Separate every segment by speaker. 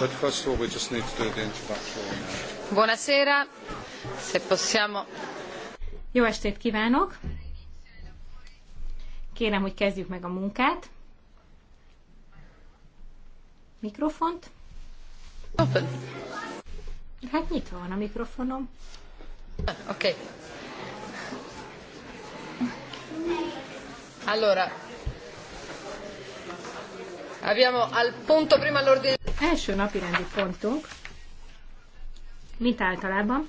Speaker 1: But first of all, we just need to do the introduction.
Speaker 2: Buonasera, se possiamo... Jó estét kívánok!
Speaker 3: Kérem, hogy kezdjük meg a munkát. Mikrofont. Open. Hát nyitva van a mikrofonom.
Speaker 2: Oké. Okay. Allora, abbiamo al punto prima l'ordine Első napirendi pontunk, mint általában,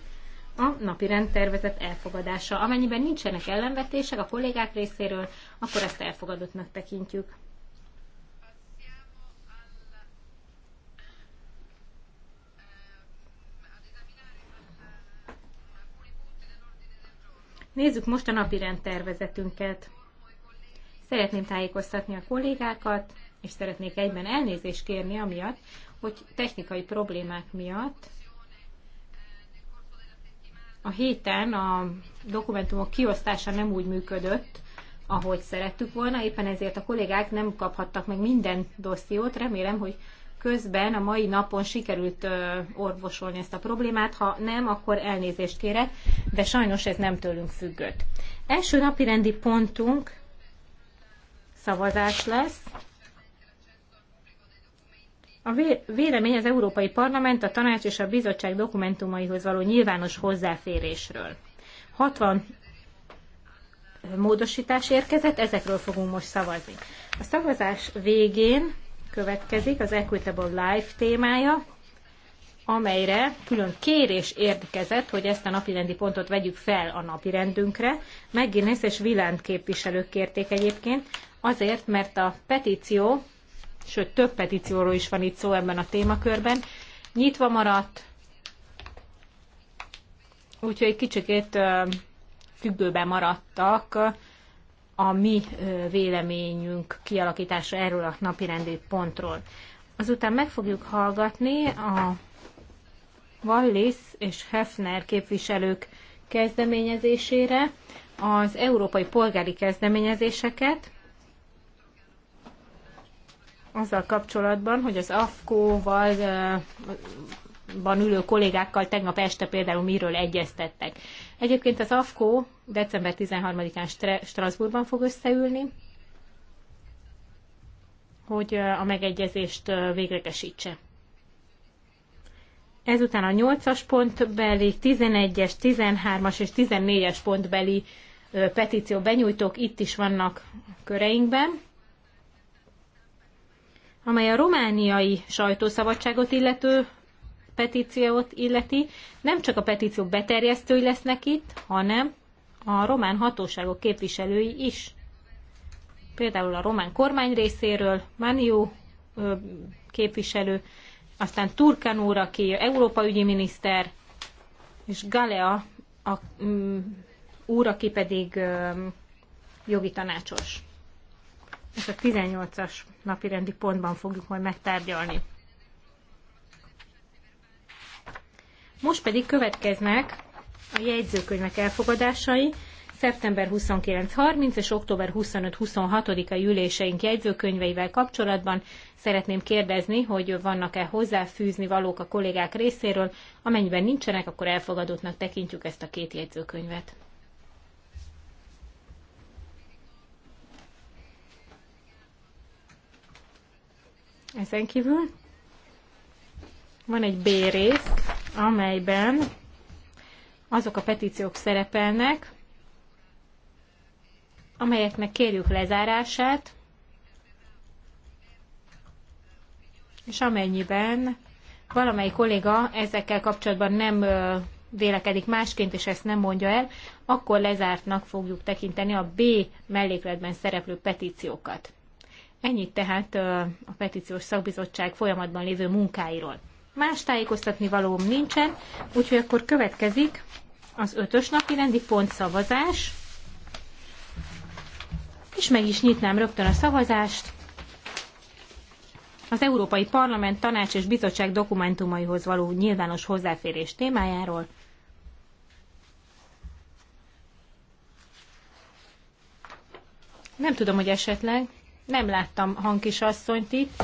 Speaker 2: a
Speaker 3: napirend tervezett elfogadása. Amennyiben nincsenek ellenvetések a kollégák részéről, akkor ezt elfogadottnak tekintjük. Nézzük most a napirend tervezetünket. Szeretném tájékoztatni a kollégákat, és szeretnék egyben elnézést kérni amiatt, hogy technikai problémák miatt a héten a dokumentumok kiosztása nem úgy működött, ahogy szerettük volna, éppen ezért a kollégák nem kaphattak meg minden dossziót. Remélem, hogy közben a mai napon sikerült orvosolni ezt a problémát, ha nem, akkor elnézést kérek, de sajnos ez nem tőlünk függött. Első napi rendi pontunk szavazás lesz. A vélemény az Európai Parlament, a Tanács és a Bizottság dokumentumaihoz való nyilvános hozzáférésről. 60 módosítás érkezett, ezekről fogunk most szavazni. A szavazás végén következik az Equitable Life témája, amelyre külön kérés érkezett, hogy ezt a napirendi pontot vegyük fel a napirendünkre. Megginnész és Vilánt képviselők kérték egyébként, azért, mert a petíció sőt több petícióról is van itt szó ebben a témakörben, nyitva maradt, úgyhogy kicsikét függőben maradtak a mi véleményünk kialakítása erről a napirendi pontról. Azután meg fogjuk hallgatni a Wallis és Hefner képviselők kezdeményezésére az európai polgári kezdeményezéseket, azzal kapcsolatban, hogy az AFKO-val van ülő kollégákkal tegnap este például miről egyeztettek. Egyébként az AFKO december 13-án Strasbourgban fog összeülni, hogy a megegyezést véglegesítse. Ezután a 8-as pontbeli, 11-es, 13-as és 14-es pontbeli petíció benyújtók itt is vannak köreinkben amely a romániai sajtószabadságot illető petíciót illeti, nem csak a petíció beterjesztői lesznek itt, hanem a román hatóságok képviselői is. Például a román kormány részéről Manió képviselő, aztán Turkan úr, aki Európa ügyi miniszter, és Galea a, um, úr, aki pedig um, jogi tanácsos és a 18-as napi rendi pontban fogjuk majd megtárgyalni. Most pedig következnek a jegyzőkönyvek elfogadásai, szeptember 29-30 és október 25-26-a üléseink jegyzőkönyveivel kapcsolatban szeretném kérdezni, hogy vannak-e hozzáfűzni valók a kollégák részéről, amennyiben nincsenek, akkor elfogadottnak tekintjük ezt a két jegyzőkönyvet. Ezen kívül van egy B rész, amelyben azok a petíciók szerepelnek, amelyeknek kérjük lezárását, és amennyiben valamely kolléga ezekkel kapcsolatban nem vélekedik másként, és ezt nem mondja el, akkor lezártnak fogjuk tekinteni a B mellékletben szereplő petíciókat. Ennyit tehát a petíciós szakbizottság folyamatban lévő munkáiról. Más tájékoztatni valóm nincsen, úgyhogy akkor következik az ötös napi rendi pont szavazás. És meg is nyitnám rögtön a szavazást. Az Európai Parlament, Tanács és Bizottság dokumentumaihoz való nyilvános hozzáférés témájáról. Nem tudom, hogy esetleg nem láttam hangkisasszonyt itt,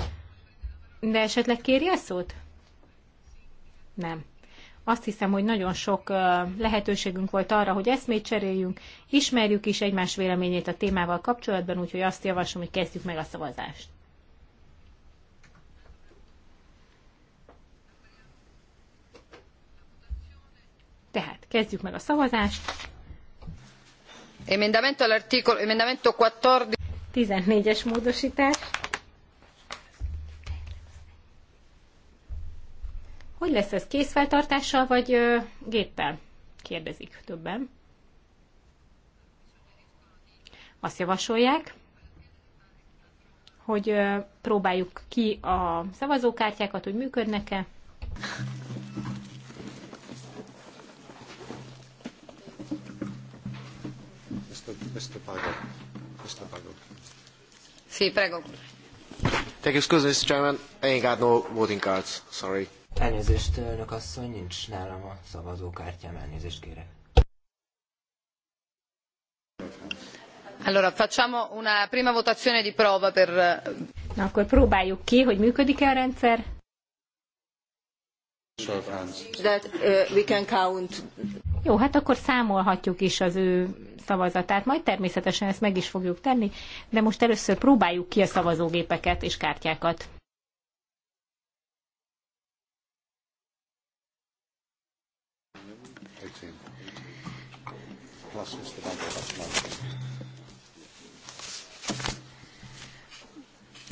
Speaker 3: de esetleg kérje szót? Nem. Azt hiszem, hogy nagyon sok lehetőségünk volt arra, hogy eszmét cseréljünk, ismerjük is egymás véleményét a témával kapcsolatban, úgyhogy azt javaslom, hogy kezdjük meg a szavazást.
Speaker 2: Tehát kezdjük meg a szavazást. Emendamento all'articolo emendamento 14 14-es módosítás.
Speaker 3: Hogy lesz ez készfeltartással, vagy ö, géppel? Kérdezik többen. Azt javasolják, hogy ö, próbáljuk ki a szavazókártyákat, hogy működnek-e.
Speaker 4: Mr. Mr. Pago. Mr. Pagod.
Speaker 2: Sí, prego.
Speaker 1: Thank you, excuse me, Mr. Chairman. I ain't got no voting
Speaker 4: cards. Sorry. Elnézést, elnök asszony, nincs nálam a szavazókártyám, elnézést kérek.
Speaker 2: Allora, facciamo una prima votazione di prova per...
Speaker 3: Na, akkor próbáljuk ki, hogy működik-e a rendszer.
Speaker 1: That uh, we can count
Speaker 3: jó, hát akkor számolhatjuk is az ő szavazatát, majd természetesen ezt meg is fogjuk tenni, de most először próbáljuk ki a szavazógépeket és kártyákat.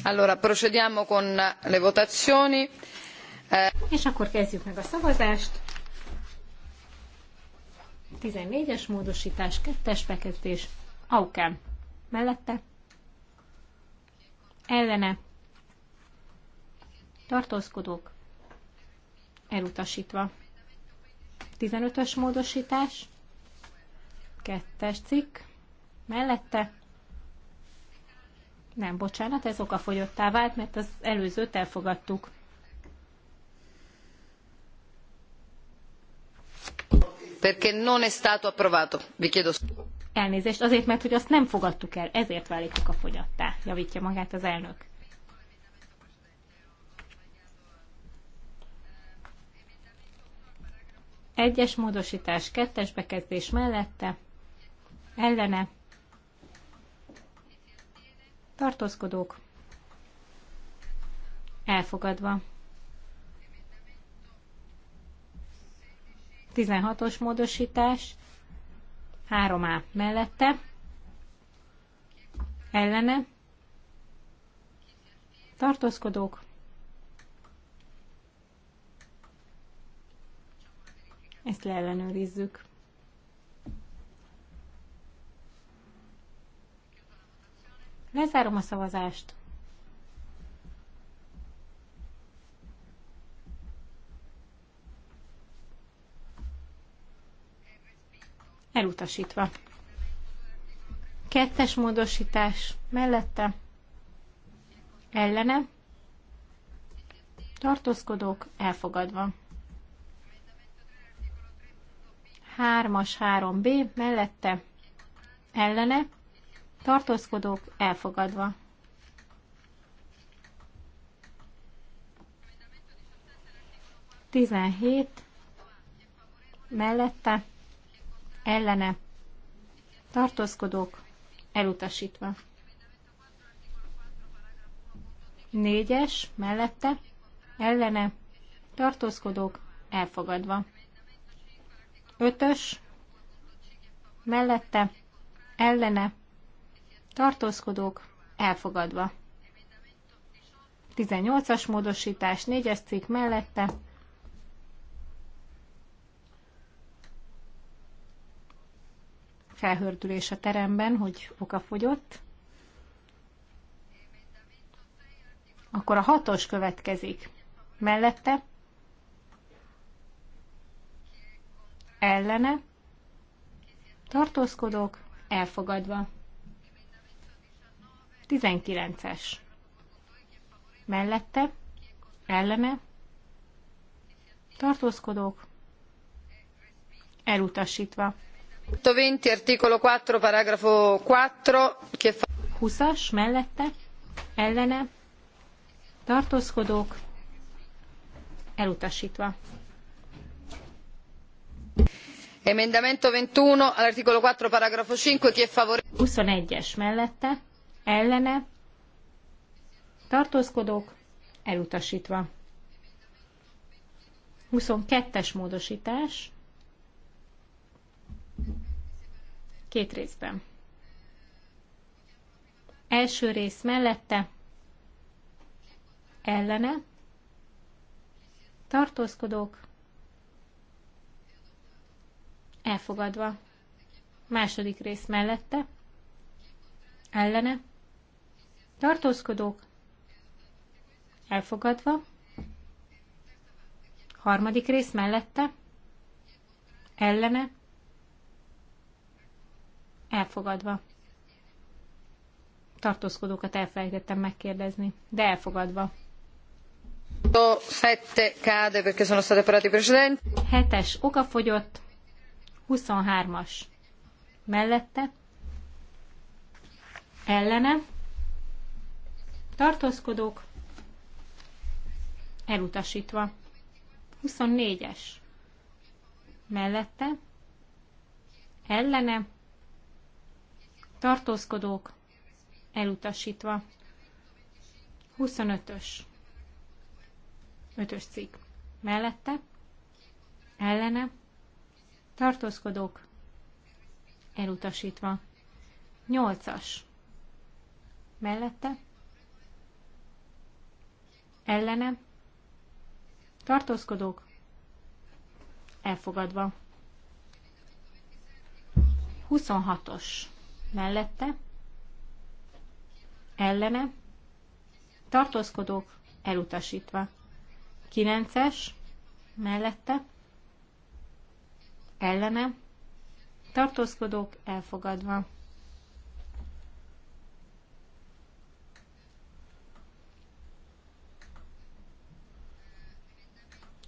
Speaker 2: Allora, procediamo con le votazioni. És akkor kezdjük meg a szavazást.
Speaker 3: 14-es módosítás, kettes bekezdés, aukán. Mellette, ellene, tartózkodók, elutasítva. 15-ös módosítás, kettes cikk, mellette, nem, bocsánat, ez okafogyottá vált, mert az előzőt elfogadtuk.
Speaker 2: perché non è stato approvato. Vi chiedo
Speaker 3: Elnézést, azért, mert hogy azt nem fogadtuk el, ezért válik a fogyattá, javítja magát az elnök. Egyes módosítás, kettes bekezdés mellette, ellene, tartózkodók, elfogadva. 16-os módosítás, 3A mellette, ellene, tartózkodók, ezt leellenőrizzük. Lezárom a szavazást. elutasítva. Kettes módosítás mellette ellene tartózkodók elfogadva. Hármas 3B mellette ellene tartózkodók elfogadva. Tizenhét mellette ellene tartózkodók elutasítva. Négyes mellette ellene tartózkodók elfogadva. Ötös mellette ellene tartózkodók elfogadva. 18-as módosítás 4-es cikk mellette felhördülés a teremben, hogy oka fogyott. Akkor a hatos következik. Mellette ellene tartózkodók elfogadva. 19-es. Mellette ellene tartózkodók elutasítva.
Speaker 2: 120 articolo 4 paragrafo 4 che fa 20-as
Speaker 3: mellette ellene tartózkodók
Speaker 2: elutasítva. Emendamento 21 all'articolo 4 paragrafo 5 chi è favorevole 21-es mellette
Speaker 3: ellene tartózkodók elutasítva. 22-es módosítás Két részben. Első rész mellette, ellene, tartózkodók, elfogadva. Második rész mellette, ellene, tartózkodók, elfogadva. Harmadik rész mellette, ellene, Elfogadva. Tartózkodókat elfelejtettem megkérdezni, de elfogadva.
Speaker 2: 7 cade perché sono state parati precedenti. 7-es okafogyott,
Speaker 3: 23-as mellette, ellene, tartózkodók, elutasítva. 24-es mellette, ellene, tartózkodók, elutasítva. 25-ös, 5-ös cikk, mellette, ellene, tartózkodók, elutasítva. 8-as, mellette, ellene, tartózkodók, elfogadva. 26-os mellette, ellene, tartózkodók elutasítva. 9-es mellette, ellene, tartózkodók elfogadva.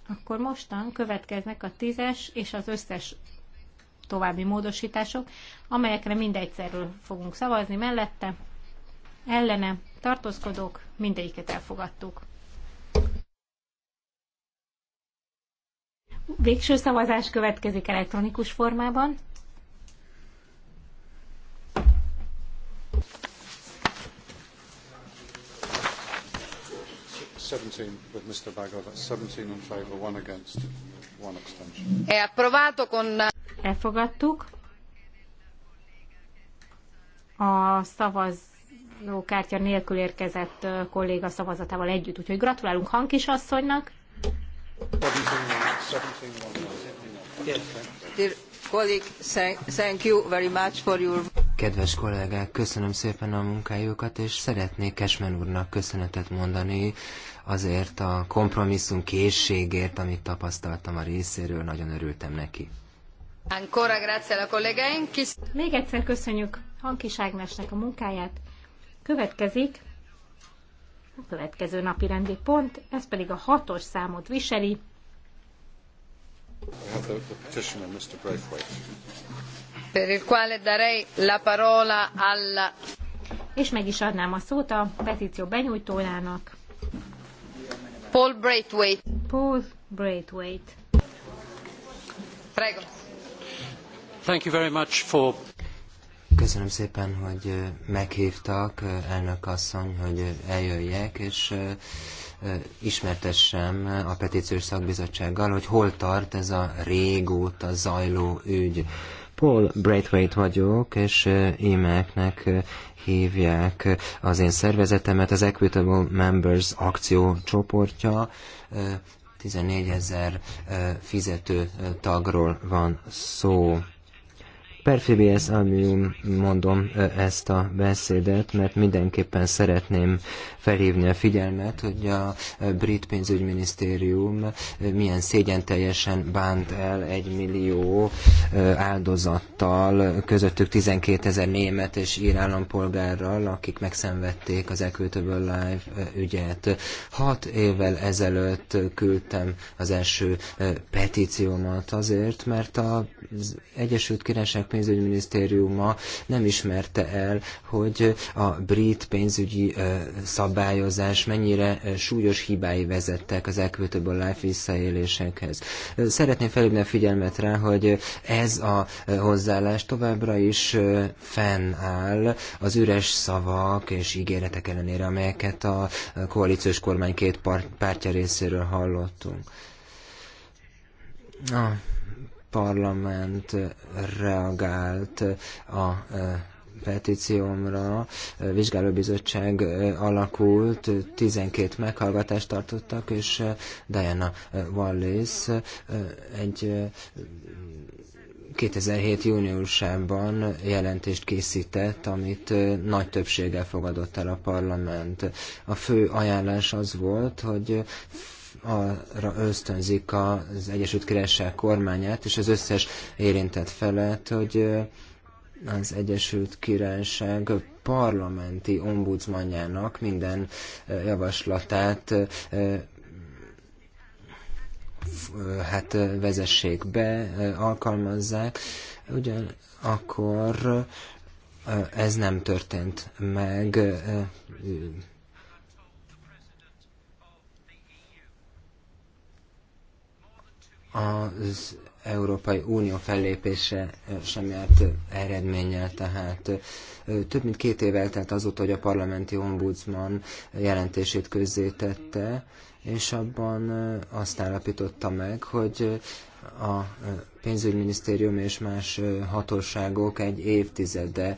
Speaker 3: Akkor mostan következnek a tízes és az összes további módosítások, amelyekre mindegyszerről fogunk szavazni mellette, ellene, tartózkodók, mindegyiket elfogadtuk. Végső szavazás következik elektronikus formában.
Speaker 2: È approvato con... Elfogadtuk. A szavazókártya
Speaker 3: nélkül érkezett kolléga szavazatával együtt, úgyhogy gratulálunk Hankis asszonynak.
Speaker 4: Dear colleague, thank you very much for your... Kedves kollégák, köszönöm szépen a munkájukat, és szeretnék Kesmen úrnak köszönetet mondani azért a kompromisszum készségért, amit tapasztaltam a részéről, nagyon örültem neki.
Speaker 2: Ancora grazie a kollégáink. Még egyszer köszönjük Hankis Ágnesnek a munkáját.
Speaker 3: Következik a következő napi rendi pont, ez pedig a hatos számot
Speaker 2: viseli. have petition of Mr. Braithwaite per il quale darei la parola alla... És meg is adnám a szót a petíció benyújtójának. Paul Braithwaite.
Speaker 3: Paul Braithwaite.
Speaker 2: Prego.
Speaker 4: Thank you very much for... Köszönöm szépen, hogy meghívtak, elnök asszony, hogy eljöjjek, és ismertessem a petíciós szakbizottsággal, hogy hol tart ez a régóta zajló ügy. Paul Braithwaite vagyok, és émeknek hívják az én szervezetemet, az Equitable Members akciócsoportja. 14 ezer fizető tagról van szó. Perfibies Almium mondom ezt a beszédet, mert mindenképpen szeretném felhívni a figyelmet, hogy a brit pénzügyminisztérium milyen szégyen teljesen bánt el egy millió áldozattal, közöttük 12 ezer német és ír állampolgárral, akik megszenvedték az Equitable Live ügyet. Hat évvel ezelőtt küldtem az első petíciómat azért, mert az Egyesült Királyság pénzügyminisztériuma nem ismerte el, hogy a brit pénzügyi szabályozás mennyire súlyos hibái vezettek az Equitable Life visszaélésekhez. Szeretném felhívni a figyelmet rá, hogy ez a hozzáállás továbbra is fennáll az üres szavak és ígéretek ellenére, amelyeket a koalíciós kormány két pártja részéről hallottunk. Ah parlament reagált a e, petíciómra e, vizsgálóbizottság e, alakult, 12 meghallgatást tartottak, és Diana Wallis egy 2007. júniusában jelentést készített, amit nagy többséggel fogadott el a parlament. A fő ajánlás az volt, hogy arra ösztönzik az Egyesült Királyság kormányát és az összes érintett felet, hogy az Egyesült Királyság parlamenti ombudsmanjának minden javaslatát hát vezessék be, alkalmazzák, ugyanakkor ez nem történt meg az Európai Unió fellépése sem járt eredménnyel, tehát több mint két év eltelt azóta, hogy a parlamenti ombudsman jelentését közzétette, és abban azt állapította meg, hogy a pénzügyminisztérium és más hatóságok egy évtizede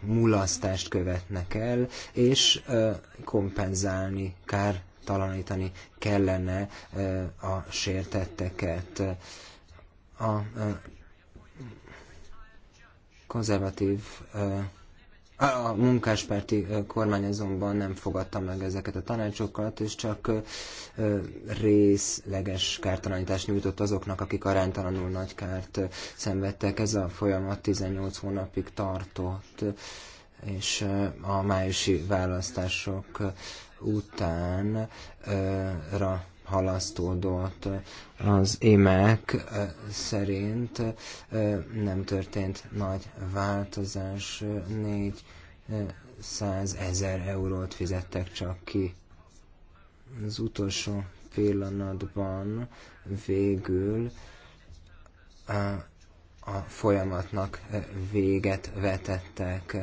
Speaker 4: mulasztást követnek el, és kompenzálni, kár talanítani kellene a sértetteket. A konzervatív a munkáspárti kormány azonban nem fogadta meg ezeket a tanácsokat, és csak részleges kártalanítást nyújtott azoknak, akik aránytalanul nagy kárt szenvedtek. Ez a folyamat 18 hónapig tartott, és a májusi választások utánra halasztódott. Az émek szerint nem történt nagy változás, 400 ezer eurót fizettek csak ki. Az utolsó pillanatban végül a folyamatnak véget vetettek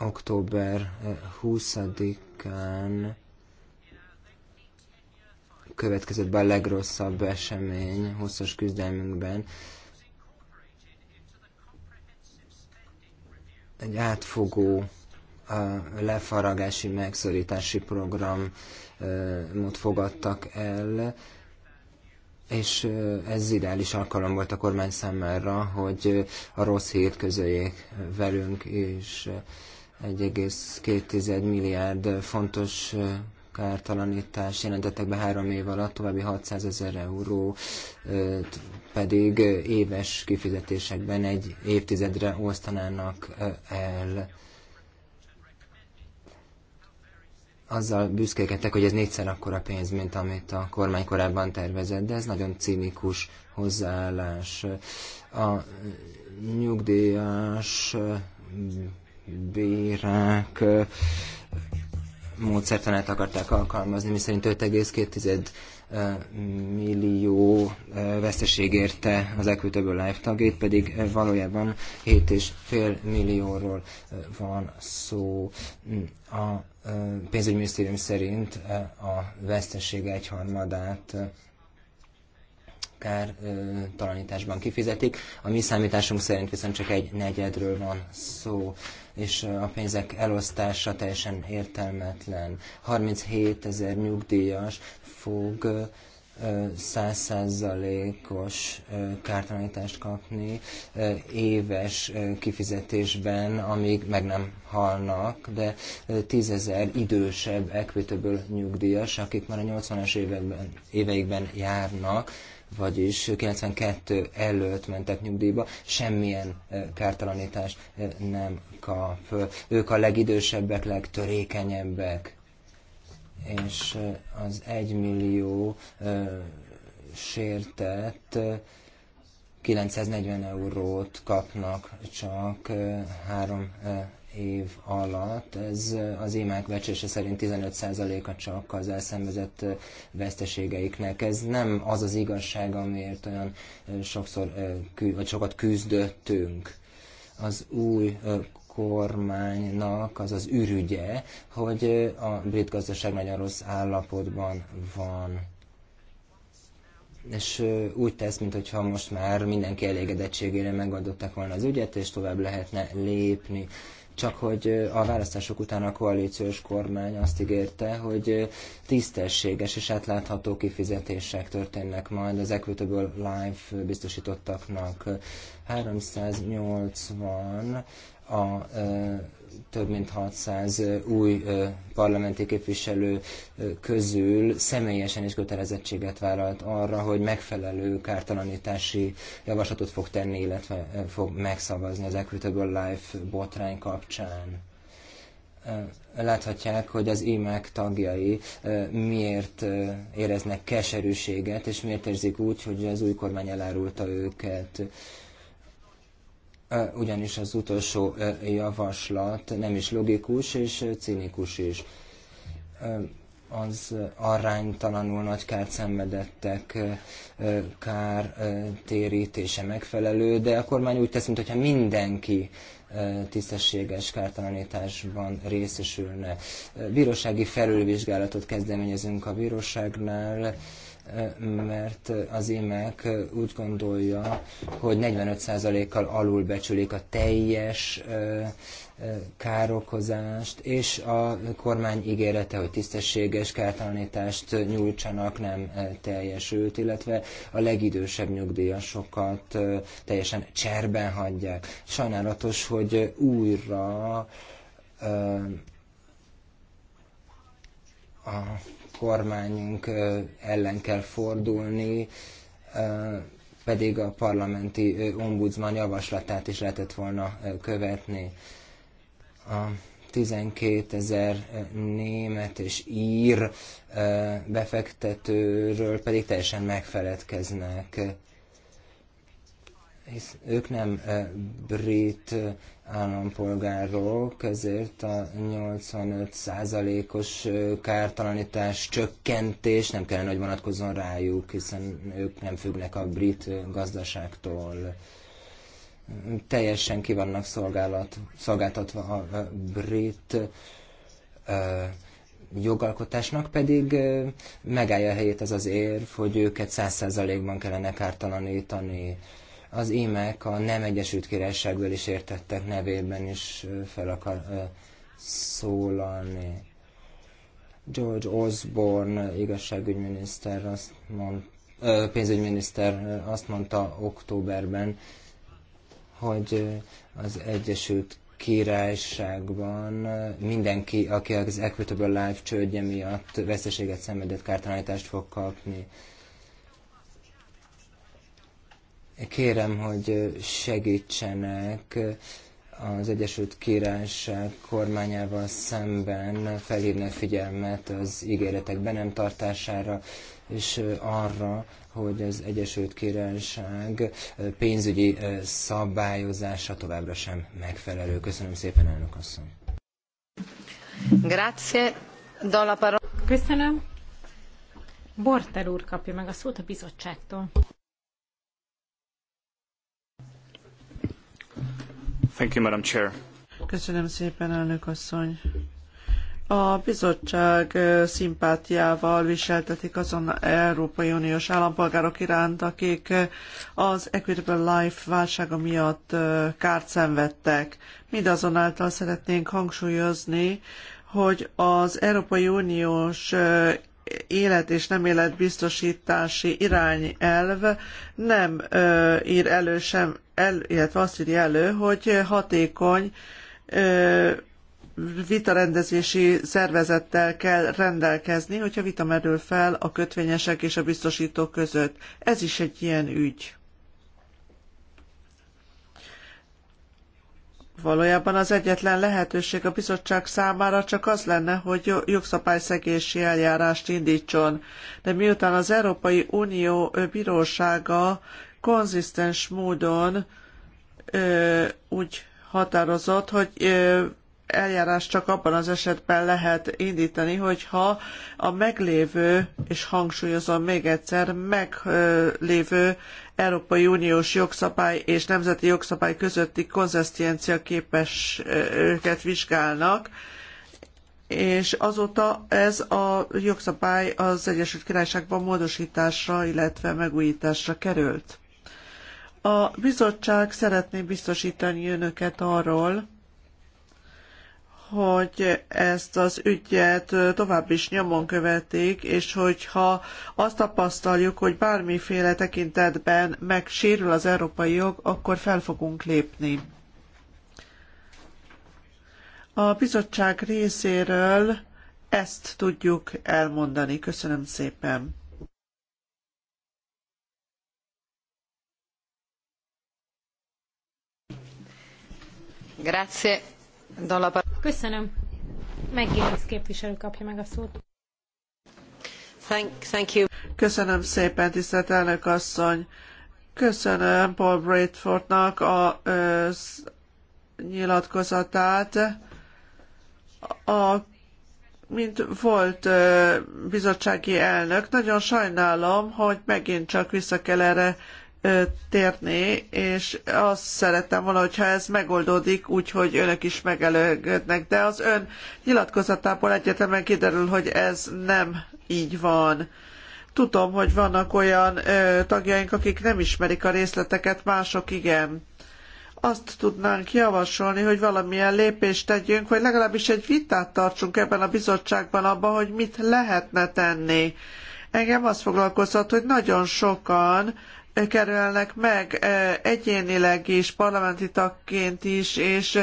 Speaker 4: október 20-án eh, következett be a legrosszabb esemény hosszas küzdelmünkben. Egy átfogó eh, lefaragási megszorítási programot eh, fogadtak el, és ez ideális alkalom volt a kormány számára, hogy a rossz hírt közöljék velünk, és 1,2 milliárd fontos kártalanítás jelentettek be három év alatt, további 600 ezer euró pedig éves kifizetésekben egy évtizedre osztanának el. Azzal büszkékedtek, hogy ez négyszer akkora pénz, mint amit a kormány korábban tervezett, de ez nagyon cinikus hozzáállás. A nyugdíjas bírák módszertanát akarták alkalmazni, miszerint 5,2 millió veszteség érte az Equitable Life tagét, pedig valójában 7,5 millióról van szó. A pénzügyminisztérium szerint a veszteség egyharmadát kár talanításban kifizetik. A mi számításunk szerint viszont csak egy negyedről van szó és a pénzek elosztása teljesen értelmetlen. 37 ezer nyugdíjas fog százszázalékos kártalanítást kapni éves kifizetésben, amíg meg nem halnak, de tízezer idősebb equitable nyugdíjas, akik már a 80-as években, éveikben járnak, vagyis 92 előtt mentek nyugdíjba, semmilyen kártalanítást nem kap. Ők a legidősebbek, legtörékenyebbek. És az egymillió millió sértett 940 eurót kapnak csak három év alatt. Ez eh, az imák becsése szerint 15%-a csak az elszenvezett eh, veszteségeiknek. Ez nem az az igazság, amiért olyan eh, sokszor, vagy sokat küzdöttünk. Az új kormánynak az az ürügye, hogy a brit gazdaság nagyon rossz állapotban van és úgy tesz, mintha most már mindenki elégedettségére megadották volna az ügyet, és tovább lehetne lépni csak hogy a választások után a koalíciós kormány azt ígérte, hogy tisztességes és átlátható kifizetések történnek majd az Equitable Life biztosítottaknak. 380 a több mint 600 új parlamenti képviselő közül személyesen is kötelezettséget vállalt arra, hogy megfelelő kártalanítási javaslatot fog tenni, illetve fog megszavazni az Equitable Life botrány kapcsán láthatják, hogy az IMEK tagjai miért éreznek keserűséget, és miért érzik úgy, hogy az új kormány elárulta őket ugyanis az utolsó javaslat nem is logikus és cinikus is. Az aránytalanul nagy kárt szenvedettek kár térítése megfelelő, de a kormány úgy tesz, mintha mindenki tisztességes kártalanításban részesülne. Bírósági felülvizsgálatot kezdeményezünk a bíróságnál, mert az IMEC úgy gondolja, hogy 45%-kal becsülik a teljes károkozást, és a kormány ígérete, hogy tisztességes kártalanítást nyújtsanak, nem teljesült, illetve a legidősebb nyugdíjasokat teljesen cserben hagyják. Sajnálatos, hogy újra a kormányunk ellen kell fordulni, pedig a parlamenti ombudsman javaslatát is lehetett volna követni. A 12 ezer német és ír befektetőről pedig teljesen megfeledkeznek hisz ők nem brit állampolgárok, ezért a 85%-os kártalanítás csökkentés nem kellene, hogy vonatkozzon rájuk, hiszen ők nem függnek a brit gazdaságtól. Teljesen ki vannak szolgálat, szolgáltatva a brit jogalkotásnak pedig megállja a helyét az az érv, hogy őket 100%-ban kellene kártalanítani az IMEK a nem Egyesült Királyságból is értettek nevében is fel akar szólalni. George Osborne igazságügyminiszter azt mond, pénzügyminiszter azt mondta októberben, hogy az Egyesült Királyságban mindenki, aki az Equitable Life csődje miatt veszteséget szenvedett kártalanítást fog kapni. Kérem, hogy segítsenek az Egyesült Királyság kormányával szemben felhívni a figyelmet az ígéretek be nem tartására, és arra, hogy az Egyesült Királyság pénzügyi szabályozása továbbra sem megfelelő. Köszönöm szépen, elnök asszony.
Speaker 2: Grazie.
Speaker 3: Köszönöm. Borter úr kapja meg a szót a bizottságtól.
Speaker 4: Thank you, Madam Chair.
Speaker 1: Köszönöm szépen, elnök asszony. A bizottság szimpátiával viseltetik azon Európai Uniós állampolgárok iránt, akik az Equitable Life válsága miatt kárt szenvedtek. Mindazonáltal szeretnénk hangsúlyozni, hogy az Európai Uniós élet és nem életbiztosítási irányelv nem ö, ír elő sem, el, illetve azt írja elő, hogy hatékony ö, vitarendezési szervezettel kell rendelkezni, hogyha vita merül fel a kötvényesek és a biztosítók között. Ez is egy ilyen ügy. Valójában az egyetlen lehetőség a bizottság számára csak az lenne, hogy jogszabályszegési eljárást indítson. De miután az Európai Unió bírósága konzisztens módon ö, úgy határozott, hogy ö, eljárás csak abban az esetben lehet indítani, hogyha a meglévő, és hangsúlyozom még egyszer, meglévő Európai Uniós jogszabály és nemzeti jogszabály közötti konzisztencia képes őket vizsgálnak, és azóta ez a jogszabály az Egyesült Királyságban módosításra, illetve megújításra került. A bizottság szeretné biztosítani önöket arról, hogy ezt az ügyet tovább is nyomon követik, és hogyha azt tapasztaljuk, hogy bármiféle tekintetben megsérül az európai jog, akkor fel fogunk lépni. A bizottság részéről ezt tudjuk elmondani. Köszönöm szépen.
Speaker 2: Grazie.
Speaker 1: Köszönöm.
Speaker 3: Meggénész képviselő kapja meg a szót.
Speaker 1: Thank, thank you. Köszönöm szépen, tisztelt elnök asszony. Köszönöm Paul Bradfordnak a nyilatkozatát. A, mint volt ö, bizottsági elnök, nagyon sajnálom, hogy megint csak vissza kell erre térni, és azt szerettem volna, hogyha ez megoldódik úgy, hogy önök is megelőgödnek, de az ön nyilatkozatából egyetemen kiderül, hogy ez nem így van. Tudom, hogy vannak olyan ö, tagjaink, akik nem ismerik a részleteket, mások igen. Azt tudnánk javasolni, hogy valamilyen lépést tegyünk, vagy legalábbis egy vitát tartsunk ebben a bizottságban abban, hogy mit lehetne tenni. Engem azt foglalkoztat, hogy nagyon sokan kerülnek meg e, egyénileg is, parlamenti tagként is, és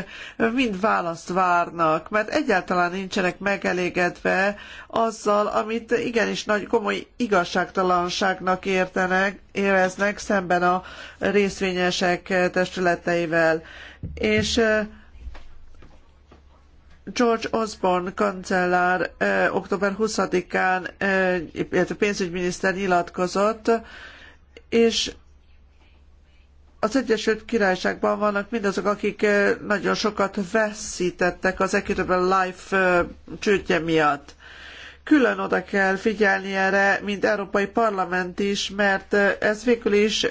Speaker 1: mind választ várnak, mert egyáltalán nincsenek megelégedve azzal, amit igenis nagy komoly igazságtalanságnak értenek, éreznek szemben a részvényesek testületeivel. És e, George Osborne kancellár e, október 20-án, illetve pénzügyminiszter nyilatkozott, és az Egyesült Királyságban vannak mindazok, akik nagyon sokat veszítettek az Equitable Life csődje miatt. Külön oda kell figyelni erre, mint Európai Parlament is, mert ez végül is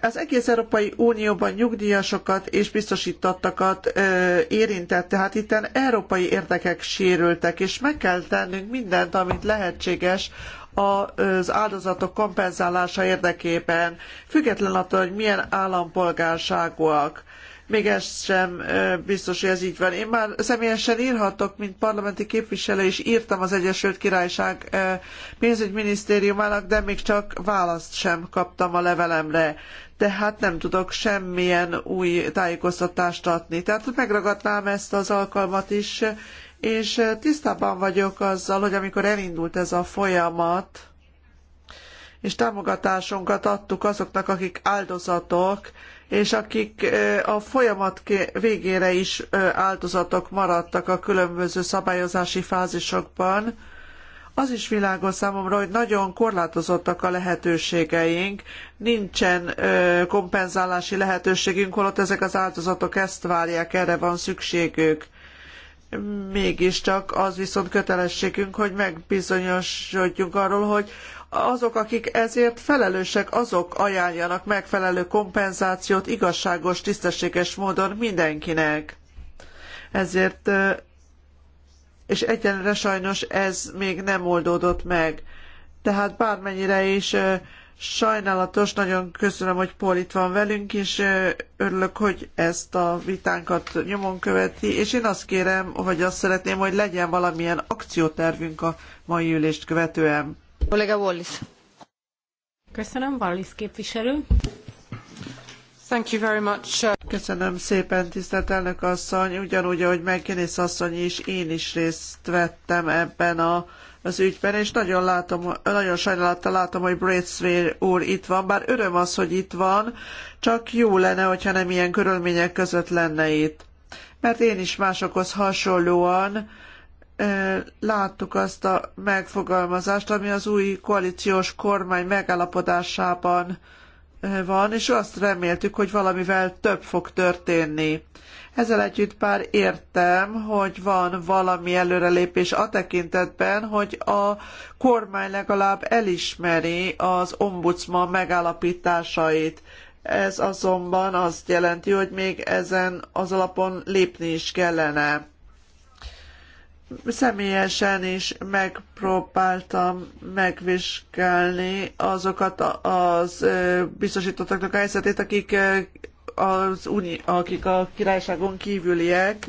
Speaker 1: az egész Európai Unióban nyugdíjasokat és biztosítottakat érintett, tehát itten európai érdekek sérültek, és meg kell tennünk mindent, amit lehetséges az áldozatok kompenzálása érdekében, független attól, hogy milyen állampolgárságúak még ez sem biztos, hogy ez így van. Én már személyesen írhatok, mint parlamenti képviselő, és írtam az Egyesült Királyság pénzügyminisztériumának, de még csak választ sem kaptam a levelemre. Tehát nem tudok semmilyen új tájékoztatást adni. Tehát megragadnám ezt az alkalmat is, és tisztában vagyok azzal, hogy amikor elindult ez a folyamat, és támogatásunkat adtuk azoknak, akik áldozatok, és akik a folyamat végére is áldozatok maradtak a különböző szabályozási fázisokban, az is világos számomra, hogy nagyon korlátozottak a lehetőségeink, nincsen kompenzálási lehetőségünk, holott ezek az áldozatok ezt várják, erre van szükségük mégiscsak az viszont kötelességünk, hogy megbizonyosodjunk arról, hogy azok, akik ezért felelősek, azok ajánljanak megfelelő kompenzációt igazságos, tisztességes módon mindenkinek. Ezért, és egyenre sajnos ez még nem oldódott meg. Tehát bármennyire is Sajnálatos, nagyon köszönöm, hogy Paul itt van velünk, és örülök, hogy ezt a vitánkat nyomon követi, és én azt kérem, vagy azt szeretném, hogy legyen valamilyen akciótervünk a mai ülést követően. Kollega Wallis.
Speaker 3: Köszönöm, Wallis képviselő.
Speaker 1: Thank you very much. Uh, köszönöm szépen, tisztelt elnök asszony. Ugyanúgy, ahogy McGinnis asszony is, én is részt vettem ebben a az ügyben, és nagyon, látom, nagyon sajnálattal látom, hogy Braithwaite úr itt van, bár öröm az, hogy itt van, csak jó lenne, hogyha nem ilyen körülmények között lenne itt. Mert én is másokhoz hasonlóan láttuk azt a megfogalmazást, ami az új koalíciós kormány megállapodásában van, és azt reméltük, hogy valamivel több fog történni. Ezzel együtt pár értem, hogy van valami előrelépés a tekintetben, hogy a kormány legalább elismeri az ombudsman megállapításait. Ez azonban azt jelenti, hogy még ezen az alapon lépni is kellene személyesen is megpróbáltam megvizsgálni azokat az biztosítottaknak a helyzetét, akik az uni, akik a királyságon kívüliek,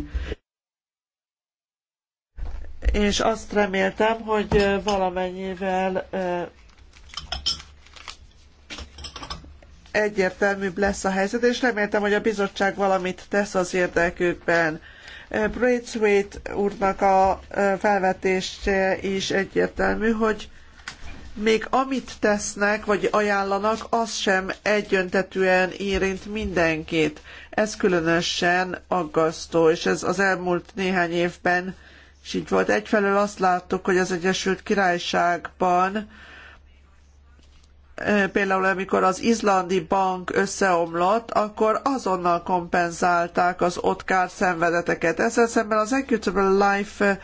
Speaker 1: és azt reméltem, hogy valamennyivel egyértelműbb lesz a helyzet, és reméltem, hogy a bizottság valamit tesz az érdekükben. Braithwaite úrnak a felvetése is egyértelmű, hogy még amit tesznek, vagy ajánlanak, az sem egyöntetűen érint mindenkit. Ez különösen aggasztó, és ez az elmúlt néhány évben is így volt. Egyfelől azt láttuk, hogy az Egyesült Királyságban például amikor az izlandi bank összeomlott, akkor azonnal kompenzálták az ott kárszenvedeteket. Ezzel szemben az Equitable Life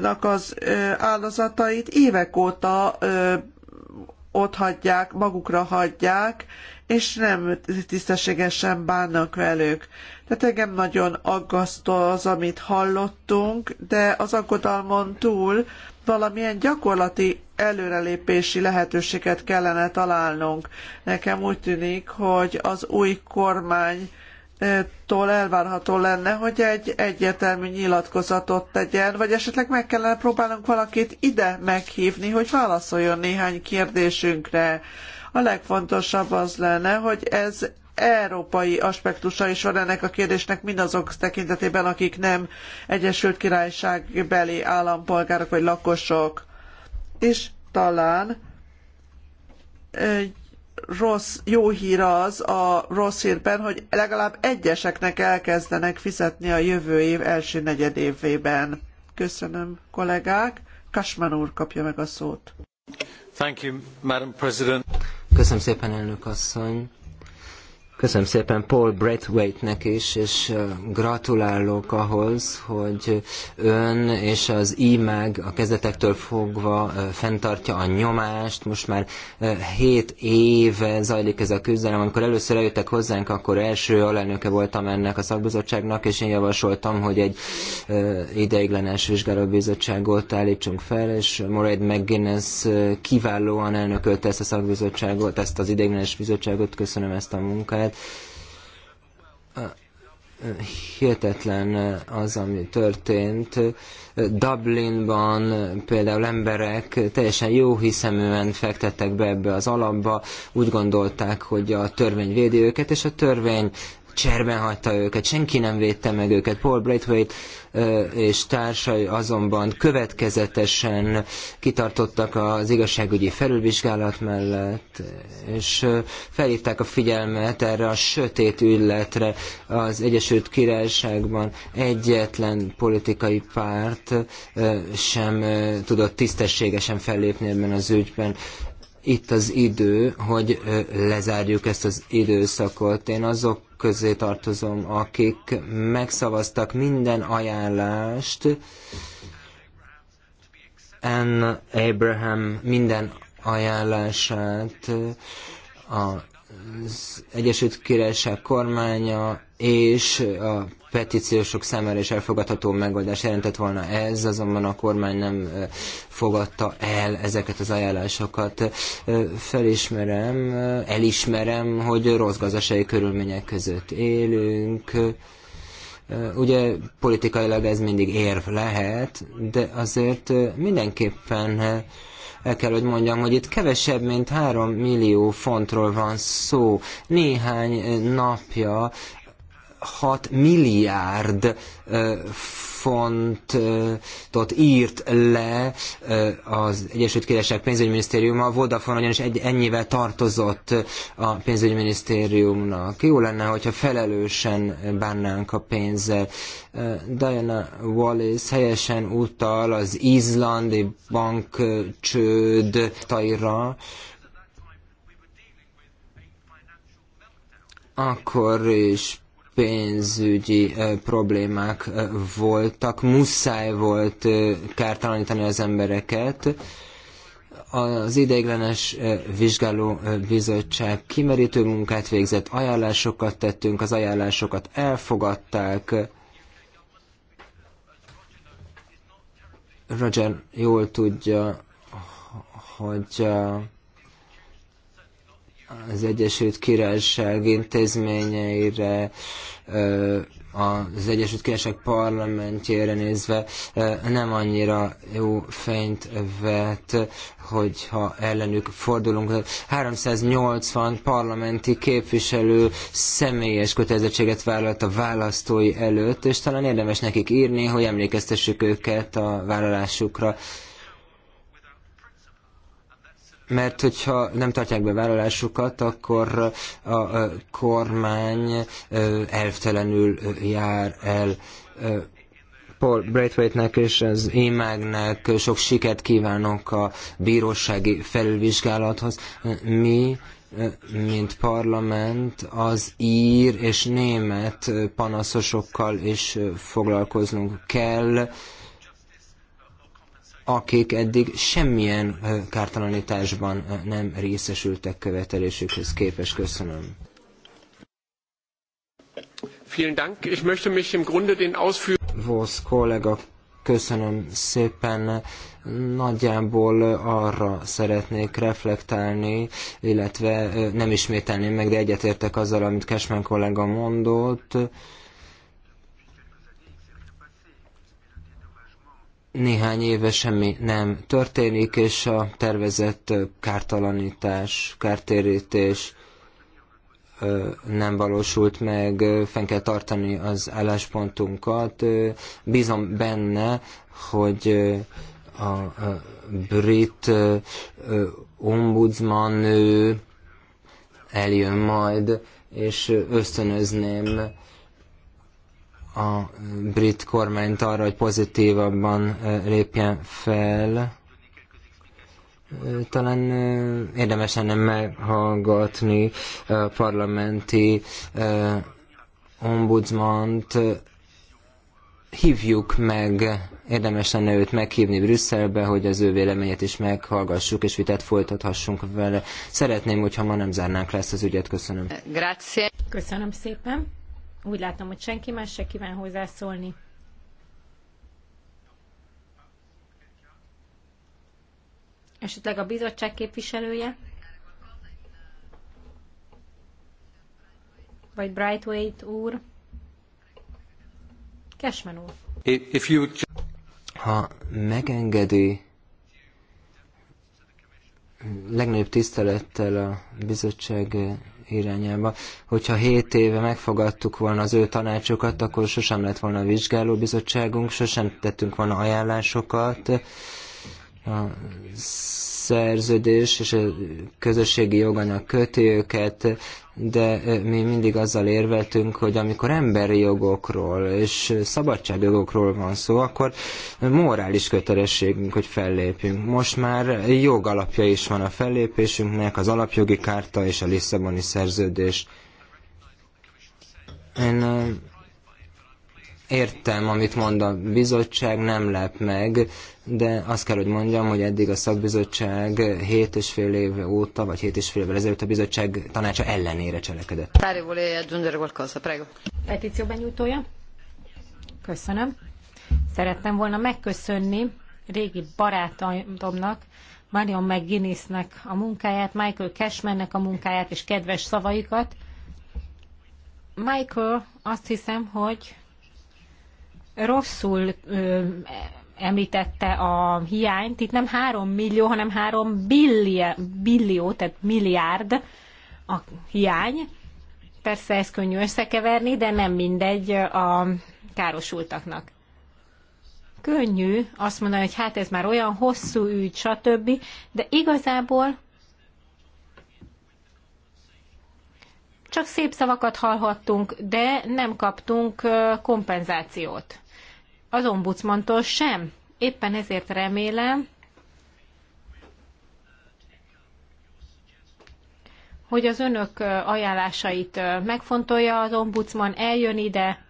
Speaker 1: nak az áldozatait évek óta ott hagyják, magukra hagyják, és nem tisztességesen bánnak velük. Tehát engem nagyon aggasztó az, amit hallottunk, de az aggodalmon túl valamilyen gyakorlati előrelépési lehetőséget kellene találnunk. Nekem úgy tűnik, hogy az új kormány tól elvárható lenne, hogy egy egyértelmű nyilatkozatot tegyen, vagy esetleg meg kellene próbálnunk valakit ide meghívni, hogy válaszoljon néhány kérdésünkre. A legfontosabb az lenne, hogy ez európai aspektusa is van ennek a kérdésnek mindazok tekintetében, akik nem Egyesült Királyság beli állampolgárok vagy lakosok. És talán rossz, jó hír az a rossz hírben, hogy legalább egyeseknek elkezdenek fizetni a jövő év első negyedévében. Köszönöm, kollégák. Kasman úr kapja meg a szót.
Speaker 4: Thank you, Madam President. Köszönöm szépen, elnök asszony. Köszönöm szépen Paul Braithwaite-nek is, és gratulálok ahhoz, hogy ön és az IMAG a kezdetektől fogva fenntartja a nyomást. Most már 7 éve zajlik ez a küzdelem. Amikor először eljöttek hozzánk, akkor első alelnöke voltam ennek a szakbizottságnak, és én javasoltam, hogy egy ideiglenes vizsgálóbizottságot állítsunk fel, és Moraid McGuinness kiválóan elnökölte ezt a szakbizottságot, ezt az ideiglenes bizottságot. Köszönöm ezt a munkát embereket. Hihetetlen az, ami történt. Dublinban például emberek teljesen jó hiszeműen fektettek be ebbe az alapba, úgy gondolták, hogy a törvény védi őket, és a törvény cserben hagyta őket, senki nem védte meg őket. Paul Braithwaite és társai azonban következetesen kitartottak az igazságügyi felülvizsgálat mellett, és felhívták a figyelmet erre a sötét ügyletre az Egyesült Királyságban egyetlen politikai párt sem tudott tisztességesen fellépni ebben az ügyben itt az idő, hogy lezárjuk ezt az időszakot. Én azok közé tartozom, akik megszavaztak minden ajánlást, Ann Abraham minden ajánlását, az Egyesült Királyság kormánya és a petíciósok számára is elfogadható megoldás jelentett volna ez, azonban a kormány nem fogadta el ezeket az ajánlásokat. Felismerem, elismerem, hogy rossz gazdasági körülmények között élünk, Ugye politikailag ez mindig érv lehet, de azért mindenképpen el kell, hogy mondjam, hogy itt kevesebb, mint 3 millió fontról van szó. Néhány napja 6 milliárd fontot írt le az Egyesült Királyság pénzügyminisztériuma, a Vodafone ugyanis egy, ennyivel tartozott a pénzügyminisztériumnak. Jó lenne, hogyha felelősen bánnánk a pénzzel. Diana Wallace helyesen utal az izlandi bankcsőd taira, akkor is pénzügyi problémák voltak, muszáj volt kártalanítani az embereket. Az ideiglenes vizsgáló bizottság kimerítő munkát végzett, ajánlásokat tettünk, az ajánlásokat elfogadták. Roger jól tudja, hogy az Egyesült Királyság intézményeire, az Egyesült Királyság parlamentjére nézve nem annyira jó fényt vett, hogyha ellenük fordulunk. 380 parlamenti képviselő személyes kötelezettséget vállalt a választói előtt, és talán érdemes nekik írni, hogy emlékeztessük őket a vállalásukra mert hogyha nem tartják be vállalásukat, akkor a kormány elvtelenül jár el. Paul Braithwaite-nek és az imag sok sikert kívánok a bírósági felülvizsgálathoz. Mi mint parlament az ír és német panaszosokkal is foglalkoznunk kell akik eddig semmilyen kártalanításban nem részesültek követelésükhöz képes. Köszönöm. Vielen Dank. Ich möchte mich im Grunde den Vosz kollega, köszönöm szépen. Nagyjából arra szeretnék reflektálni, illetve nem ismételném meg, de egyetértek azzal, amit Kesmen kollega mondott. néhány éve semmi nem történik, és a tervezett kártalanítás, kártérítés nem valósult meg, fenn kell tartani az álláspontunkat. Bízom benne, hogy a brit ombudsman eljön majd, és ösztönözném a brit kormányt arra, hogy pozitívabban lépjen fel. Talán érdemes lenne meghallgatni a parlamenti ombudsmant. Hívjuk meg, érdemes lenne őt meghívni Brüsszelbe, hogy az ő véleményét is meghallgassuk, és vitát folytathassunk vele. Szeretném, hogyha ma nem zárnánk le ezt az ügyet. Köszönöm.
Speaker 3: Grazie. Köszönöm szépen. Úgy látom, hogy senki más se kíván hozzászólni. Esetleg a bizottság képviselője? Vagy Brightweight úr? Cashman úr.
Speaker 4: If you... Ha megengedi, legnagyobb tisztelettel a bizottság irányába. Hogyha 7 éve megfogadtuk volna az ő tanácsokat, akkor sosem lett volna a vizsgálóbizottságunk, sosem tettünk volna ajánlásokat. A szerződés és a közösségi joganyag köti őket, de eh, mi mindig azzal érveltünk, hogy amikor emberi jogokról és szabadságjogokról van szó, akkor morális kötelességünk, hogy fellépjünk. Most már jogalapja is van a fellépésünknek, az alapjogi kárta és a Lisszaboni szerződés. Én eh, értem, amit mond a bizottság, nem lep meg, de azt kell, hogy mondjam, hogy eddig a szakbizottság 7 és fél év óta, vagy 7 és fél évvel ezelőtt a bizottság tanácsa ellenére cselekedett.
Speaker 2: Petíció benyújtója?
Speaker 3: Köszönöm. Szerettem volna megköszönni régi barátomnak, Marion McGuinnessnek a munkáját, Michael Cashmannek a munkáját és kedves szavaikat. Michael azt hiszem, hogy rosszul ö, említette a hiányt, itt nem 3 millió, hanem 3 billió, billió tehát milliárd a hiány. Persze ez könnyű összekeverni, de nem mindegy a károsultaknak. Könnyű azt mondani, hogy hát ez már olyan hosszú ügy, stb., de igazából csak szép szavakat hallhattunk, de nem kaptunk kompenzációt az ombudsmantól sem. Éppen ezért remélem, hogy az önök ajánlásait megfontolja az ombudsman, eljön ide,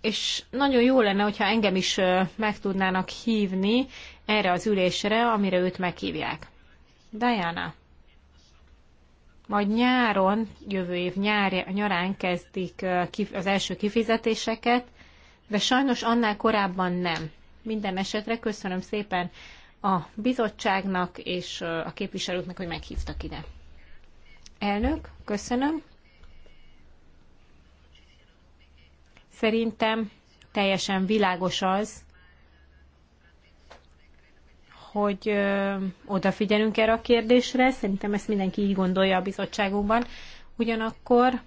Speaker 3: és nagyon jó lenne, hogyha engem is meg tudnának hívni erre az ülésre, amire őt meghívják. Diana, majd nyáron, jövő év nyár, nyarán kezdik az első kifizetéseket, de sajnos annál korábban nem. Minden esetre köszönöm szépen a bizottságnak és a képviselőknek, hogy meghívtak ide. Elnök, köszönöm. Szerintem teljesen világos az, hogy ö, odafigyelünk erre a kérdésre. Szerintem ezt mindenki így gondolja a bizottságunkban. Ugyanakkor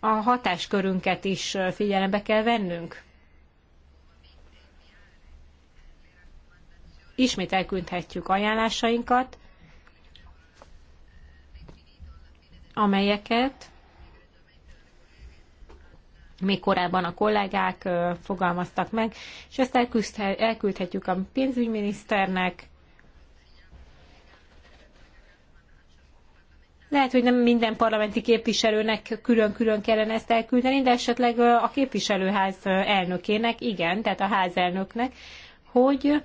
Speaker 3: a hatáskörünket is figyelembe kell vennünk? Ismét elküldhetjük ajánlásainkat, amelyeket még korábban a kollégák fogalmaztak meg, és ezt elküldhetjük a pénzügyminiszternek, Lehet, hogy nem minden parlamenti képviselőnek külön-külön kellene ezt elküldeni, de esetleg a képviselőház elnökének, igen, tehát a házelnöknek, hogy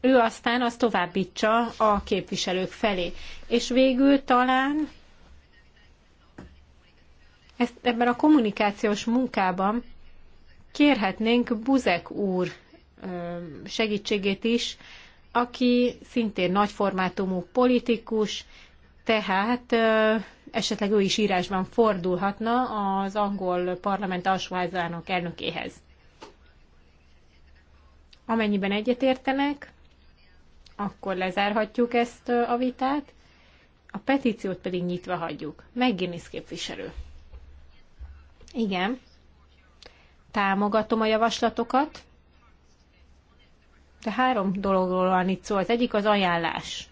Speaker 3: ő aztán azt továbbítsa a képviselők felé. És végül talán ezt, ebben a kommunikációs munkában kérhetnénk Buzek úr segítségét is, aki szintén nagyformátumú politikus, tehát esetleg ő is írásban fordulhatna az angol parlament alsóházának elnökéhez. Amennyiben egyetértenek, akkor lezárhatjuk ezt a vitát, a petíciót pedig nyitva hagyjuk. Megginis képviselő. Igen. Támogatom a javaslatokat. De három dologról van itt szó. Az egyik az ajánlás.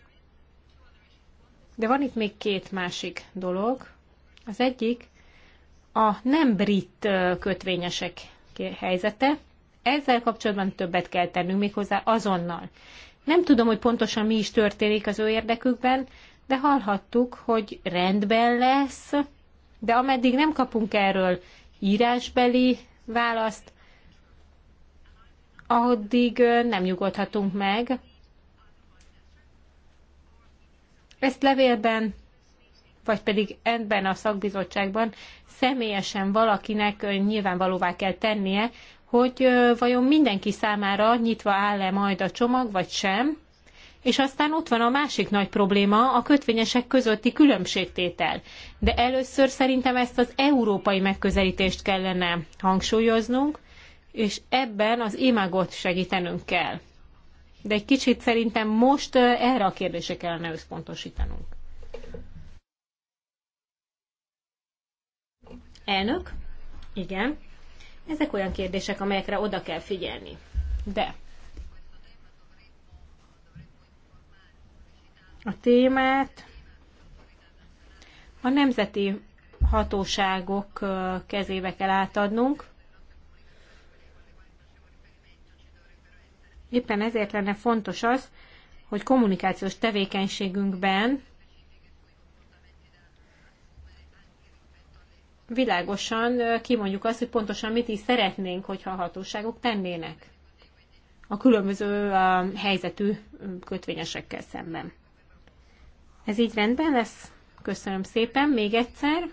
Speaker 3: De van itt még két másik dolog. Az egyik a nem brit kötvényesek helyzete. Ezzel kapcsolatban többet kell tennünk méghozzá azonnal. Nem tudom, hogy pontosan mi is történik az ő érdekükben, de hallhattuk, hogy rendben lesz, de ameddig nem kapunk erről írásbeli választ, addig nem nyugodhatunk meg, Ezt levélben, vagy pedig ebben a szakbizottságban személyesen valakinek nyilvánvalóvá kell tennie, hogy vajon mindenki számára nyitva áll-e majd a csomag, vagy sem, és aztán ott van a másik nagy probléma, a kötvényesek közötti különbségtétel. De először szerintem ezt az európai megközelítést kellene hangsúlyoznunk, és ebben az imágot segítenünk kell de egy kicsit szerintem most erre a kérdésre kellene összpontosítanunk. Elnök? Igen. Ezek olyan kérdések, amelyekre oda kell figyelni. De a témát a nemzeti hatóságok kezébe kell átadnunk, Éppen ezért lenne fontos az, hogy kommunikációs tevékenységünkben világosan kimondjuk azt, hogy pontosan mit is szeretnénk, hogyha a hatóságok tennének a különböző helyzetű kötvényesekkel szemben. Ez így rendben lesz? Köszönöm szépen még egyszer.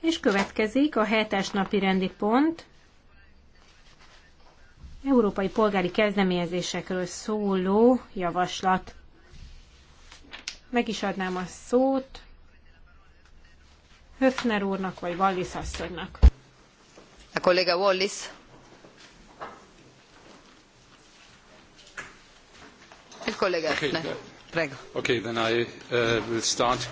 Speaker 3: És következik a hetes napi rendi pont, európai polgári kezdeményezésekről szóló javaslat. Meg is adnám a szót Höfner úrnak
Speaker 2: vagy Wallis asszonynak. A kolléga Wallis. Okay, then I uh, will start.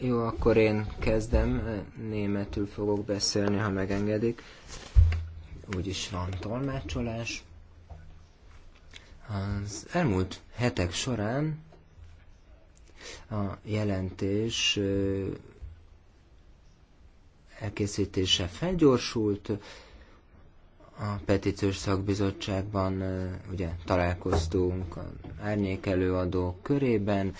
Speaker 4: Jó, akkor én kezdem, németül fogok beszélni, ha megengedik úgyis van tolmácsolás. Az elmúlt hetek során a jelentés elkészítése felgyorsult, a petíciós szakbizottságban ugye találkoztunk árnyékelőadók körében,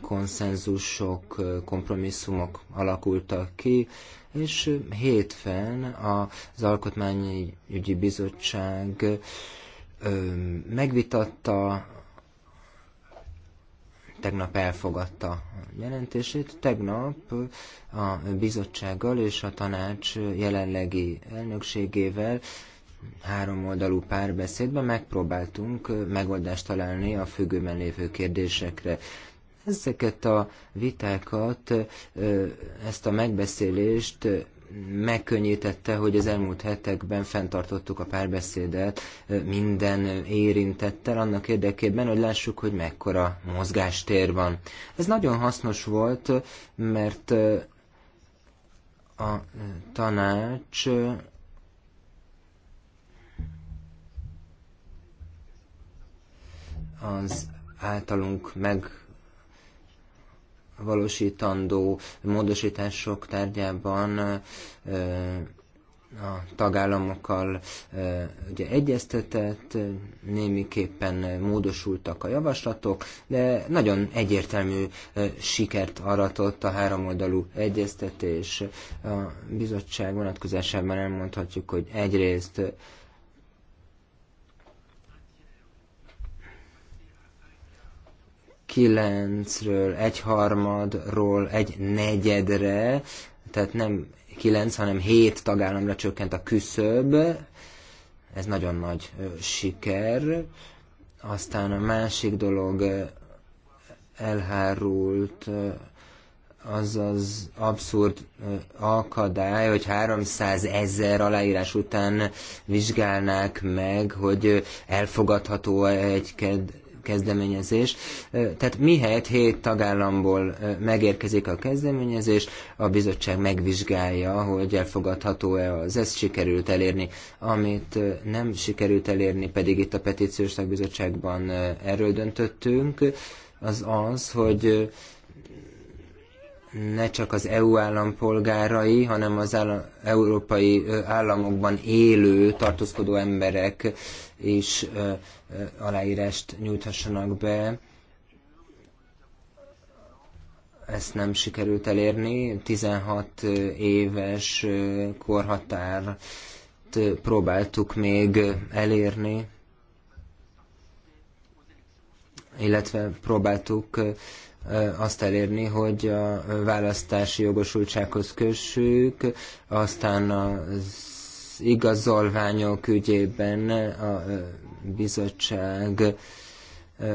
Speaker 4: konszenzusok, kompromisszumok alakultak ki, és hétfőn az Alkotmányügyi Bizottság megvitatta, tegnap elfogadta a jelentését, tegnap a bizottsággal és a tanács jelenlegi elnökségével három oldalú párbeszédben megpróbáltunk megoldást találni a függőben lévő kérdésekre. Ezeket a vitákat, ezt a megbeszélést megkönnyítette, hogy az elmúlt hetekben fenntartottuk a párbeszédet minden érintettel, annak érdekében, hogy lássuk, hogy mekkora mozgástér van. Ez nagyon hasznos volt, mert a tanács az általunk meg valósítandó módosítások tárgyában a tagállamokkal ugye egyeztetett, némiképpen módosultak a javaslatok, de nagyon egyértelmű sikert aratott a háromoldalú egyeztetés. A bizottság vonatkozásában elmondhatjuk, hogy egyrészt kilencről egyharmadról egy negyedre, tehát nem kilenc, hanem hét tagállamra csökkent a küszöb. Ez nagyon nagy siker. Aztán a másik dolog elhárult az az abszurd akadály, hogy 300 ezer aláírás után vizsgálnák meg, hogy elfogadható egy kezdeményezés. Tehát mihelyt hét tagállamból megérkezik a kezdeményezés, a bizottság megvizsgálja, hogy elfogadható-e az, ezt sikerült elérni. Amit nem sikerült elérni, pedig itt a petíciós tagbizottságban erről döntöttünk, az az, hogy ne csak az EU állampolgárai, hanem az állam, európai államokban élő tartózkodó emberek is aláírást nyújthassanak be. Ezt nem sikerült elérni. 16 éves korhatárt próbáltuk még elérni, illetve próbáltuk azt elérni, hogy a választási jogosultsághoz kössük, aztán az igazolványok ügyében a bizottság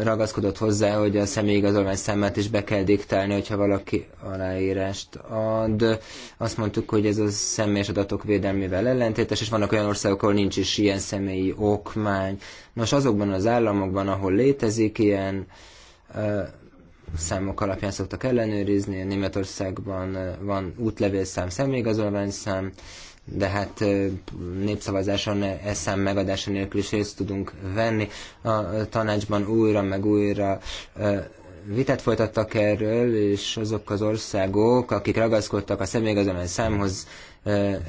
Speaker 4: ragaszkodott hozzá, hogy a személyigazolvány számát is be kell diktálni, hogyha valaki aláírást ad. Azt mondtuk, hogy ez a személyes adatok védelmével ellentétes, és vannak olyan országok, ahol nincs is ilyen személyi okmány. Nos, azokban az államokban, ahol létezik ilyen számok alapján szoktak ellenőrizni. Németországban van útlevélszám, személyigazolványszám, de hát népszavazáson eszem megadása nélkül is részt tudunk venni. A tanácsban újra meg újra vitát folytattak erről, és azok az országok, akik ragaszkodtak a személyigazolvány számhoz,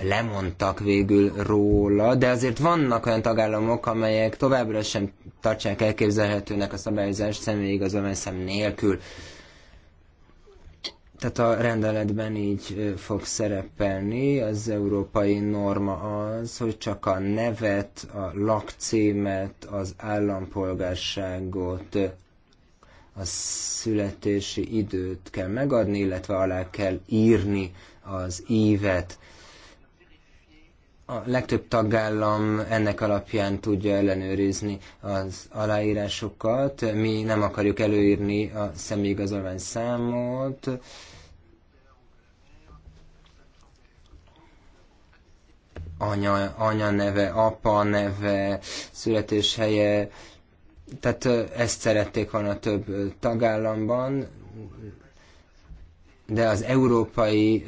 Speaker 4: lemondtak végül róla, de azért vannak olyan tagállamok, amelyek továbbra sem tartsák elképzelhetőnek a szabályozást személyigazolvány szem nélkül. Tehát a rendeletben így fog szerepelni, az európai norma az, hogy csak a nevet, a lakcímet, az állampolgárságot, a születési időt kell megadni, illetve alá kell írni az ívet. A legtöbb tagállam ennek alapján tudja ellenőrizni az aláírásokat. Mi nem akarjuk előírni a személyigazolvány számot, anya, anya neve, apa neve, születéshelye, tehát ezt szerették volna több tagállamban, de az európai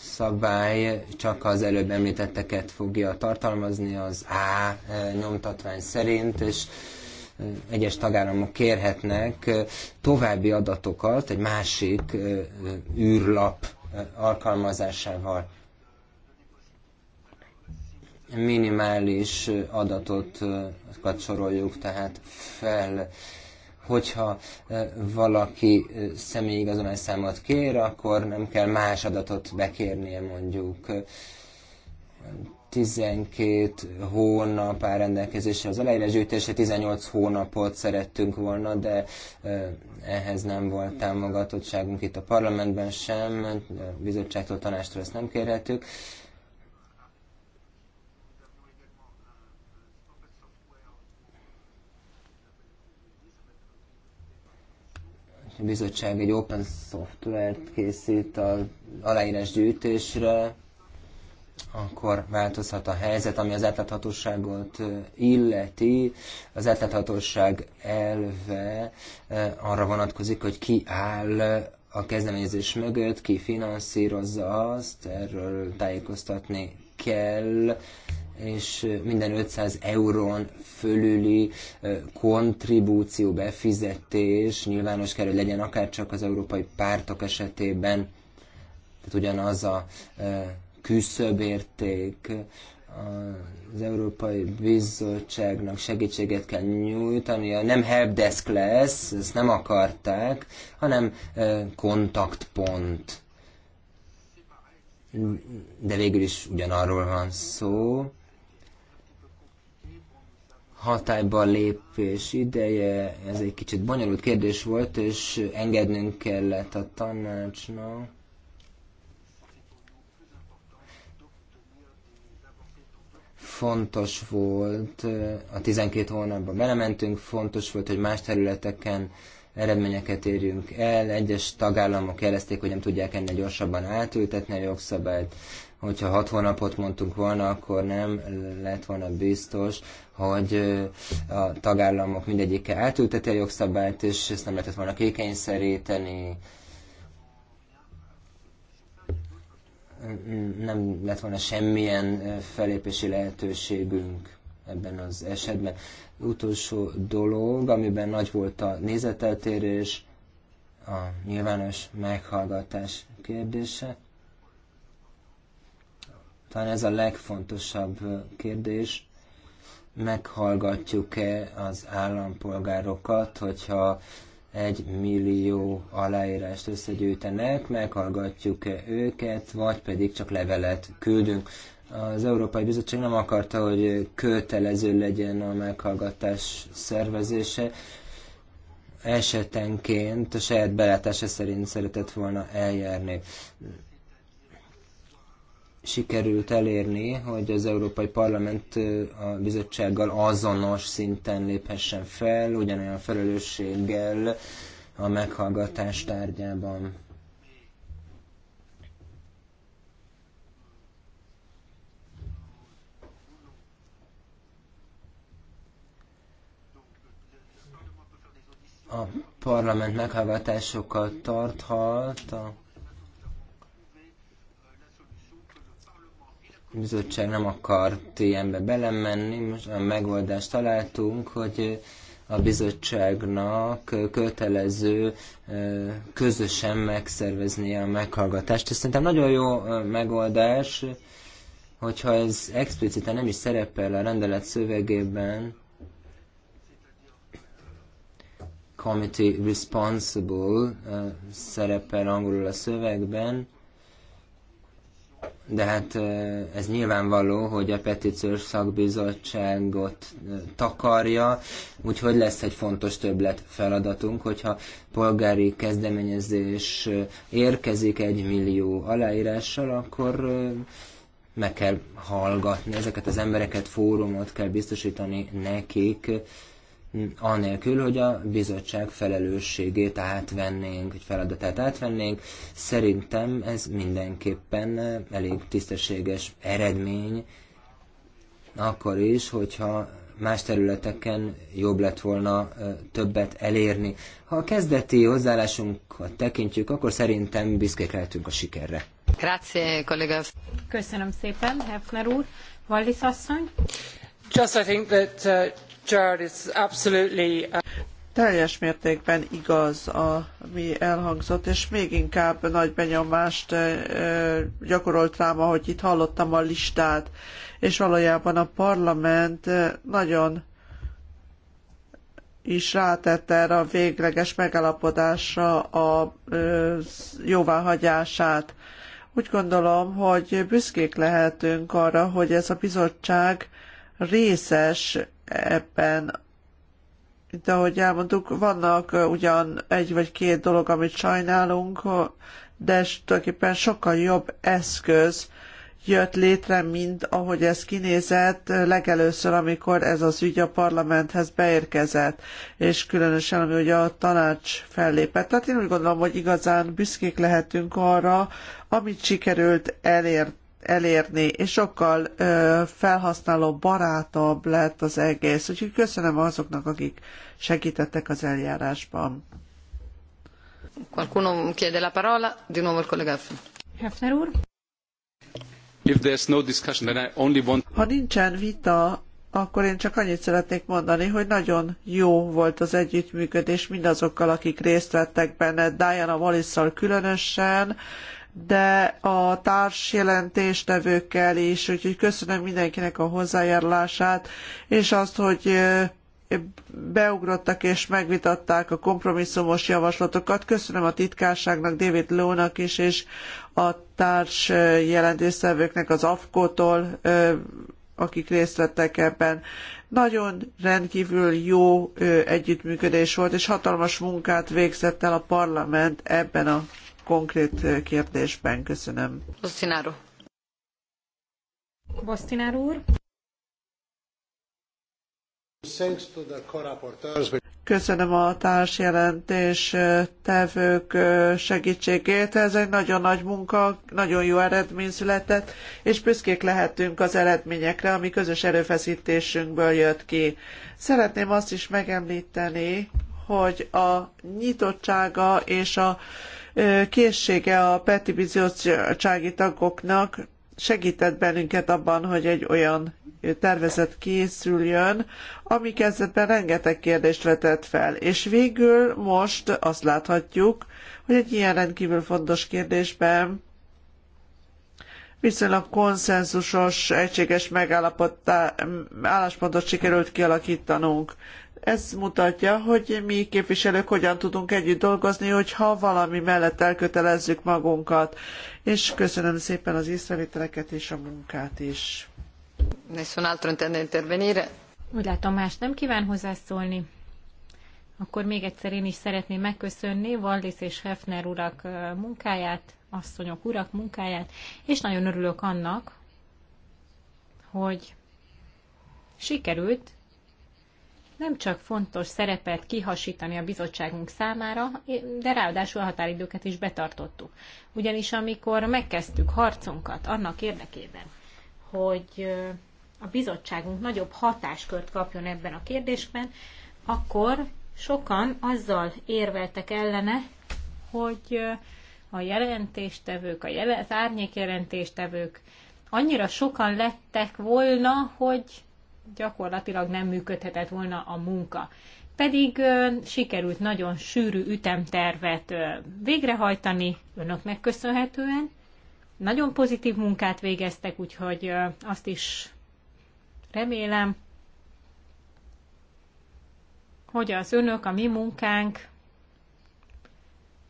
Speaker 4: szabály csak az előbb említetteket fogja tartalmazni az A nyomtatvány szerint, és egyes tagállamok kérhetnek további adatokat egy másik űrlap alkalmazásával minimális adatot soroljuk tehát fel. Hogyha valaki személyi igazolásszámot kér, akkor nem kell más adatot bekérnie mondjuk. 12 hónap áll rendelkezésre az aláírásgyűjtésre, 18 hónapot szerettünk volna, de ehhez nem volt támogatottságunk itt a parlamentben sem, a bizottságtól tanástól ezt nem kérhetük. bizottság egy open szoftvert készít az aláírás gyűjtésre, akkor változhat a helyzet, ami az átláthatóságot illeti. Az átláthatóság elve arra vonatkozik, hogy ki áll a kezdeményezés mögött, ki finanszírozza azt, erről tájékoztatni kell és minden 500 eurón fölüli kontribúció, befizetés nyilvános kell, hogy legyen akár csak az európai pártok esetében, tehát ugyanaz a küszöbérték, az Európai Bizottságnak segítséget kell nyújtani, nem helpdesk lesz, ezt nem akarták, hanem kontaktpont. De végül is ugyanarról van szó hatályba lépés ideje, ez egy kicsit bonyolult kérdés volt, és engednünk kellett a tanácsnak. Fontos volt, a 12 hónapban belementünk, fontos volt, hogy más területeken eredményeket érjünk el. Egyes tagállamok jelezték, hogy nem tudják ennél gyorsabban átültetni a jogszabályt. Hogyha hat hónapot mondtunk volna, akkor nem lett volna biztos, hogy a tagállamok mindegyike átülteti a jogszabályt, és ezt nem lehetett volna kékenyszeríteni. nem lett volna semmilyen felépési lehetőségünk ebben az esetben. Utolsó dolog, amiben nagy volt a nézeteltérés, a nyilvános meghallgatás kérdése. Talán ez a legfontosabb kérdés. Meghallgatjuk-e az állampolgárokat, hogyha egy millió aláírást összegyűjtenek, meghallgatjuk-e őket, vagy pedig csak levelet küldünk. Az Európai Bizottság nem akarta, hogy kötelező legyen a meghallgatás szervezése, esetenként a saját belátása szerint szeretett volna eljárni sikerült elérni, hogy az Európai Parlament a bizottsággal azonos szinten léphessen fel, ugyanolyan felelősséggel a meghallgatás tárgyában. A parlament meghallgatásokat tarthat, a bizottság nem akart be belemenni, most a megoldást találtunk, hogy a bizottságnak kötelező közösen megszerveznie a meghallgatást. Ez szerintem nagyon jó megoldás, hogyha ez expliciten nem is szerepel a rendelet szövegében, committee responsible szerepel angolul a szövegben, de hát ez nyilvánvaló, hogy a petíciós szakbizottságot takarja, úgyhogy lesz egy fontos többlet feladatunk, hogyha polgári kezdeményezés érkezik egy millió aláírással, akkor meg kell hallgatni ezeket az embereket, fórumot kell biztosítani nekik, anélkül, hogy a bizottság felelősségét átvennénk, vagy feladatát átvennénk. Szerintem ez mindenképpen eh, elég tisztességes eredmény, akkor is, hogyha más területeken jobb lett volna eh, többet elérni. Ha a kezdeti hozzáállásunkat tekintjük, akkor szerintem büszkék lehetünk a sikerre.
Speaker 2: Grazie, kollega. Köszönöm szépen, Hefner úr. Wallis asszony? Just I think that
Speaker 3: uh
Speaker 1: Uh, Teljes mértékben igaz, ami elhangzott, és még inkább nagy benyomást gyakorolt rám, ahogy itt hallottam a listát, és valójában a parlament nagyon is rátette erre a végleges megállapodásra a jóváhagyását. Úgy gondolom, hogy büszkék lehetünk arra, hogy ez a bizottság részes ebben de ahogy elmondtuk, vannak ugyan egy vagy két dolog, amit sajnálunk, de tulajdonképpen sokkal jobb eszköz jött létre, mint ahogy ez kinézett legelőször, amikor ez az ügy a parlamenthez beérkezett, és különösen, ami ugye a tanács fellépett. Tehát én úgy gondolom, hogy igazán büszkék lehetünk arra, amit sikerült elérni elérni, és sokkal ö, felhasználó barátabb lett az egész. Úgyhogy köszönöm azoknak, akik segítettek az eljárásban. Qualcuno chiede la parola, di nuovo il collega Hefner úr. If there's no discussion, then I only want... Ha nincsen vita, akkor én csak annyit szeretnék mondani, hogy nagyon jó volt az együttműködés mindazokkal, akik részt vettek benne, Diana Wallis Wallis-szal különösen, de a társ jelentéstevőkkel is, úgyhogy köszönöm mindenkinek a hozzájárulását, és azt, hogy beugrottak és megvitatták a kompromisszumos javaslatokat. Köszönöm a titkárságnak, David Lónak is, és a társ jelentéstevőknek az AFKO-tól, akik részt vettek ebben. Nagyon rendkívül jó együttműködés volt, és hatalmas munkát végzett el a parlament ebben a konkrét kérdésben. Köszönöm.
Speaker 2: Bosztináró. Bosztináró úr.
Speaker 1: Köszönöm a társjelentés tevők segítségét. Ez egy nagyon nagy munka, nagyon jó eredmény született, és büszkék lehetünk az eredményekre, ami közös erőfeszítésünkből jött ki. Szeretném azt is megemlíteni, hogy a nyitottsága és a készsége a Peti Bizottsági tagoknak segített bennünket abban, hogy egy olyan tervezet készüljön, ami kezdetben rengeteg kérdést vetett fel. És végül most azt láthatjuk, hogy egy ilyen rendkívül fontos kérdésben viszonylag konszenzusos, egységes megállapot, álláspontot sikerült kialakítanunk. Ez mutatja, hogy mi képviselők hogyan tudunk együtt dolgozni, hogyha valami mellett elkötelezzük magunkat. És köszönöm szépen az észrevételeket és a munkát is.
Speaker 2: Úgy látom,
Speaker 3: más nem kíván hozzászólni. Akkor még egyszer én is szeretném megköszönni Valdis és Hefner urak munkáját, asszonyok urak munkáját, és nagyon örülök annak, hogy sikerült nem csak fontos szerepet kihasítani a bizottságunk számára, de ráadásul a határidőket is betartottuk. Ugyanis amikor megkezdtük harcunkat annak érdekében, hogy a bizottságunk nagyobb hatáskört kapjon ebben a kérdésben, akkor sokan azzal érveltek ellene, hogy a jelentéstevők, a jel- az árnyékjelentéstevők annyira sokan lettek volna, hogy gyakorlatilag nem működhetett volna a munka. Pedig sikerült nagyon sűrű ütemtervet végrehajtani önöknek köszönhetően. Nagyon pozitív munkát végeztek, úgyhogy azt is remélem, hogy az önök, a mi munkánk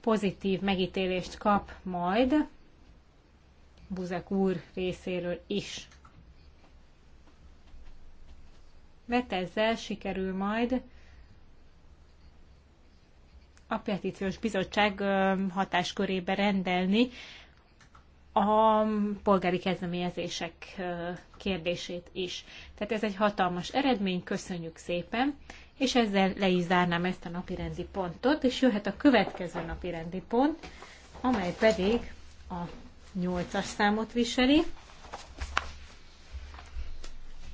Speaker 3: pozitív megítélést kap majd Buzek úr részéről is. mert ezzel sikerül majd a petíciós bizottság hatáskörébe rendelni a polgári kezdeményezések kérdését is. Tehát ez egy hatalmas eredmény, köszönjük szépen, és ezzel le is zárnám ezt a napirendi pontot, és jöhet a következő napirendi pont, amely pedig a 8-as számot viseli.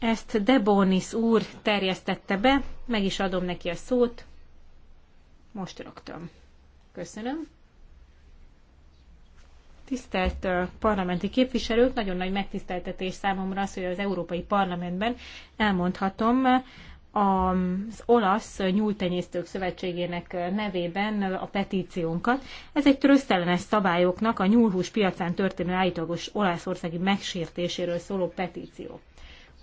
Speaker 3: Ezt Debonis úr terjesztette be, meg is adom neki a szót. Most rögtön. Köszönöm. Tisztelt parlamenti képviselők, nagyon nagy megtiszteltetés számomra az, hogy az Európai Parlamentben elmondhatom az olasz nyúltenyésztők szövetségének nevében a petíciónkat. Ez egy trösztelenes szabályoknak a nyúlhús piacán történő állítólagos olaszországi megsértéséről szóló petíció.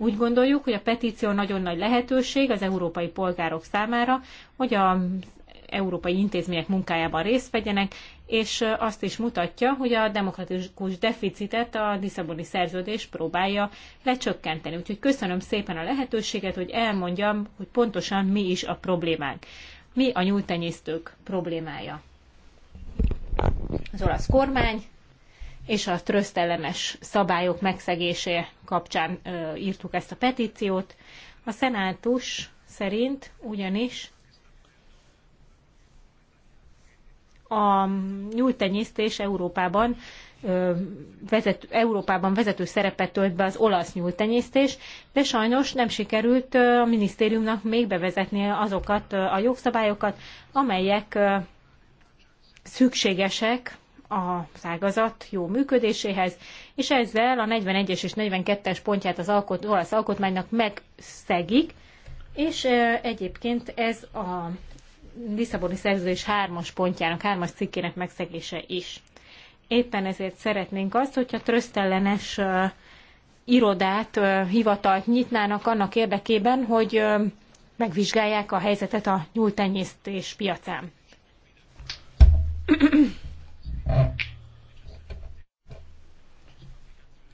Speaker 3: Úgy gondoljuk, hogy a petíció nagyon nagy lehetőség az európai polgárok számára, hogy a európai intézmények munkájában részt vegyenek, és azt is mutatja, hogy a demokratikus deficitet a Lisszaboni szerződés próbálja lecsökkenteni. Úgyhogy köszönöm szépen a lehetőséget, hogy elmondjam, hogy pontosan mi is a problémánk. Mi a nyúltenyésztők problémája? Az olasz kormány, és a trösztellenes szabályok megszegése kapcsán ö, írtuk ezt a petíciót. A szenátus szerint ugyanis a nyújtenyésztés Európában vezető, Európában vezető szerepet tölt be az olasz nyúltenyésztés, de sajnos nem sikerült a minisztériumnak még bevezetnie azokat a jogszabályokat, amelyek szükségesek az ágazat jó működéséhez, és ezzel a 41-es és 42-es pontját az alkot, olasz alkotmánynak megszegik, és egyébként ez a Lisszaboni szerződés hármas pontjának, hármas cikkének megszegése is. Éppen ezért szeretnénk azt, hogyha trösztellenes irodát, hivatalt nyitnának annak érdekében, hogy megvizsgálják a helyzetet a nyúltenyésztés piacán.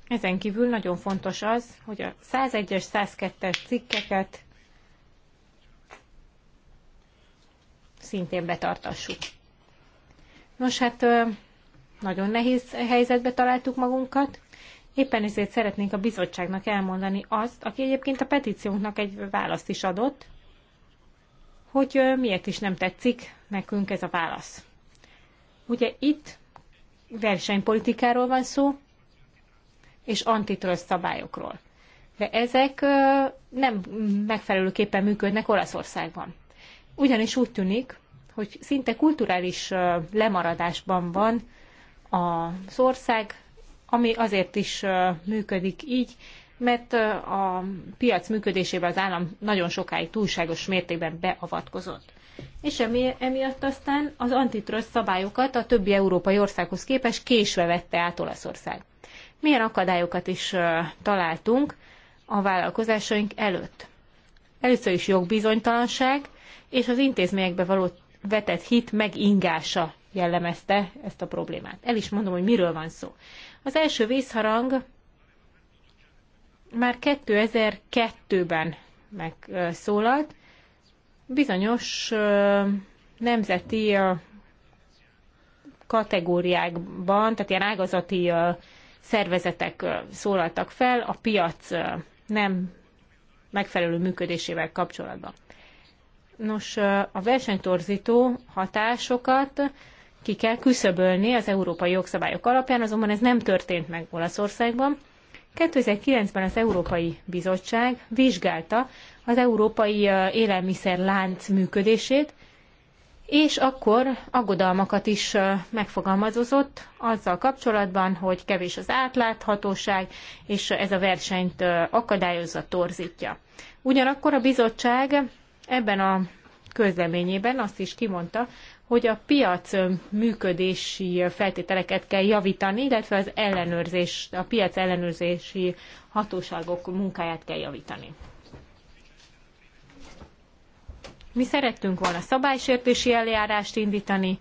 Speaker 3: Ezen kívül nagyon fontos az, hogy a 101-es, 102-es cikkeket szintén betartassuk. Nos, hát nagyon nehéz helyzetbe találtuk magunkat. Éppen ezért szeretnénk a bizottságnak elmondani azt, aki egyébként a petíciónknak egy választ is adott, hogy miért is nem tetszik nekünk ez a válasz. Ugye itt versenypolitikáról van szó, és antitrust szabályokról. De ezek nem megfelelőképpen működnek Olaszországban. Ugyanis úgy tűnik, hogy szinte kulturális lemaradásban van az ország, ami azért is működik így, mert a piac működésében az állam nagyon sokáig túlságos mértékben beavatkozott és emi, emiatt aztán az antitrust szabályokat a többi európai országhoz képest késve vette át Olaszország. Milyen akadályokat is találtunk a vállalkozásaink előtt? Először is jogbizonytalanság, és az intézményekbe való vetett hit megingása jellemezte ezt a problémát. El is mondom, hogy miről van szó. Az első vészharang már 2002-ben megszólalt, bizonyos nemzeti kategóriákban, tehát ilyen ágazati szervezetek szólaltak fel a piac nem megfelelő működésével kapcsolatban. Nos, a versenytorzító hatásokat ki kell küszöbölni az európai jogszabályok alapján, azonban ez nem történt meg Olaszországban. 2009-ben az Európai Bizottság vizsgálta az európai élelmiszerlánc működését, és akkor aggodalmakat is megfogalmazott azzal kapcsolatban, hogy kevés az átláthatóság, és ez a versenyt akadályozza, torzítja. Ugyanakkor a bizottság ebben a közleményében azt is kimondta, hogy a piac működési feltételeket kell javítani, illetve az ellenőrzés, a piac ellenőrzési hatóságok munkáját kell javítani. Mi szerettünk volna szabálysértési eljárást indítani,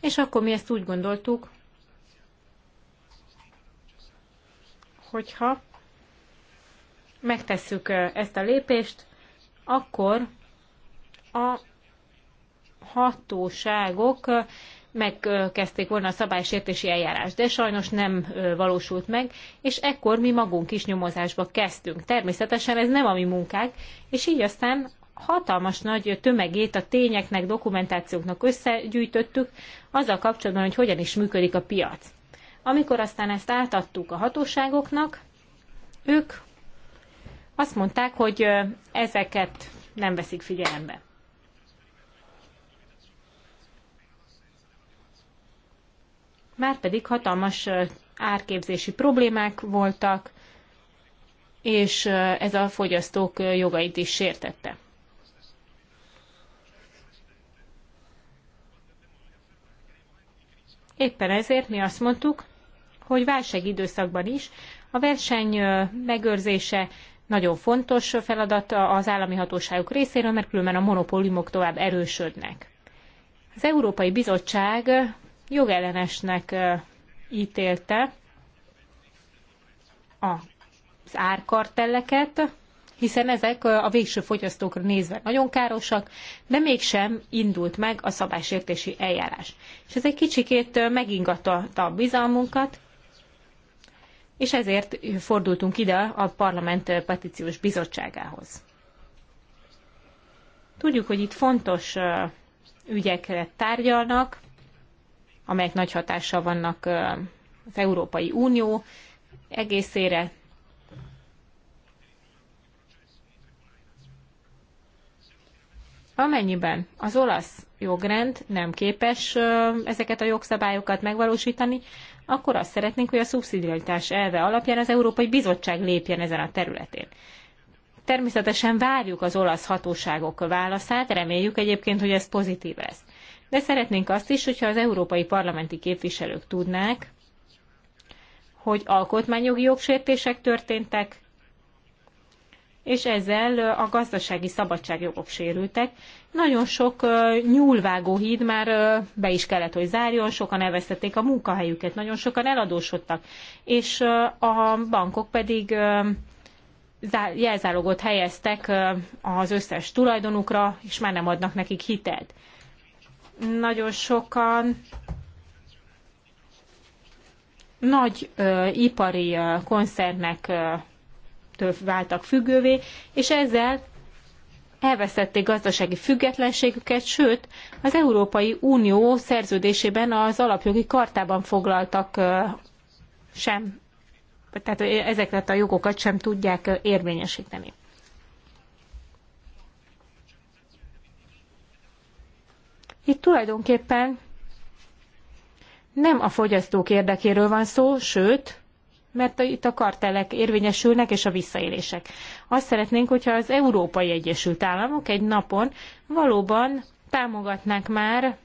Speaker 3: És akkor mi ezt úgy gondoltuk, hogyha megtesszük ezt a lépést, akkor a hatóságok megkezdték volna a szabálysértési eljárást, de sajnos nem valósult meg, és ekkor mi magunk is nyomozásba kezdtünk. Természetesen ez nem a mi munkák, és így aztán hatalmas nagy tömegét a tényeknek, dokumentációknak összegyűjtöttük, azzal kapcsolatban, hogy hogyan is működik a piac. Amikor aztán ezt átadtuk a hatóságoknak, ők azt mondták, hogy ezeket nem veszik figyelembe. Márpedig hatalmas árképzési problémák voltak, és ez a fogyasztók jogait is sértette. Éppen ezért mi azt mondtuk, hogy válság időszakban is a verseny megőrzése nagyon fontos feladat az állami hatóságok részéről, mert különben a monopóliumok tovább erősödnek. Az Európai Bizottság jogellenesnek ítélte az árkartelleket, hiszen ezek a végső fogyasztókra nézve nagyon károsak, de mégsem indult meg a szabálysértési eljárás. És ez egy kicsikét megingatta a bizalmunkat, és ezért fordultunk ide a Parlament Petíciós Bizottságához. Tudjuk, hogy itt fontos ügyekre tárgyalnak, amelyek nagy hatással vannak az Európai Unió egészére. Amennyiben az olasz jogrend nem képes ezeket a jogszabályokat megvalósítani, akkor azt szeretnénk, hogy a szubszidiaritás elve alapján az Európai Bizottság lépjen ezen a területén. Természetesen várjuk az olasz hatóságok válaszát, reméljük egyébként, hogy ez pozitív lesz. De szeretnénk azt is, hogyha az európai parlamenti képviselők tudnák, hogy alkotmányjogi jogsértések történtek, és ezzel a gazdasági szabadságjogok sérültek, nagyon sok nyúlvágó híd már be is kellett, hogy zárjon, sokan elvesztették a munkahelyüket, nagyon sokan eladósodtak, és a bankok pedig jelzálogot helyeztek az összes tulajdonukra, és már nem adnak nekik hitelt. Nagyon sokan nagy uh, ipari uh, koncernek uh, váltak függővé, és ezzel elvesztették gazdasági függetlenségüket, sőt, az Európai Unió szerződésében az alapjogi kartában foglaltak sem, tehát ezeket a jogokat sem tudják érvényesíteni. Itt tulajdonképpen nem a fogyasztók érdekéről van szó, sőt, mert itt a kartelek érvényesülnek, és a visszaélések. Azt szeretnénk, hogyha az Európai Egyesült Államok egy napon valóban támogatnák már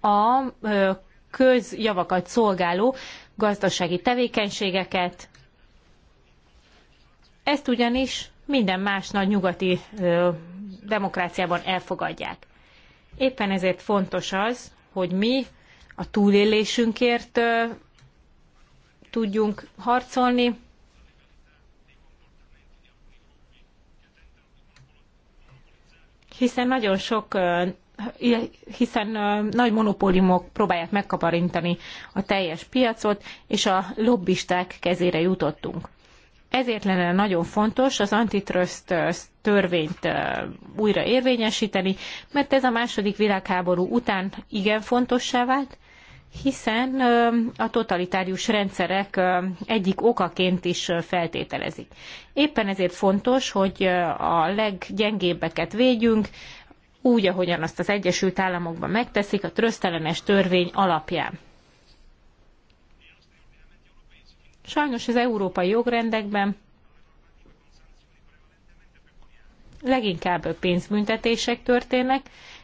Speaker 3: a közjavakat szolgáló gazdasági tevékenységeket. Ezt ugyanis minden más nagy nyugati demokráciában elfogadják. Éppen ezért fontos az, hogy mi a túlélésünkért tudjunk harcolni. Hiszen nagyon sok hiszen nagy monopóliumok próbálják megkaparintani a teljes piacot, és a lobbisták kezére jutottunk. Ezért lenne nagyon fontos az antitrust törvényt újra érvényesíteni, mert ez a második világháború után igen fontossá vált, hiszen a totalitárius rendszerek egyik okaként is feltételezik. Éppen ezért fontos, hogy a leggyengébbeket védjünk, úgy, ahogyan azt az Egyesült Államokban megteszik a trösztelenes törvény alapján. Sajnos az európai jogrendekben leginkább pénzbüntetések történnek,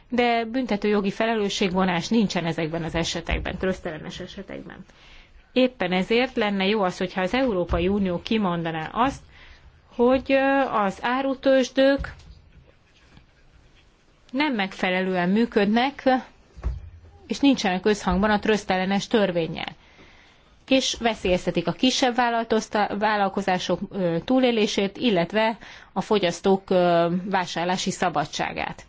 Speaker 3: de jogi felelősségvonás nincsen ezekben az esetekben, trösztelenes esetekben. Éppen ezért lenne jó az, hogyha az Európai Unió kimondaná azt, hogy az árutősdők nem megfelelően működnek, és nincsenek összhangban a trösztelenes törvényel és veszélyeztetik a kisebb vállalkozások túlélését, illetve a fogyasztók vásárlási szabadságát.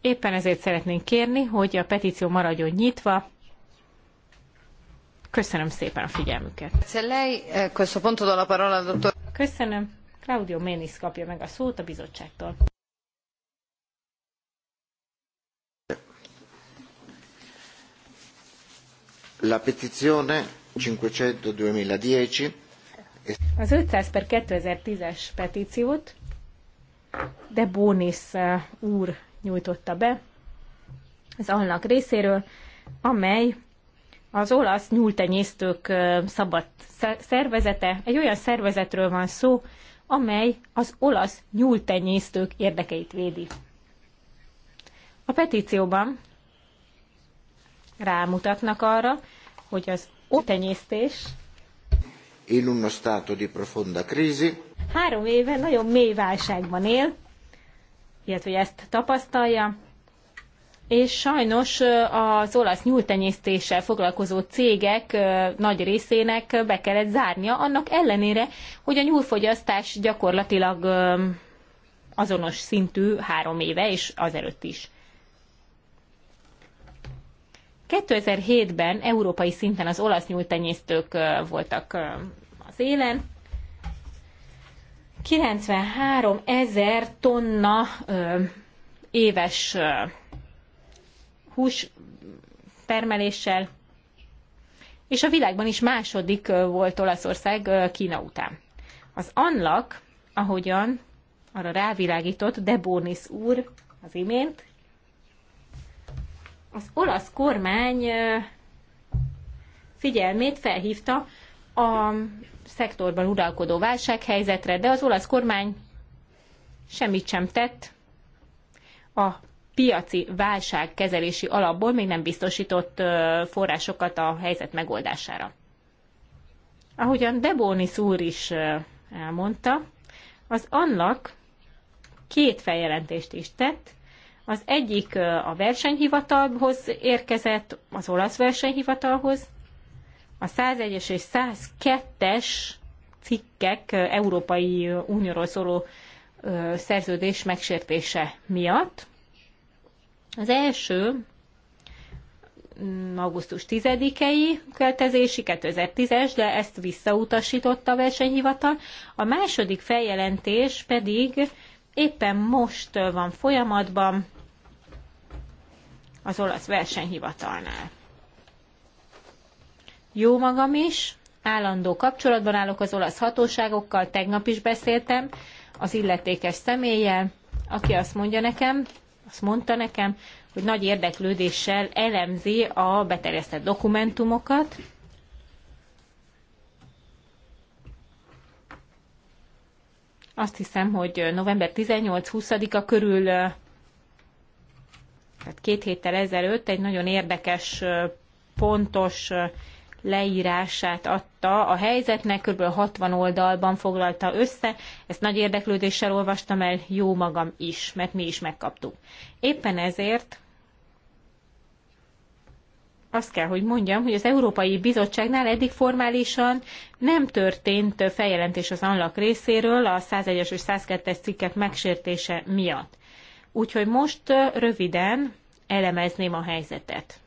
Speaker 3: Éppen ezért szeretnénk kérni, hogy a petíció maradjon nyitva. Köszönöm szépen a figyelmüket. Köszönöm. Claudio Ménis kapja meg a szót a bizottságtól.
Speaker 4: La petizione 500-2010
Speaker 3: az 500 per 2010-es petíciót de Bónis eh, úr nyújtotta be az annak részéről, amely az olasz nyúltenyésztők szabad szervezete. Egy olyan szervezetről van szó, amely az olasz nyúltenyésztők érdekeit védi. A petícióban rámutatnak arra, hogy az tenyésztés
Speaker 4: in uno stato di profonda crisi.
Speaker 3: Három éve nagyon mély válságban él, illetve hogy ezt tapasztalja. És sajnos az olasz nyúltenyésztéssel foglalkozó cégek nagy részének be kellett zárnia, annak ellenére, hogy a nyúlfogyasztás gyakorlatilag azonos szintű három éve, és azelőtt is. 2007-ben európai szinten az olasz nyúltenyésztők voltak az élen, 93 ezer tonna ö, éves ö, hús termeléssel, és a világban is második ö, volt Olaszország ö, Kína után. Az anlak, ahogyan arra rávilágított Debonis úr az imént, az olasz kormány figyelmét felhívta a szektorban uralkodó válsághelyzetre, de az olasz kormány semmit sem tett. A piaci válságkezelési alapból még nem biztosított forrásokat a helyzet megoldására. Ahogyan Debonis úr is elmondta, az annak két feljelentést is tett. Az egyik a versenyhivatalhoz érkezett, az olasz versenyhivatalhoz, a 101-es és 102-es cikkek Európai Unióról szóló szerződés megsértése miatt. Az első mm, augusztus 10-i keltezési 2010-es, de ezt visszautasította a versenyhivatal. A második feljelentés pedig éppen most van folyamatban az olasz versenyhivatalnál. Jó magam is, állandó kapcsolatban állok az olasz hatóságokkal, tegnap is beszéltem az illetékes személlyel, aki azt mondja nekem, azt mondta nekem, hogy nagy érdeklődéssel elemzi a beterjesztett dokumentumokat, azt hiszem, hogy november 18-20-a körül, tehát két héttel ezelőtt egy nagyon érdekes, pontos leírását adta a helyzetnek, kb. 60 oldalban foglalta össze. Ezt nagy érdeklődéssel olvastam el, jó magam is, mert mi is megkaptuk. Éppen ezért azt kell, hogy mondjam, hogy az Európai Bizottságnál eddig formálisan nem történt feljelentés az anlak részéről a 101-es és 102-es cikkek megsértése miatt. Úgyhogy most röviden elemezném a helyzetet.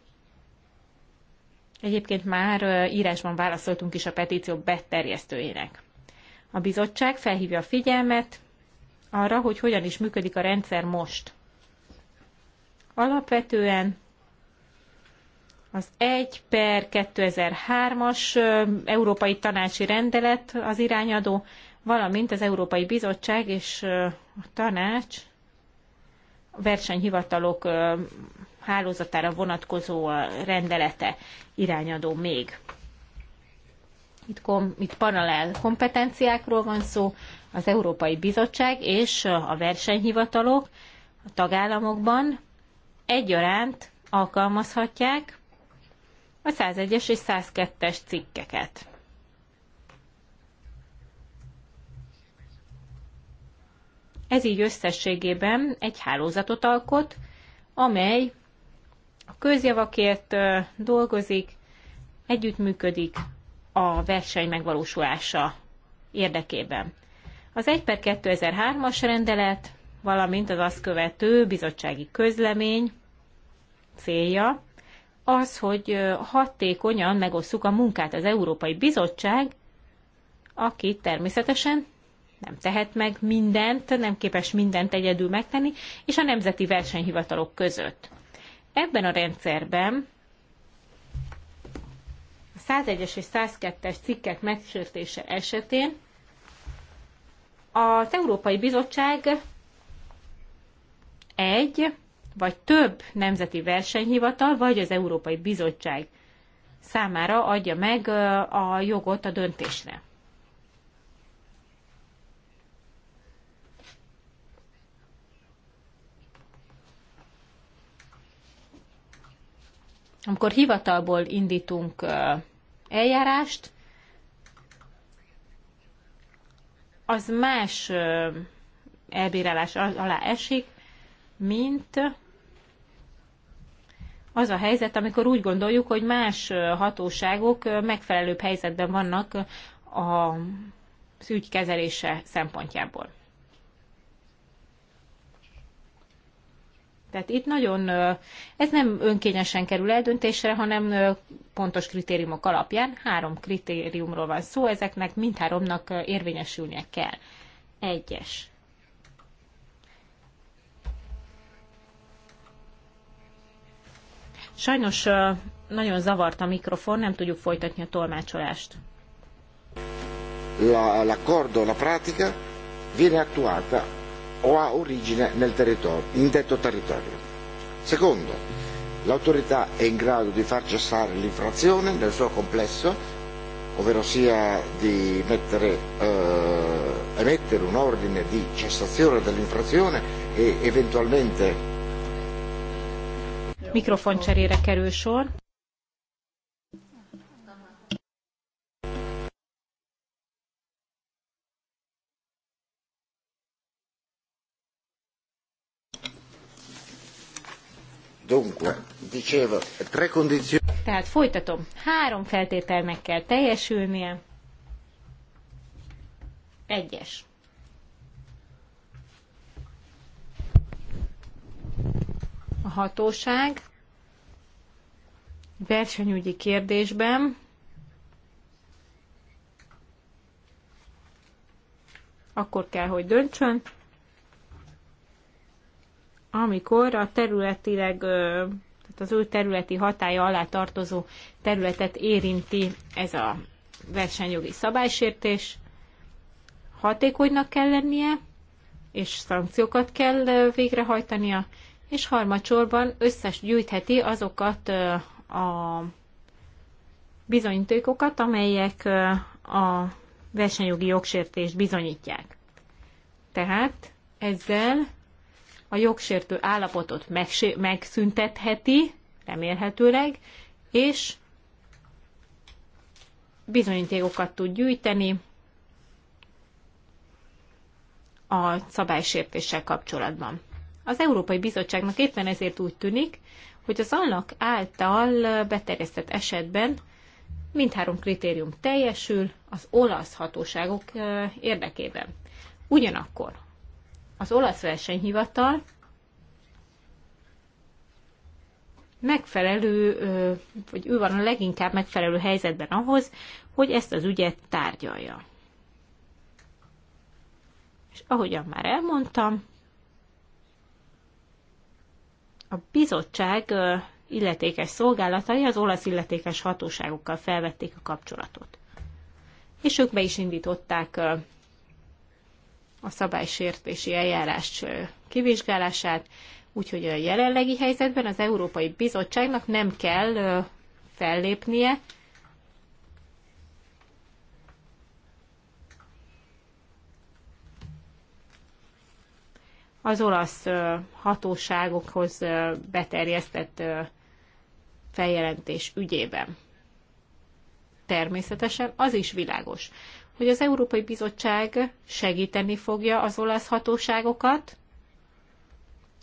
Speaker 3: Egyébként már írásban válaszoltunk is a petíció beterjesztőjének. A bizottság felhívja a figyelmet arra, hogy hogyan is működik a rendszer most. Alapvetően az 1 per 2003-as Európai Tanácsi Rendelet az irányadó, valamint az Európai Bizottság és a Tanács versenyhivatalok hálózatára vonatkozó rendelete irányadó még. Itt, kom, itt paralel kompetenciákról van szó, az Európai Bizottság és a versenyhivatalok a tagállamokban egyaránt alkalmazhatják a 101-es és 102-es cikkeket. Ez így összességében egy hálózatot alkot, amely a közjavakért dolgozik, együttműködik a verseny megvalósulása érdekében. Az 1 per 2003-as rendelet, valamint az azt követő bizottsági közlemény célja az, hogy hatékonyan megosszuk a munkát az Európai Bizottság, akit természetesen nem tehet meg mindent, nem képes mindent egyedül megtenni, és a nemzeti versenyhivatalok között. Ebben a rendszerben a 101-es és 102-es cikkek megsértése esetén az Európai Bizottság egy vagy több nemzeti versenyhivatal, vagy az Európai Bizottság számára adja meg a jogot a döntésre. amikor hivatalból indítunk eljárást, az más elbírálás alá esik, mint az a helyzet, amikor úgy gondoljuk, hogy más hatóságok megfelelőbb helyzetben vannak az ügy kezelése szempontjából. Tehát itt nagyon, ez nem önkényesen kerül eldöntésre, hanem pontos kritériumok alapján. Három kritériumról van szó, ezeknek mindháromnak érvényesülnie kell. Egyes. Sajnos nagyon zavart a mikrofon, nem tudjuk folytatni a tolmácsolást.
Speaker 4: La, l'accordo, la pratica viene attuata o ha origine nel territorio, in detto territorio. Secondo, l'autorità è in grado di far cessare l'infrazione nel suo complesso, ovvero sia di mettere, eh, emettere un ordine di cessazione dell'infrazione e eventualmente
Speaker 3: Mikrofon cserére kerül sor.
Speaker 4: Dunque, dicevo, tre condizioni.
Speaker 3: Tehát folytatom. Három feltételnek kell teljesülnie. Egyes. A hatóság versenyügyi kérdésben akkor kell, hogy döntsön, amikor a területileg, tehát az ő területi hatája alá tartozó területet érinti ez a versenyjogi szabálysértés, hatékonynak kell lennie, és szankciókat kell végrehajtania, és harmadsorban összes gyűjtheti azokat a bizonyítékokat, amelyek a versenyjogi jogsértést bizonyítják. Tehát ezzel a jogsértő állapotot megszüntetheti, remélhetőleg, és bizonyítékokat tud gyűjteni a szabálysértéssel kapcsolatban. Az Európai Bizottságnak éppen ezért úgy tűnik, hogy az annak által beterjesztett esetben mindhárom kritérium teljesül az olasz hatóságok érdekében. Ugyanakkor az olasz versenyhivatal megfelelő, vagy ő van a leginkább megfelelő helyzetben ahhoz, hogy ezt az ügyet tárgyalja. És ahogyan már elmondtam, a bizottság illetékes szolgálatai az olasz illetékes hatóságokkal felvették a kapcsolatot. És ők be is indították a szabálysértési eljárás kivizsgálását, úgyhogy a jelenlegi helyzetben az Európai Bizottságnak nem kell fellépnie, az olasz hatóságokhoz beterjesztett feljelentés ügyében. Természetesen az is világos, hogy az Európai Bizottság segíteni fogja az olasz hatóságokat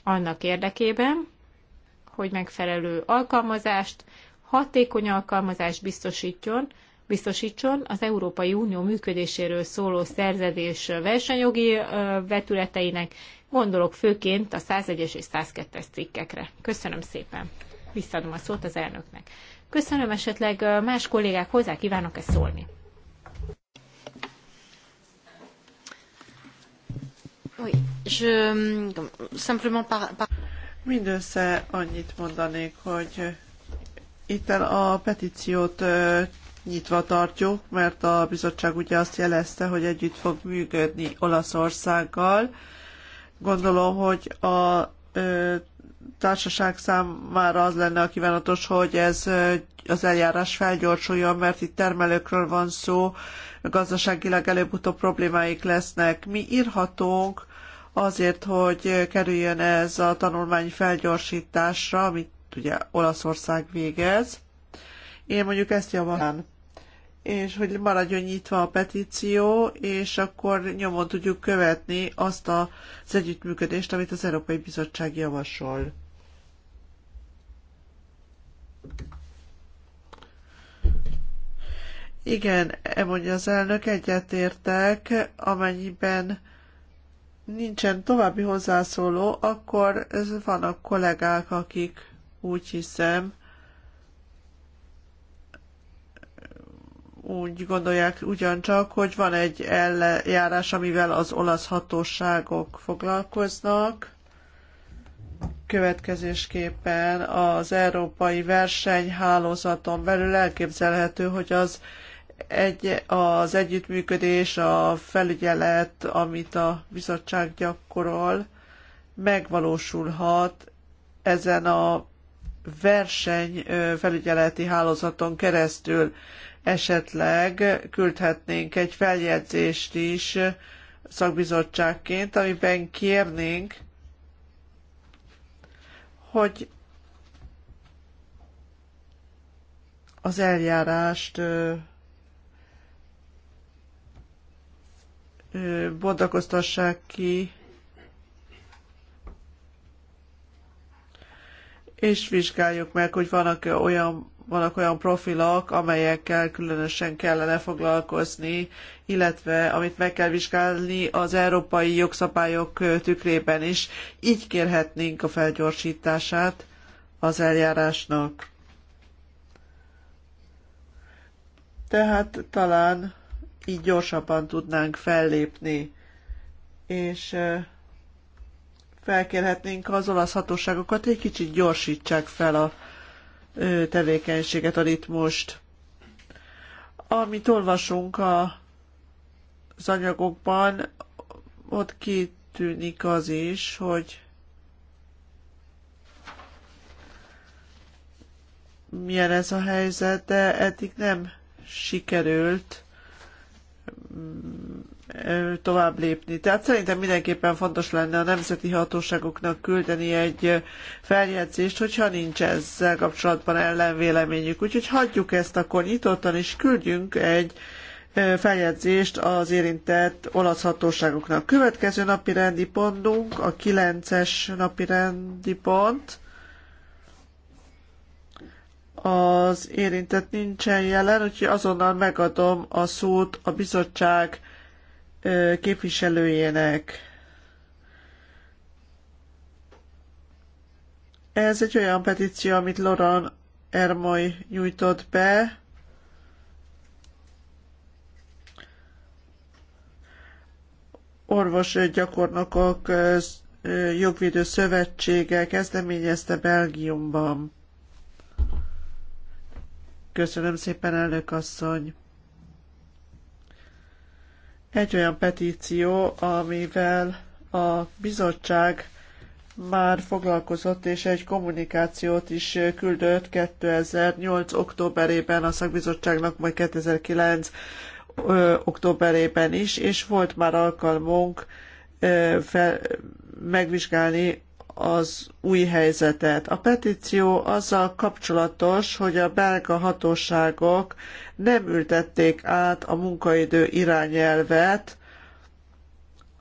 Speaker 3: annak érdekében, hogy megfelelő alkalmazást, hatékony alkalmazást biztosítjon, biztosítson az Európai Unió működéséről szóló szerződés versenyjogi vetületeinek, gondolok főként a 101-es és 102-es cikkekre. Köszönöm szépen. Visszadom a szót az elnöknek. Köszönöm esetleg más kollégák hozzá kívánok-e szólni.
Speaker 1: Oui, je, simplement par, par... Mindössze annyit mondanék, hogy itt a petíciót nyitva tartjuk, mert a bizottság ugye azt jelezte, hogy együtt fog működni Olaszországgal. Gondolom, hogy a társaság számára az lenne a kívánatos, hogy ez az eljárás felgyorsuljon, mert itt termelőkről van szó, gazdaságilag előbb-utóbb problémáik lesznek. Mi írhatunk azért, hogy kerüljön ez a tanulmány felgyorsításra, amit ugye Olaszország végez. Én mondjuk ezt javaslom és hogy maradjon nyitva a petíció, és akkor nyomon tudjuk követni azt az együttműködést, amit az Európai Bizottság javasol. Igen, mondja az elnök, egyetértek, amennyiben nincsen további hozzászóló, akkor ez vannak kollégák, akik úgy hiszem, úgy gondolják ugyancsak, hogy van egy eljárás, amivel az olasz hatóságok foglalkoznak. Következésképpen az európai versenyhálózaton belül elképzelhető, hogy az, egy, az együttműködés, a felügyelet, amit a bizottság gyakorol, megvalósulhat ezen a verseny felügyeleti hálózaton keresztül esetleg küldhetnénk egy feljegyzést is szakbizottságként, amiben kérnénk, hogy az eljárást bontakoztassák ki, és vizsgáljuk meg, hogy vannak -e olyan vannak olyan profilok, amelyekkel különösen kellene foglalkozni, illetve amit meg kell vizsgálni az európai jogszabályok tükrében is. Így kérhetnénk a felgyorsítását az eljárásnak. Tehát talán így gyorsabban tudnánk fellépni, és felkérhetnénk az olasz hatóságokat, hogy egy kicsit gyorsítsák fel a tevékenységet ad itt most. Amit olvasunk a, az anyagokban, ott kitűnik az is, hogy milyen ez a helyzet, de eddig nem sikerült tovább lépni. Tehát szerintem mindenképpen fontos lenne a nemzeti hatóságoknak küldeni egy feljegyzést, hogyha nincs ezzel kapcsolatban ellenvéleményük. Úgyhogy hagyjuk ezt akkor nyitottan, és küldjünk egy feljegyzést az érintett olasz hatóságoknak. Következő napi rendi pontunk, a kilences napi rendi pont. Az érintett nincsen jelen, úgyhogy azonnal megadom a szót a bizottság képviselőjének. Ez egy olyan petíció, amit Loran Ermoy nyújtott be, orvos gyakornokok jogvédő szövetsége kezdeményezte Belgiumban. Köszönöm szépen, elnök asszony! egy olyan petíció, amivel a bizottság már foglalkozott, és egy kommunikációt is küldött 2008. októberében a szakbizottságnak, majd 2009 ö, októberében is, és volt már alkalmunk ö, fel, megvizsgálni az új helyzetet. A petíció azzal kapcsolatos, hogy a belga hatóságok nem ültették át a munkaidő irányelvet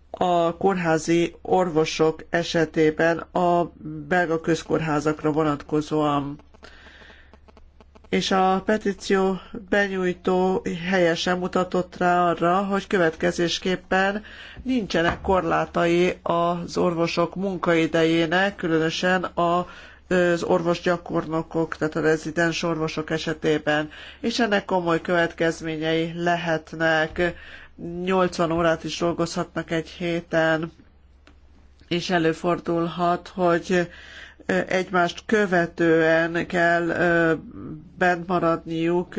Speaker 1: a kórházi orvosok esetében a belga közkórházakra vonatkozóan és a petíció benyújtó helyesen mutatott rá arra, hogy következésképpen nincsenek korlátai az orvosok munkaidejének, különösen a az orvosgyakornokok, tehát a rezidens orvosok esetében, és ennek komoly következményei lehetnek. 80 órát is dolgozhatnak egy héten, és előfordulhat, hogy egymást követően kell bent maradniuk,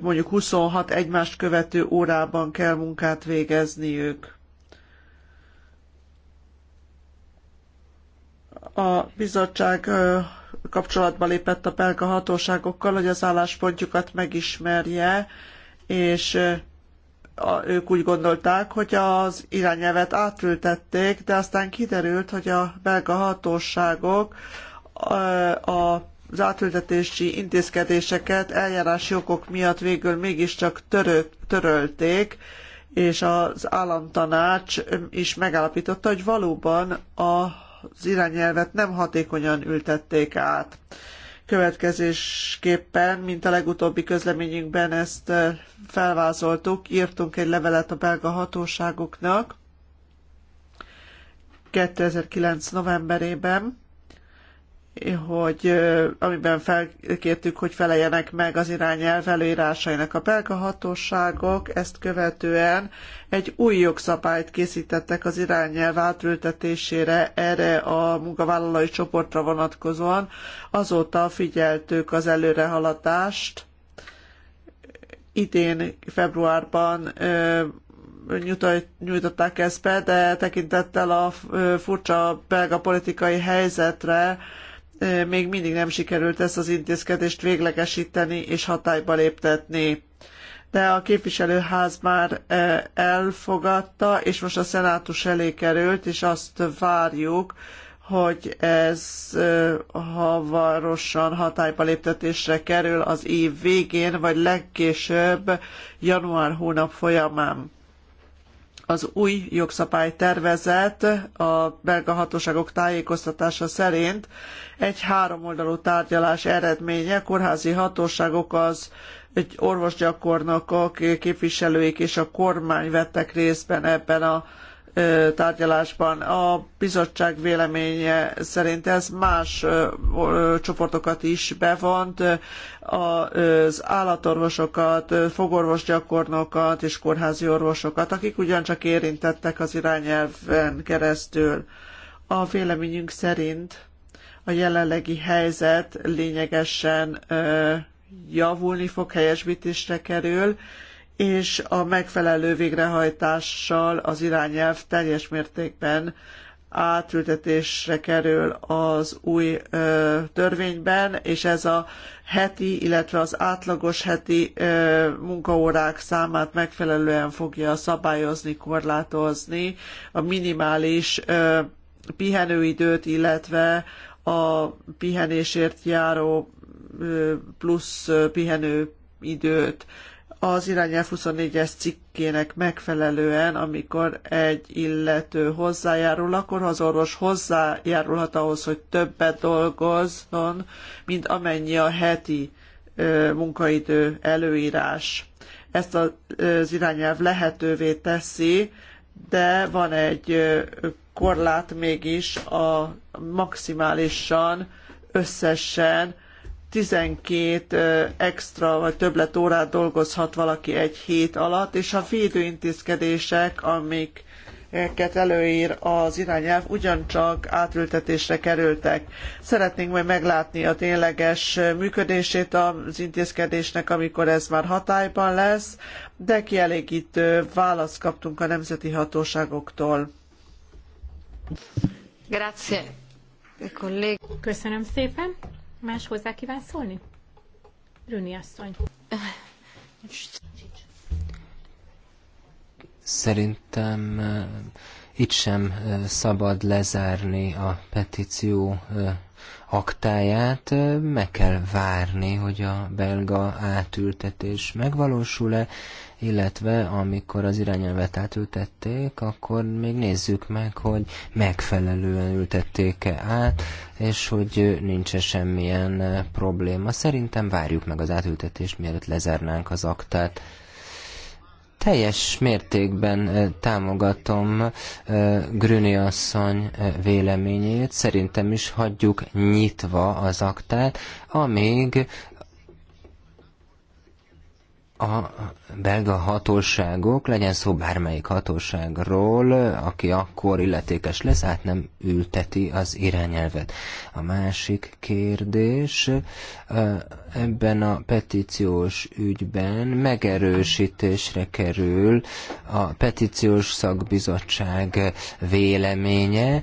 Speaker 1: mondjuk 26 egymást követő órában kell munkát végezniük. A bizottság kapcsolatba lépett a belga hatóságokkal, hogy az álláspontjukat megismerje, és a, ők úgy gondolták, hogy az irányelvet átültették, de aztán kiderült, hogy a belga hatóságok a, a az átültetési intézkedéseket eljárási okok miatt végül mégiscsak törő, törölték, és az államtanács is megállapította, hogy valóban az irányelvet nem hatékonyan ültették át. Következésképpen, mint a legutóbbi közleményünkben ezt felvázoltuk, írtunk egy levelet a belga hatóságoknak 2009. novemberében, hogy amiben felkértük, hogy feleljenek meg az irányelv előírásainak a belga hatóságok, ezt követően egy új jogszabályt készítettek az irányelv átültetésére erre a munkavállalói csoportra vonatkozóan. Azóta figyeltük az előrehaladást. Idén februárban nyújtották ezt be, de tekintettel a furcsa belga politikai helyzetre, még mindig nem sikerült ezt az intézkedést véglegesíteni és hatályba léptetni. De a képviselőház már elfogadta, és most a szenátus elé került, és azt várjuk, hogy ez hamarosan hatályba léptetésre kerül az év végén, vagy legkésőbb január hónap folyamán. Az új jogszabálytervezet a belga hatóságok tájékoztatása szerint egy háromoldalú tárgyalás eredménye, kórházi hatóságok az egy orvosgyakornokok, képviselőik és a kormány vettek részben ebben a tárgyalásban. A bizottság véleménye szerint ez más csoportokat is bevont, az állatorvosokat, fogorvosgyakornokat és kórházi orvosokat, akik ugyancsak érintettek az irányelven keresztül. A véleményünk szerint a jelenlegi helyzet lényegesen javulni fog, helyesbítésre kerül, és a megfelelő végrehajtással az irányelv teljes mértékben átültetésre kerül az új ö, törvényben, és ez a heti, illetve az átlagos heti ö, munkaórák számát megfelelően fogja szabályozni, korlátozni, a minimális ö, pihenőidőt, illetve a pihenésért járó ö, plusz ö, pihenőidőt az irányelv 24-es cikkének megfelelően, amikor egy illető hozzájárul, akkor az orvos hozzájárulhat ahhoz, hogy többet dolgozzon, mint amennyi a heti munkaidő előírás. Ezt az irányelv lehetővé teszi, de van egy korlát mégis a maximálisan összesen 12 extra vagy többlet órát dolgozhat valaki egy hét alatt, és a védőintézkedések, amik amiket előír az irányelv, ugyancsak átültetésre kerültek. Szeretnénk majd meglátni a tényleges működését az intézkedésnek, amikor ez már hatályban lesz, de kielégítő választ kaptunk a nemzeti hatóságoktól.
Speaker 2: Grazie.
Speaker 3: Köszönöm szépen. Más hozzá kíván szólni? Rüni asszony.
Speaker 4: Szerintem itt sem szabad lezárni a petíció aktáját, meg kell várni, hogy a belga átültetés megvalósul-e, illetve amikor az irányelvet átültették, akkor még nézzük meg, hogy megfelelően ültették-e át, és hogy nincs -e semmilyen eh, probléma. Szerintem várjuk meg az átültetést, mielőtt lezárnánk az aktát teljes mértékben eh, támogatom eh, Grüni asszony véleményét. Szerintem is hagyjuk nyitva az aktát, amíg a belga hatóságok, legyen szó bármelyik hatóságról, aki akkor illetékes lesz, át nem ülteti az irányelvet. A másik kérdés, ebben a petíciós ügyben megerősítésre kerül a petíciós szakbizottság véleménye,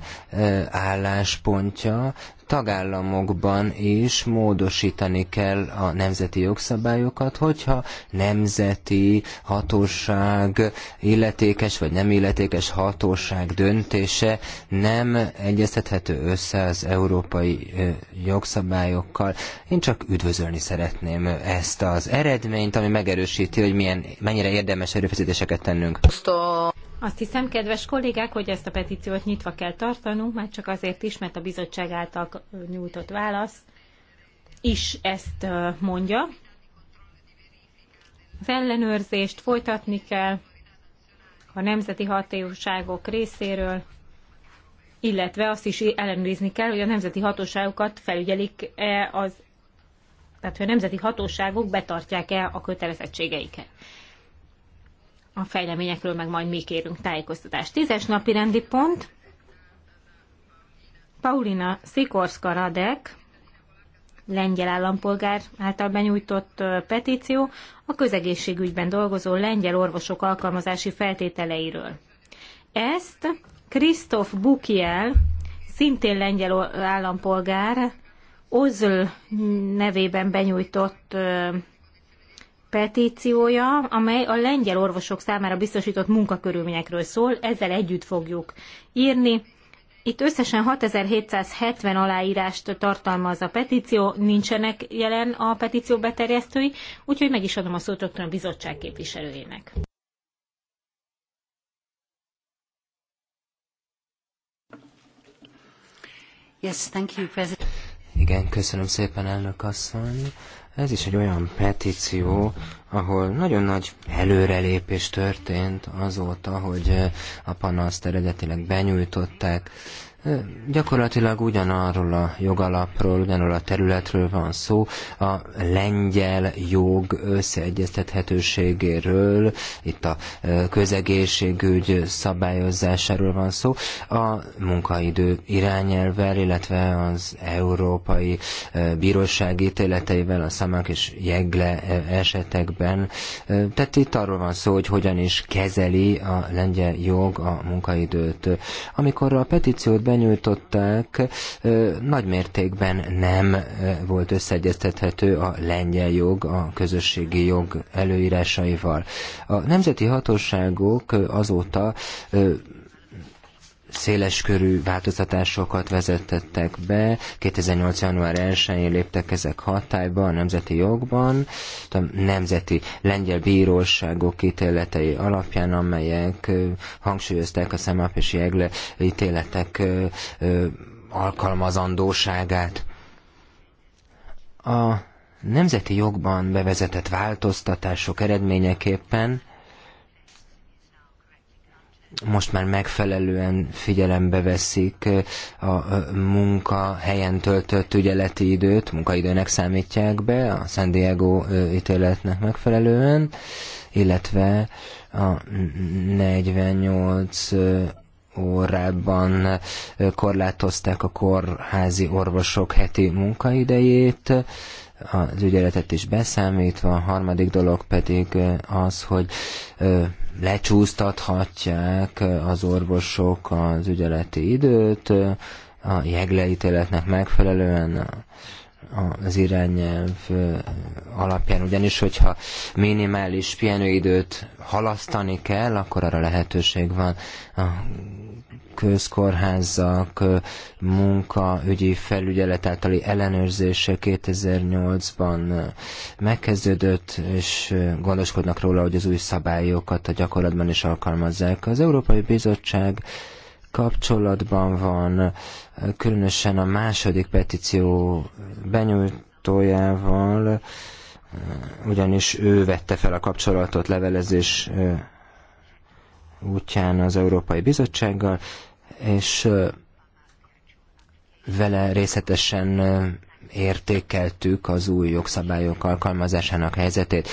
Speaker 4: álláspontja, tagállamokban is módosítani kell a nemzeti jogszabályokat, hogyha nemzeti hatóság, illetékes vagy nem illetékes hatóság döntése nem egyeztethető össze az európai jogszabályokkal. Én csak üdvözölni szeretném ezt az eredményt, ami megerősíti, hogy milyen, mennyire érdemes erőfeszítéseket tennünk.
Speaker 2: Azt hiszem,
Speaker 3: kedves kollégák, hogy ezt a petíciót nyitva kell tartanunk, már csak azért is, mert a bizottság által nyújtott válasz is ezt mondja. Az ellenőrzést folytatni kell a nemzeti hatóságok részéről, illetve azt is ellenőrizni kell, hogy a nemzeti hatóságokat felügyelik-e az, tehát hogy a nemzeti hatóságok betartják-e a kötelezettségeiket a fejleményekről meg majd mi kérünk tájékoztatást. Tízes napi rendi pont. Paulina Szikorszka Radek, lengyel állampolgár által benyújtott petíció a közegészségügyben dolgozó lengyel orvosok alkalmazási feltételeiről. Ezt Krisztof Bukiel, szintén lengyel állampolgár, Ozl nevében benyújtott petíciója, amely a lengyel orvosok számára biztosított munkakörülményekről szól, ezzel együtt fogjuk írni. Itt összesen 6770 aláírást tartalmaz a petíció, nincsenek jelen a petíció beterjesztői, úgyhogy meg is adom a szót rögtön a bizottság képviselőjének.
Speaker 2: Yes, thank you, President.
Speaker 4: Igen, köszönöm szépen, elnök asszony. Ez is egy olyan petíció, ahol nagyon nagy előrelépés történt azóta, hogy eh, a panaszt eredetileg benyújtották, Gyakorlatilag ugyanarról a jogalapról, ugyanarról a területről van szó, a lengyel jog összeegyeztethetőségéről, itt a közegészségügy szabályozásáról van szó, a munkaidő irányelvel, illetve az európai bíróság ítéleteivel, a Szamak és Jegle esetekben. Tehát itt arról van szó, hogy hogyan is kezeli a lengyel jog a munkaidőt. Amikor a petíciót be benyújtották, nagy mértékben nem volt összeegyeztethető a lengyel jog a közösségi jog előírásaival. A nemzeti hatóságok azóta széleskörű változtatásokat vezetettek be, 2008. január 1-én léptek ezek hatályba a nemzeti jogban, a nemzeti lengyel bíróságok ítéletei alapján, amelyek hangsúlyozták a szemáp és jegle ítéletek alkalmazandóságát. A nemzeti jogban bevezetett változtatások eredményeképpen most már megfelelően figyelembe veszik a munkahelyen töltött ügyeleti időt, munkaidőnek számítják be a San Diego ítéletnek megfelelően, illetve a 48 órában korlátozták a kórházi orvosok heti munkaidejét, az ügyeletet is beszámítva, a harmadik dolog pedig az, hogy lecsúsztathatják az orvosok az ügyeleti időt, a jegleítéletnek megfelelően az irányelv alapján, ugyanis hogyha minimális pihenőidőt halasztani kell, akkor arra lehetőség van a közkórházak munkaügyi felügyelet általi ellenőrzése 2008-ban megkezdődött, és gondoskodnak róla, hogy az új szabályokat a gyakorlatban is alkalmazzák. Az Európai Bizottság kapcsolatban van, különösen a második petíció benyújtójával, ugyanis ő vette fel a kapcsolatot levelezés útján az Európai Bizottsággal, és vele részletesen értékeltük az új jogszabályok alkalmazásának helyzetét.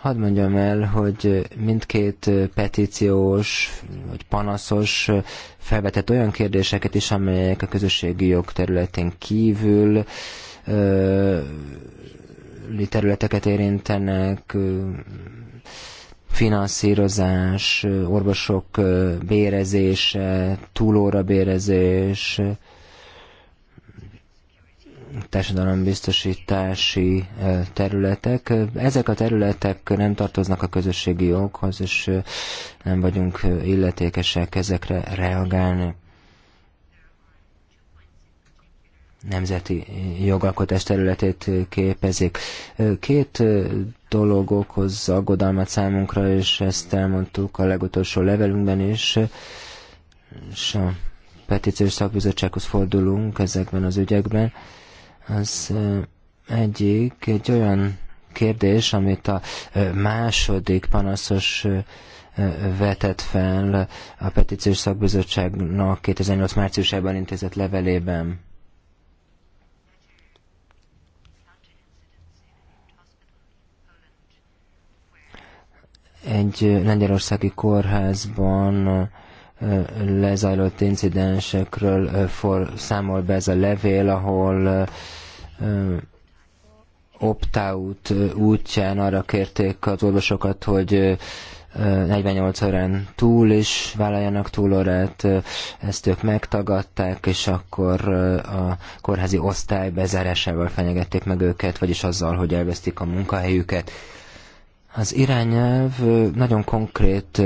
Speaker 4: Hadd mondjam el, hogy mindkét petíciós vagy panaszos felvetett olyan kérdéseket is, amelyek a közösségi jog területén kívül területeket érintenek, finanszírozás, orvosok bérezése, túlóra bérezés, társadalombiztosítási területek. Ezek a területek nem tartoznak a közösségi joghoz, és nem vagyunk illetékesek ezekre reagálni. nemzeti jogalkotás területét képezik. Két dolog okoz aggodalmat számunkra, és ezt elmondtuk a legutolsó levelünkben is, és a petíciós szakbizottsághoz fordulunk ezekben az ügyekben. Az eh, egyik egy olyan kérdés, amit a eh, második panaszos eh, vetett fel a petíciós szakbizottságnak 2008 márciusában intézett levelében Egy lengyelországi kórházban lezajlott incidensekről for, számol be ez a levél, ahol opt-out útján arra kérték az orvosokat, hogy 48 órán túl is vállaljanak túlórát, ezt ők megtagadták, és akkor a kórházi osztály bezárásával fenyegették meg őket, vagyis azzal, hogy elvesztik a munkahelyüket. Az irányelv nagyon konkrét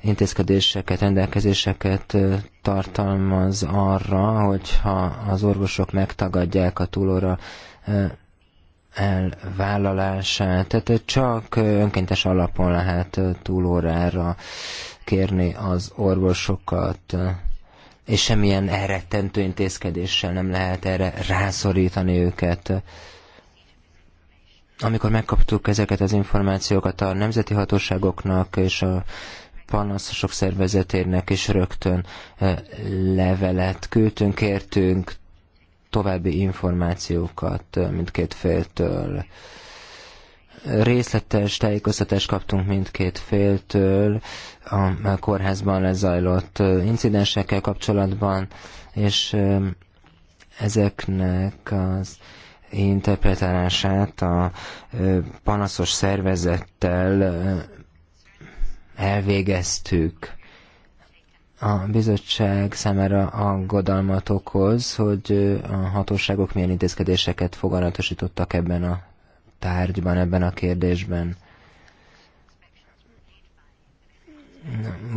Speaker 4: intézkedéseket, rendelkezéseket tartalmaz arra, hogyha az orvosok megtagadják a túlóra elvállalását. Tehát csak önkéntes alapon lehet túlórára kérni az orvosokat, és semmilyen elrettentő intézkedéssel nem lehet erre rászorítani őket. Amikor megkaptuk ezeket az információkat a nemzeti hatóságoknak és a panaszosok szervezetének is rögtön levelet küldtünk, kértünk további információkat mindkét féltől. Részletes tájékoztatást kaptunk mindkét féltől a kórházban lezajlott incidensekkel kapcsolatban, és ezeknek az interpretálását a panaszos szervezettel elvégeztük. A bizottság számára aggodalmat okoz, hogy a hatóságok milyen intézkedéseket foganatosítottak ebben a tárgyban, ebben a kérdésben.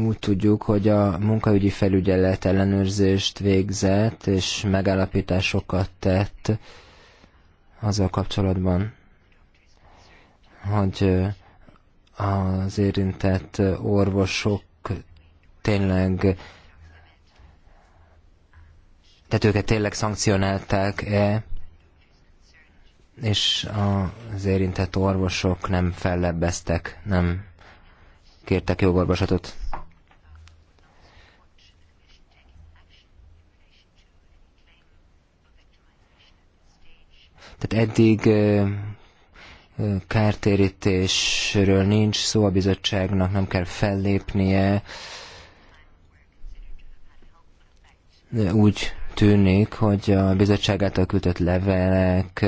Speaker 4: úgy tudjuk, hogy a munkaügyi felügyelet ellenőrzést végzett, és megállapításokat tett azzal kapcsolatban, hogy az érintett orvosok tényleg tehát őket tényleg szankcionálták-e, és az érintett orvosok nem fellebbeztek, nem kértek jogorvoslatot. Tehát eddig kártérítésről nincs szó, a bizottságnak nem kell fellépnie. Úgy tűnik, hogy a bizottság által küldött levelek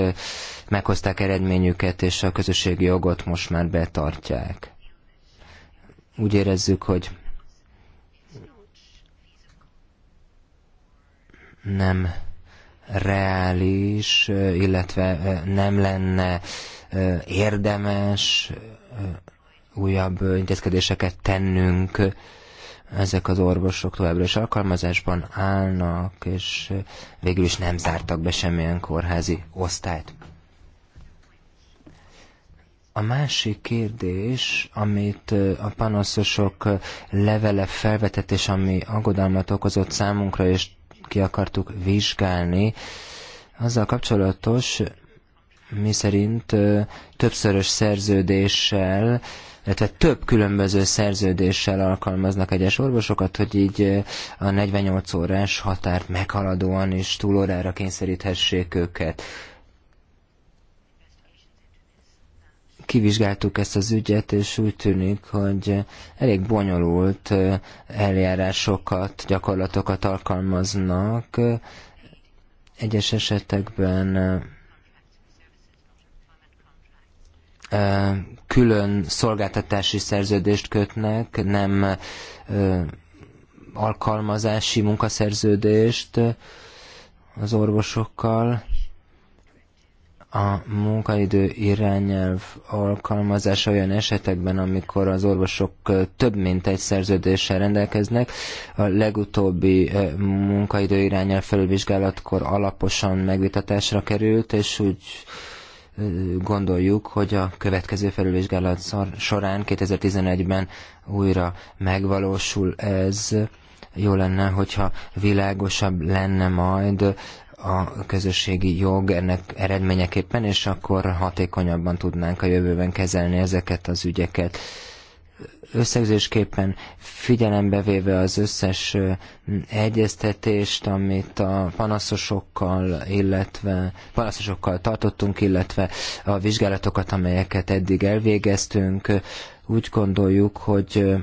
Speaker 4: meghozták eredményüket, és a közösségi jogot most már betartják. Úgy érezzük, hogy nem reális, illetve nem lenne érdemes újabb intézkedéseket tennünk. Ezek az orvosok továbbra is alkalmazásban állnak, és végül is nem zártak be semmilyen kórházi osztályt. A másik kérdés, amit a panaszosok levele felvetett, és ami aggodalmat okozott számunkra, és ki akartuk vizsgálni, azzal kapcsolatos, mi szerint többszörös szerződéssel, tehát több különböző szerződéssel alkalmaznak egyes orvosokat, hogy így a 48 órás határt meghaladóan és túlórára kényszeríthessék őket. kivizsgáltuk ezt az ügyet, és úgy tűnik, hogy elég bonyolult eljárásokat, gyakorlatokat alkalmaznak. Egyes esetekben külön szolgáltatási szerződést kötnek, nem alkalmazási munkaszerződést az orvosokkal a munkaidő irányelv alkalmazása olyan esetekben, amikor az orvosok több mint egy szerződéssel rendelkeznek. A legutóbbi munkaidő irányelv felülvizsgálatkor alaposan megvitatásra került, és úgy gondoljuk, hogy a következő felülvizsgálat során 2011-ben újra megvalósul ez jó lenne, hogyha világosabb lenne majd a közösségi jog ennek eredményeképpen, és akkor hatékonyabban tudnánk a jövőben kezelni ezeket az ügyeket. Összegzésképpen figyelembe véve az összes egyeztetést, amit a panaszosokkal, illetve panaszosokkal tartottunk, illetve a vizsgálatokat, amelyeket eddig elvégeztünk, úgy gondoljuk, hogy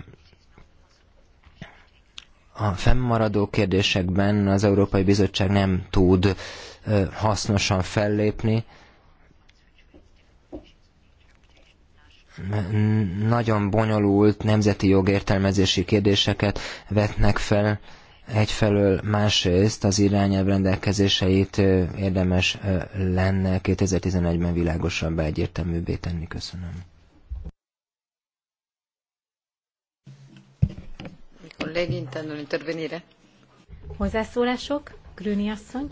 Speaker 4: a fennmaradó kérdésekben az Európai Bizottság nem tud hasznosan fellépni. Nagyon bonyolult nemzeti jogértelmezési kérdéseket vetnek fel, egyfelől másrészt az irányelv rendelkezéseit érdemes lenne 2011-ben világosabbá egyértelműbbé tenni. Köszönöm.
Speaker 2: Hozzászólások? Grüni asszony.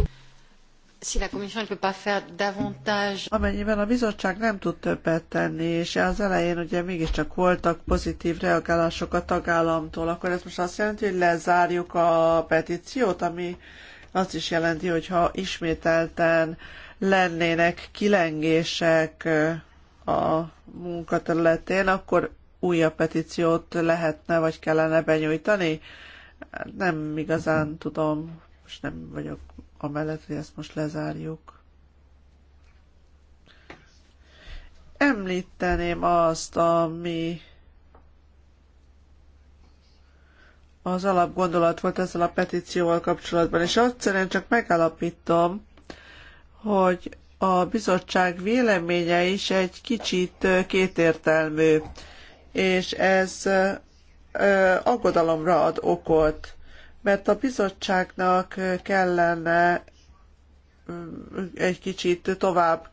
Speaker 1: Amennyiben a bizottság nem tud többet tenni, és az elején ugye mégiscsak voltak pozitív reagálások a tagállamtól, akkor ez most azt jelenti, hogy lezárjuk a petíciót, ami azt is jelenti, hogy ha ismételten lennének kilengések a munkaterületén, akkor újabb petíciót lehetne vagy kellene benyújtani? Nem igazán tudom, és nem vagyok amellett, hogy ezt most lezárjuk. Említeném azt, ami az alapgondolat volt ezzel a petícióval kapcsolatban, és egyszerűen csak megállapítom, hogy a bizottság véleménye is egy kicsit kétértelmű és ez aggodalomra ad okot, mert a bizottságnak kellene egy kicsit tovább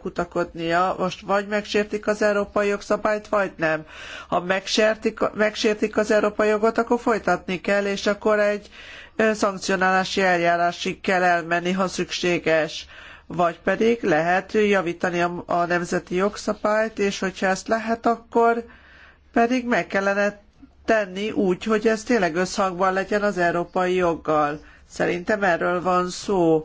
Speaker 1: kutakodnia. Most vagy megsértik az európai jogszabályt, vagy nem. Ha megsértik, megsértik az európai jogot, akkor folytatni kell, és akkor egy szankcionálási eljárásig kell elmenni, ha szükséges vagy pedig lehet javítani a, a nemzeti jogszabályt, és hogyha ezt lehet, akkor pedig meg kellene tenni úgy, hogy ez tényleg összhangban legyen az európai joggal. Szerintem erről van szó.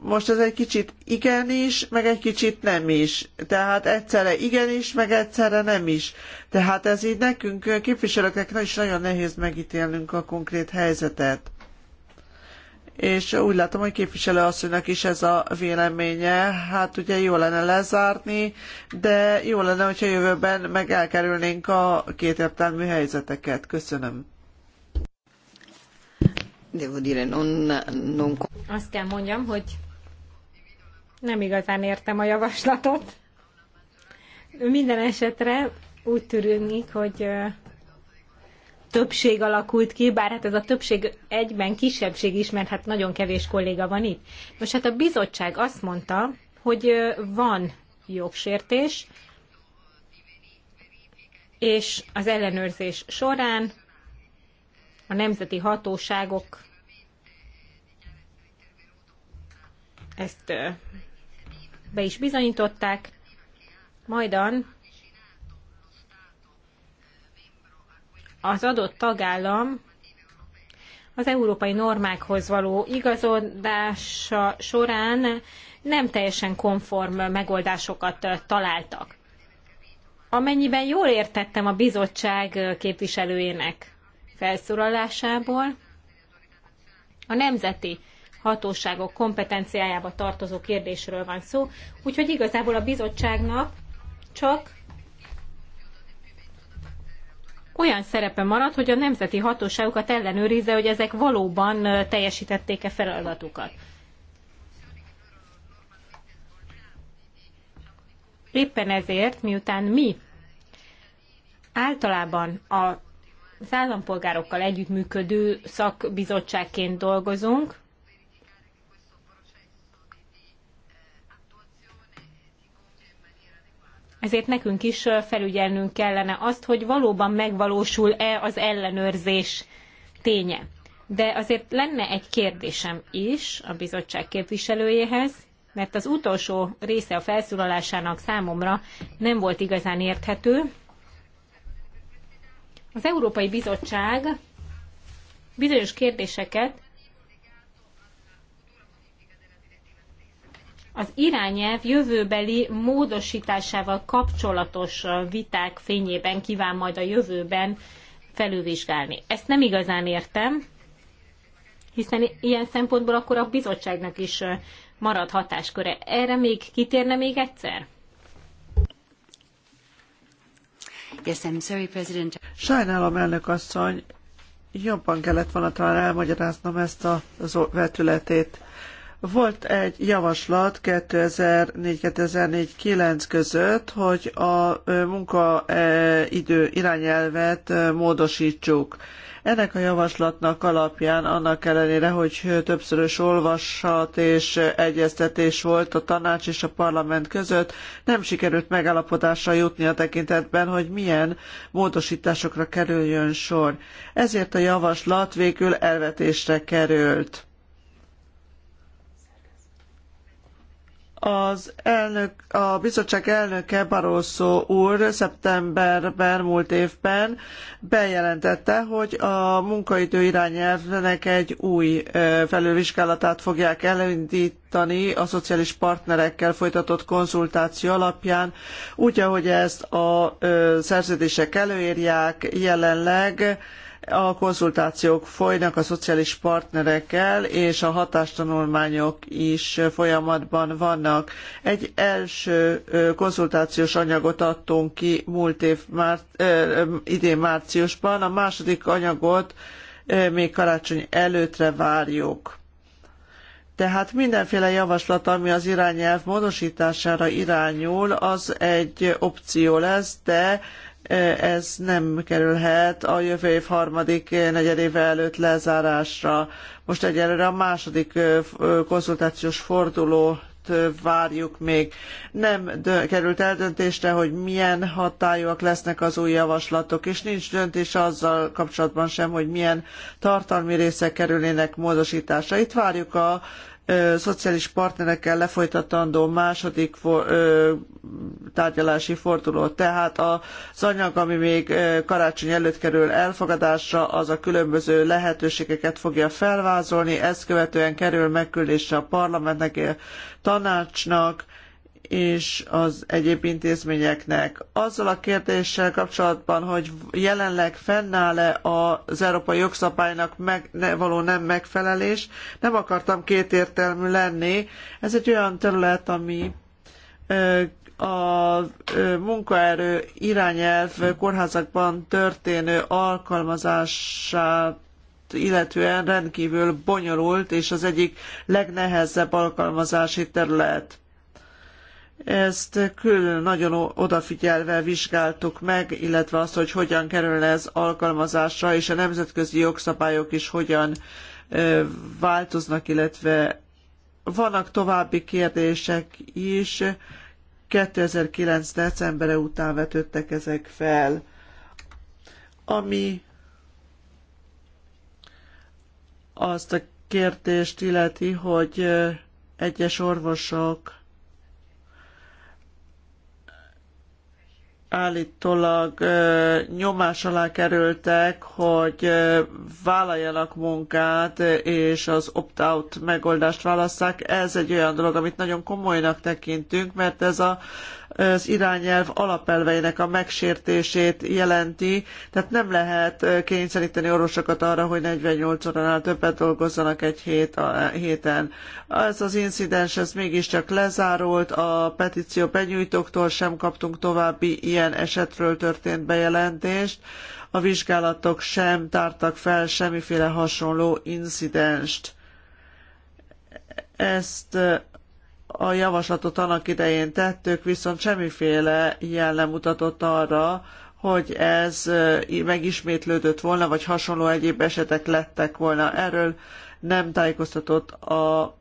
Speaker 1: Most ez egy kicsit igenis, meg egy kicsit nem is. Tehát egyszerre igenis, meg egyszerre nem is. Tehát ez így nekünk, képviselőknek is nagyon nehéz megítélnünk a konkrét helyzetet és úgy látom, hogy képviselő asszonynak is ez a véleménye. Hát ugye jó lenne lezárni, de jó lenne, hogyha jövőben meg elkerülnénk a kétértelmű helyzeteket. Köszönöm.
Speaker 2: Devo dire, non, non...
Speaker 3: Azt kell mondjam, hogy nem igazán értem a javaslatot. Minden esetre úgy tűnik, hogy többség alakult ki, bár hát ez a többség egyben kisebbség is, mert hát nagyon kevés kolléga van itt. Most hát a bizottság azt mondta, hogy van jogsértés, és az ellenőrzés során a nemzeti hatóságok ezt be is bizonyították, majdan az adott tagállam az európai normákhoz való igazodása során nem teljesen konform megoldásokat találtak. Amennyiben jól értettem a bizottság képviselőjének felszólalásából, a nemzeti hatóságok kompetenciájába tartozó kérdésről van szó, úgyhogy igazából a bizottságnak csak olyan szerepe marad, hogy a nemzeti hatóságokat ellenőrizze, hogy ezek valóban teljesítették-e feladatukat. Éppen ezért, miután mi általában a az állampolgárokkal együttműködő szakbizottságként dolgozunk, ezért nekünk is felügyelnünk kellene azt, hogy valóban megvalósul-e az ellenőrzés ténye. De azért lenne egy kérdésem is a bizottság képviselőjéhez, mert az utolsó része a felszólalásának számomra nem volt igazán érthető. Az Európai Bizottság bizonyos kérdéseket az irányelv jövőbeli módosításával kapcsolatos viták fényében kíván majd a jövőben felülvizsgálni. Ezt nem igazán értem, hiszen ilyen szempontból akkor a bizottságnak is marad hatásköre. Erre még kitérne még egyszer?
Speaker 1: Yes, I'm sorry, President. Sajnálom, elnök asszony, jobban kellett volna talán elmagyaráznom ezt a vetületét volt egy javaslat 2004-2009 között, hogy a munkaidő irányelvet módosítsuk. Ennek a javaslatnak alapján, annak ellenére, hogy többszörös olvasat és egyeztetés volt a tanács és a parlament között, nem sikerült megállapodásra jutni a tekintetben, hogy milyen módosításokra kerüljön sor. Ezért a javaslat végül elvetésre került Az elnök, a bizottság elnöke Barroso úr szeptemberben, múlt évben bejelentette, hogy a munkaidő irányelvnek egy új felülvizsgálatát fogják elindítani a szociális partnerekkel folytatott konzultáció alapján, úgy, ahogy ezt a szerződések előírják jelenleg, a konzultációk folynak a szociális partnerekkel, és a hatástanulmányok is folyamatban vannak. Egy első konzultációs anyagot adtunk ki múlt év már, idén márciusban, a második anyagot még karácsony előttre várjuk. Tehát mindenféle javaslat, ami az irányelv módosítására irányul, az egy opció lesz, de ez nem kerülhet a jövő év harmadik negyedéve előtt lezárásra. Most egyelőre a második konzultációs forduló várjuk még. Nem került eldöntésre, hogy milyen hatályúak lesznek az új javaslatok, és nincs döntés azzal kapcsolatban sem, hogy milyen tartalmi részek kerülnének módosításra. Itt várjuk a szociális partnerekkel lefolytatandó második for, ö, tárgyalási forduló. Tehát az anyag, ami még karácsony előtt kerül elfogadásra, az a különböző lehetőségeket fogja felvázolni, ezt követően kerül megküldésre a parlamentnek, a tanácsnak, és az egyéb intézményeknek. Azzal a kérdéssel kapcsolatban, hogy jelenleg fennáll-e az európai jogszabálynak meg, ne, való nem megfelelés, nem akartam kétértelmű lenni. Ez egy olyan terület, ami ö, a munkaerő irányelv kórházakban történő alkalmazását illetően rendkívül bonyolult, és az egyik legnehezebb alkalmazási terület ezt külön nagyon odafigyelve vizsgáltuk meg, illetve azt, hogy hogyan kerül ez alkalmazásra, és a nemzetközi jogszabályok is hogyan változnak, illetve vannak további kérdések is. 2009. decembere után vetődtek ezek fel, ami azt a kérdést illeti, hogy egyes orvosok állítólag ö, nyomás alá kerültek, hogy ö, vállaljanak munkát, és az opt-out megoldást válasszák. Ez egy olyan dolog, amit nagyon komolynak tekintünk, mert ez a az irányelv alapelveinek a megsértését jelenti, tehát nem lehet kényszeríteni orvosokat arra, hogy 48 óránál többet dolgozzanak egy hét a, héten. Ez az incidens, ez mégiscsak lezárult, a petíció benyújtóktól sem kaptunk további ilyen esetről történt bejelentést, a vizsgálatok sem tártak fel semmiféle hasonló incidenst ezt a javaslatot annak idején tettük, viszont semmiféle jel nem mutatott arra, hogy ez megismétlődött volna, vagy hasonló egyéb esetek lettek volna. Erről nem tájékoztatott a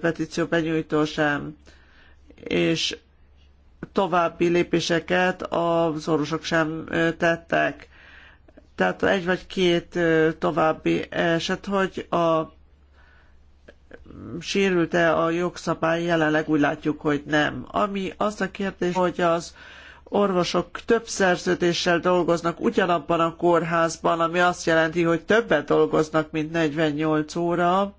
Speaker 1: petíció benyújtó sem, és további lépéseket az orvosok sem tettek. Tehát egy vagy két további eset, hogy a sérült-e a jogszabály, jelenleg úgy látjuk, hogy nem. Ami azt a kérdés, hogy az orvosok több szerződéssel dolgoznak ugyanabban a kórházban, ami azt jelenti, hogy többet dolgoznak, mint 48 óra,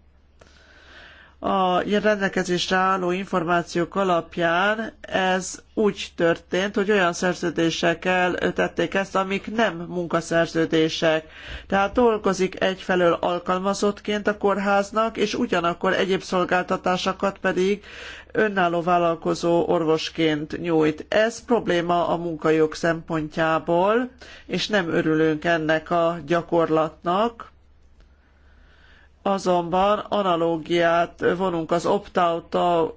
Speaker 1: a rendelkezésre álló információk alapján ez úgy történt, hogy olyan szerződésekkel tették ezt, amik nem munkaszerződések. Tehát dolgozik egyfelől alkalmazottként a kórháznak, és ugyanakkor egyéb szolgáltatásokat pedig önálló vállalkozó orvosként nyújt. Ez probléma a munkajog szempontjából, és nem örülünk ennek a gyakorlatnak azonban analógiát vonunk az opt-out-tal,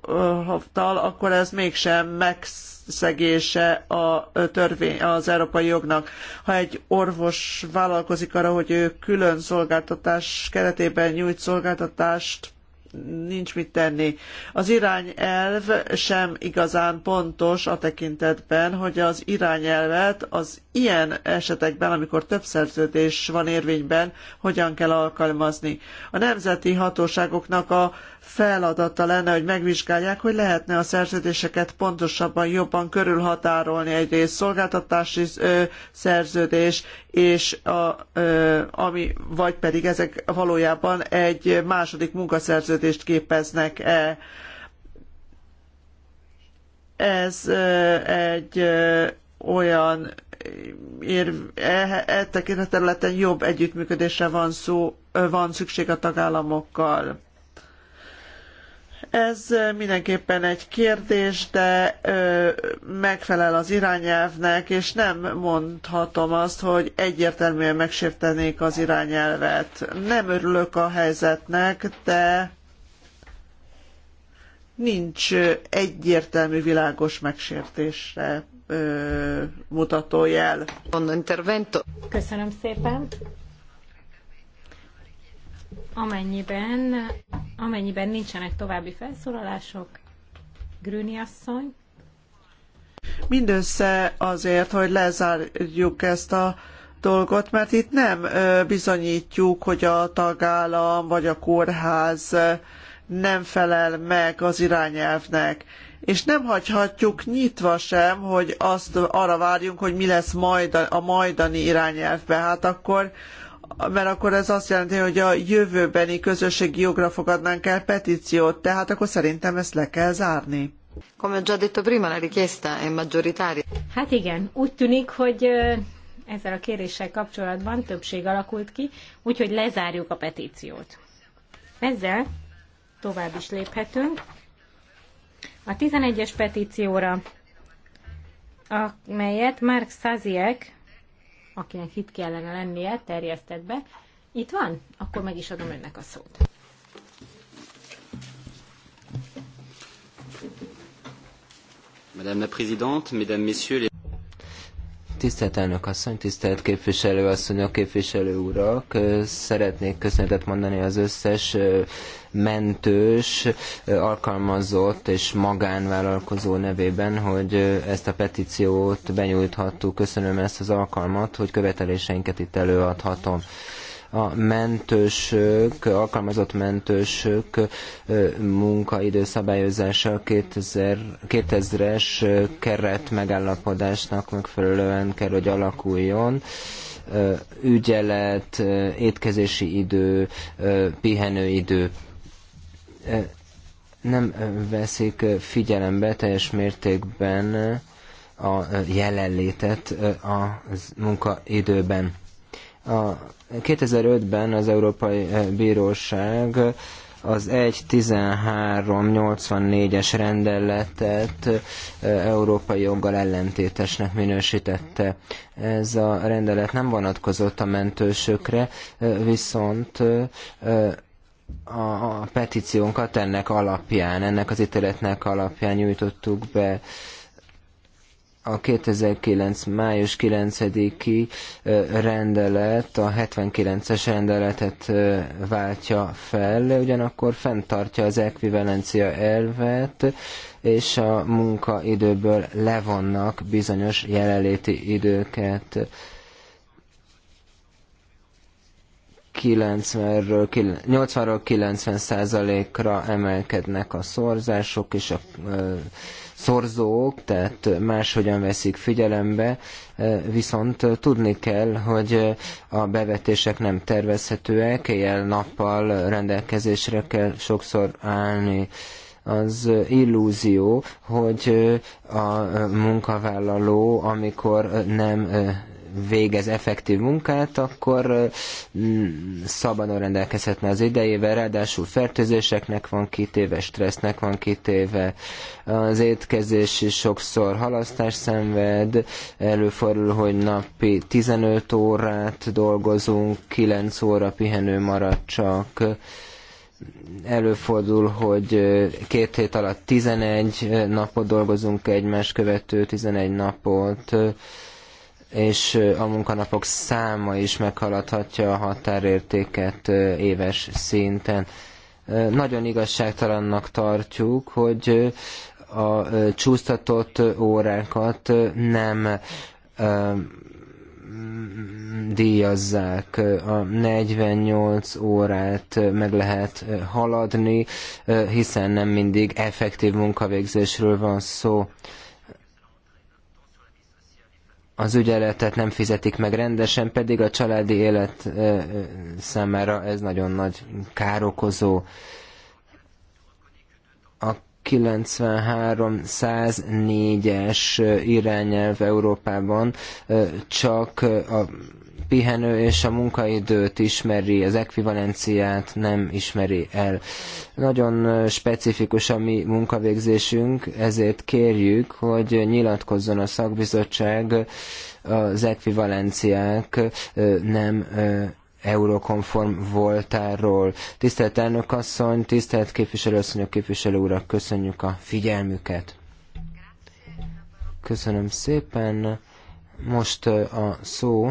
Speaker 1: akkor ez mégsem megszegése a törvény, az európai jognak. Ha egy orvos vállalkozik arra, hogy ő külön szolgáltatás keretében nyújt szolgáltatást, nincs mit tenni. Az irányelv sem igazán pontos a tekintetben, hogy az irányelvet az ilyen esetekben, amikor több szerződés van érvényben, hogyan kell alkalmazni. A nemzeti hatóságoknak a feladata lenne, hogy megvizsgálják, hogy lehetne a szerződéseket pontosabban, jobban körülhatárolni egyrészt szolgáltatási ö, szerződés, és a, ö, ami, vagy pedig ezek valójában egy második munkaszerződést képeznek-e. Ez ö, egy ö, olyan ér, e, e, területen jobb együttműködésre van, szó, van szükség a tagállamokkal ez mindenképpen egy kérdés, de megfelel az irányelvnek, és nem mondhatom azt, hogy egyértelműen megsértenék az irányelvet. Nem örülök a helyzetnek, de nincs egyértelmű világos megsértésre mutató jel.
Speaker 3: Köszönöm szépen. Amennyiben, amennyiben nincsenek további felszólalások, Grüni asszony.
Speaker 1: Mindössze azért, hogy lezárjuk ezt a dolgot, mert itt nem bizonyítjuk, hogy a tagállam vagy a kórház nem felel meg az irányelvnek. És nem hagyhatjuk nyitva sem, hogy azt arra várjunk, hogy mi lesz majd a majdani irányelvbe. Hát akkor mert akkor ez azt jelenti, hogy a jövőbeni közösségi jogra fogadnánk el petíciót, tehát akkor szerintem ezt le kell zárni.
Speaker 2: Come già detto prima, la richiesta è maggioritaria.
Speaker 3: Hát igen, úgy tűnik, hogy ezzel a kéréssel kapcsolatban többség alakult ki, úgyhogy lezárjuk a petíciót. Ezzel tovább is léphetünk. A 11-es petícióra, amelyet Mark Szaziek akinek itt kellene lennie, terjesztett be. Itt van? Akkor meg is adom önnek a szót.
Speaker 4: Madame la Présidente, Mesdames, Messieurs les... Tisztelt elnök asszony, tisztelt képviselő asszonyok, képviselő urak, szeretnék köszönetet mondani az összes mentős, alkalmazott és magánvállalkozó nevében, hogy ezt a petíciót benyújthattuk. Köszönöm ezt az alkalmat, hogy követeléseinket itt előadhatom a mentősök, alkalmazott mentősök munkaidő szabályozása 2000, 2000-es keret megállapodásnak megfelelően kell, hogy alakuljon ügyelet, étkezési idő, pihenőidő nem veszik figyelembe teljes mértékben a jelenlétet a munkaidőben. A 2005-ben az Európai eh, Bíróság az 1.13.84-es rendeletet eh, európai joggal ellentétesnek minősítette. Ez a rendelet nem vonatkozott a mentősökre, eh, viszont a petíciónkat ennek alapján, ennek az ítéletnek alapján nyújtottuk be a 2009. május 9-i rendelet a 79-es rendeletet váltja fel, ugyanakkor fenntartja az ekvivalencia elvet, és a munkaidőből levonnak bizonyos jelenléti időket. 90-ről, 80-ról 90 százalékra emelkednek a szorzások, és a szorzók, tehát máshogyan veszik figyelembe, e, viszont tudni kell, hogy a bevetések nem tervezhetőek, éjjel-nappal rendelkezésre kell sokszor állni az illúzió, hogy a munkavállaló, amikor nem e, végez effektív munkát, akkor mm, szabadon rendelkezhetne az idejével, ráadásul fertőzéseknek van kitéve, stressznek van kitéve, az étkezés is sokszor halasztás szenved, előfordul, hogy napi 15 órát dolgozunk, 9 óra pihenő marad csak, előfordul, hogy két hét alatt 11 napot dolgozunk egymás követő, 11 napot, és a munkanapok száma is meghaladhatja a határértéket éves szinten. Nagyon igazságtalannak tartjuk, hogy a csúsztatott órákat nem díjazzák. A 48 órát meg lehet haladni, hiszen nem mindig effektív munkavégzésről van szó az ügyeletet nem fizetik meg rendesen, pedig a családi élet számára ez nagyon nagy károkozó. A 93 es irányelv Európában csak a pihenő és a munkaidőt ismeri, az ekvivalenciát nem ismeri el. Nagyon specifikus a mi munkavégzésünk, ezért kérjük, hogy nyilatkozzon a szakbizottság az ekvivalenciák nem eurokonform voltáról. Tisztelt elnök asszony, tisztelt asszonyok, képviselő urak, köszönjük a figyelmüket. Köszönöm szépen. Most a szó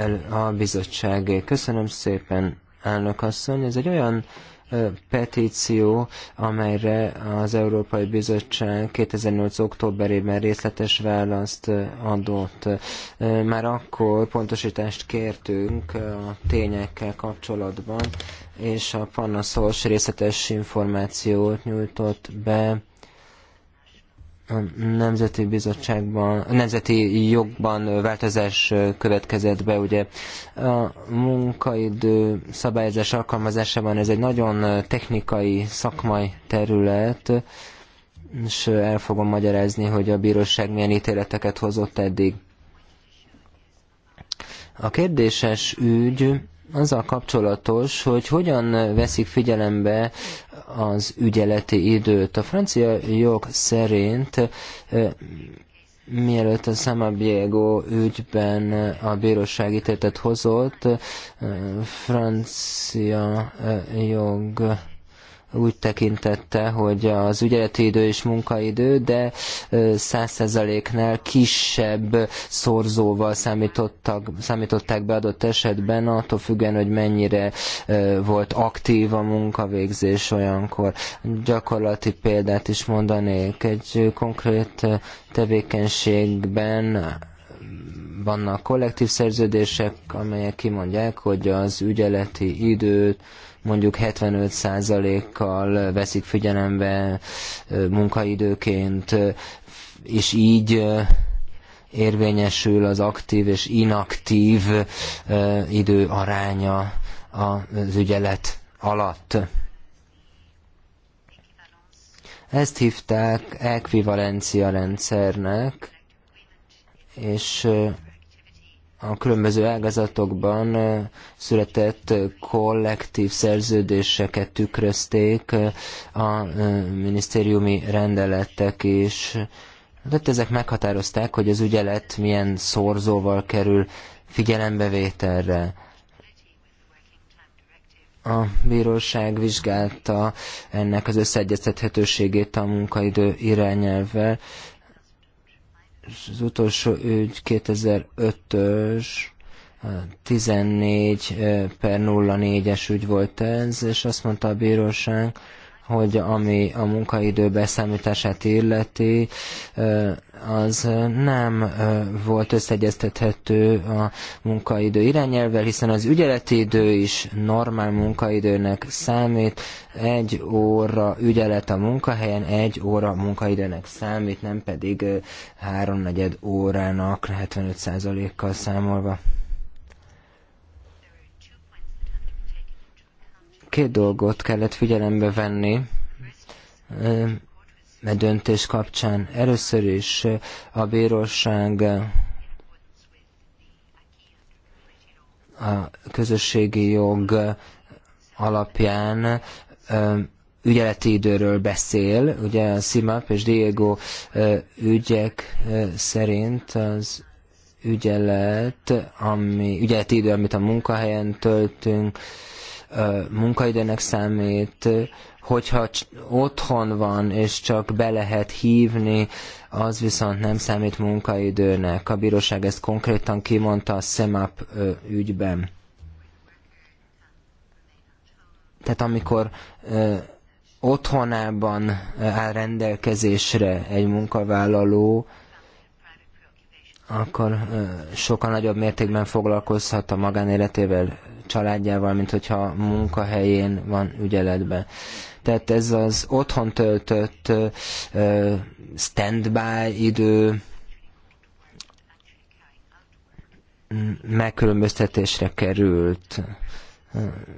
Speaker 4: el a bizottságé. Köszönöm szépen, elnök asszony. Ez egy olyan petíció, amelyre az Európai Bizottság 2008. októberében részletes választ adott. Már akkor pontosítást kértünk a tényekkel kapcsolatban, és a panaszos részletes információt nyújtott be Nemzeti Bizottságban, a Nemzeti Jogban változás következett be, ugye a munkaidő szabályozás alkalmazásában ez egy nagyon technikai szakmai terület, és el fogom magyarázni, hogy a bíróság milyen ítéleteket hozott eddig. A kérdéses ügy azzal kapcsolatos, hogy hogyan veszik figyelembe az ügyeleti időt. A francia jog szerint mielőtt a Samabiego ügyben a bíróság ítéletet hozott, francia jog úgy tekintette, hogy az ügyeleti idő és munkaidő, de 100%-nál kisebb szorzóval számítottak, számították be adott esetben, attól függően, hogy mennyire volt aktív a munkavégzés olyankor. Gyakorlati példát is mondanék. Egy konkrét tevékenységben vannak kollektív szerződések, amelyek kimondják, hogy az ügyeleti időt mondjuk 75%-kal veszik figyelembe munkaidőként, és így érvényesül az aktív és inaktív idő aránya az ügyelet alatt. Ezt hívták ekvivalencia rendszernek, és a különböző ágazatokban született kollektív szerződéseket tükrözték a minisztériumi rendeletek is. De hát ezek meghatározták, hogy az ügyelet milyen szorzóval kerül figyelembevételre. A bíróság vizsgálta ennek az összeegyeztethetőségét a munkaidő irányelvvel, és az utolsó ügy 2005-ös, 14 eh, per 04-es ügy volt ez, és azt mondta a bíróság, hogy ami a munkaidő beszámítását illeti, az nem volt összeegyeztethető a munkaidő irányelvvel, hiszen az ügyeleti idő is normál munkaidőnek számít, egy óra ügyelet a munkahelyen, egy óra munkaidőnek számít, nem pedig háromnegyed órának 75%-kal számolva. Két dolgot kellett figyelembe venni a e döntés kapcsán. Először is a bíróság a közösségi jog alapján ügyeleti időről beszél, ugye a Simap és Diego ügyek szerint az ügyelet, ami ügyeleti idő, amit a munkahelyen töltünk, munkaidőnek számít, hogyha otthon van és csak be lehet hívni, az viszont nem számít munkaidőnek. A bíróság ezt konkrétan kimondta a SEMAP ügyben. Tehát amikor otthonában áll rendelkezésre egy munkavállaló, akkor sokkal nagyobb mértékben foglalkozhat a magánéletével, családjával, mint hogyha munkahelyén van ügyeletben. Tehát ez az otthon töltött standby idő megkülönböztetésre került.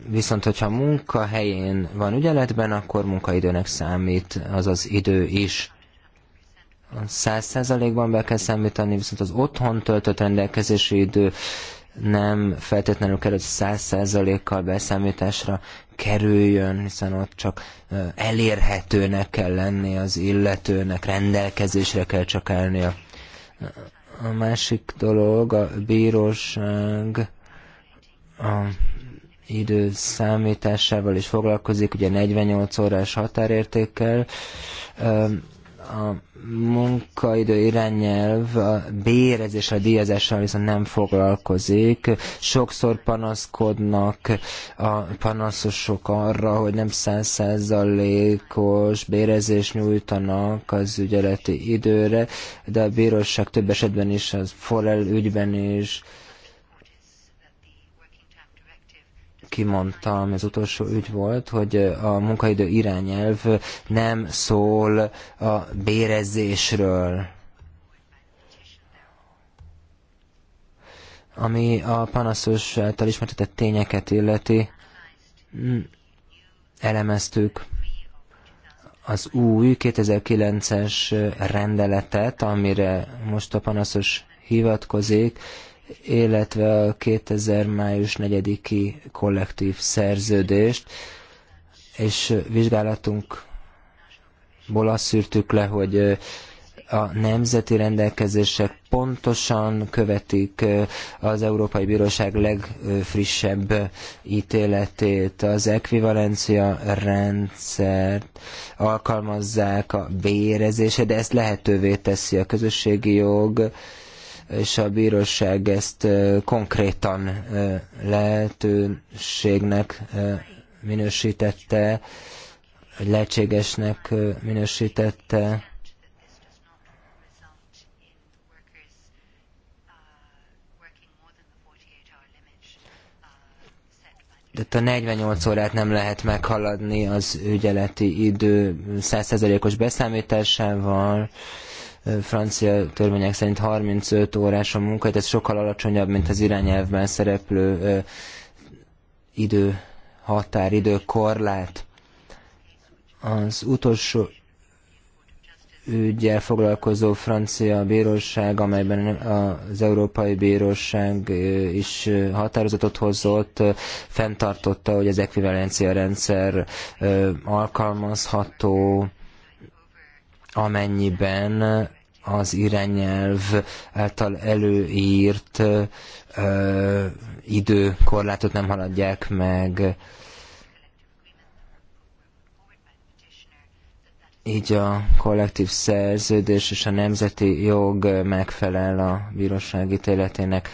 Speaker 4: Viszont, hogyha munkahelyén van ügyeletben, akkor munkaidőnek számít az az idő is. A 100%-ban be kell számítani, viszont az otthon töltött rendelkezési idő nem feltétlenül kell hogy száz százalékkal beszámításra kerüljön, hiszen ott csak elérhetőnek kell lenni az illetőnek, rendelkezésre kell csak állnia. A másik dolog a bíróság a idő számításával is foglalkozik, ugye 48 órás határértékkel. A munkaidő irányelv a bérezésre, a díjazással viszont nem foglalkozik. Sokszor panaszkodnak a panaszosok arra, hogy nem százszázalékos bérezés nyújtanak az ügyeleti időre, de a bíróság több esetben is, az forel ügyben is kimondtam, az utolsó ügy volt, hogy a munkaidő irányelv nem szól a bérezésről. Ami a panaszos által ismertetett tényeket illeti, elemeztük az új 2009-es rendeletet, amire most a panaszos hivatkozik, illetve a 2000 május 4-i kollektív szerződést, és vizsgálatunkból azt szűrtük le, hogy a nemzeti rendelkezések pontosan követik az Európai Bíróság legfrissebb ítéletét. Az ekvivalencia rendszert alkalmazzák a bérezése, de ezt lehetővé teszi a közösségi jog, és a bíróság ezt konkrétan lehetőségnek minősítette, vagy lehetségesnek minősítette. tehát a 48 órát nem lehet meghaladni az ügyeleti idő 100%-os beszámításával, francia törvények szerint 35 órás a munka, ez sokkal alacsonyabb, mint az irányelvben szereplő idő határ, időkorlát. Az utolsó ügyel foglalkozó francia bíróság, amelyben az Európai Bíróság is határozatot hozott, fenntartotta, hogy az ekvivalencia rendszer alkalmazható, amennyiben az irányelv által előírt ö, időkorlátot nem haladják meg. Így a kollektív szerződés és a nemzeti jog megfelel a bíróság ítéletének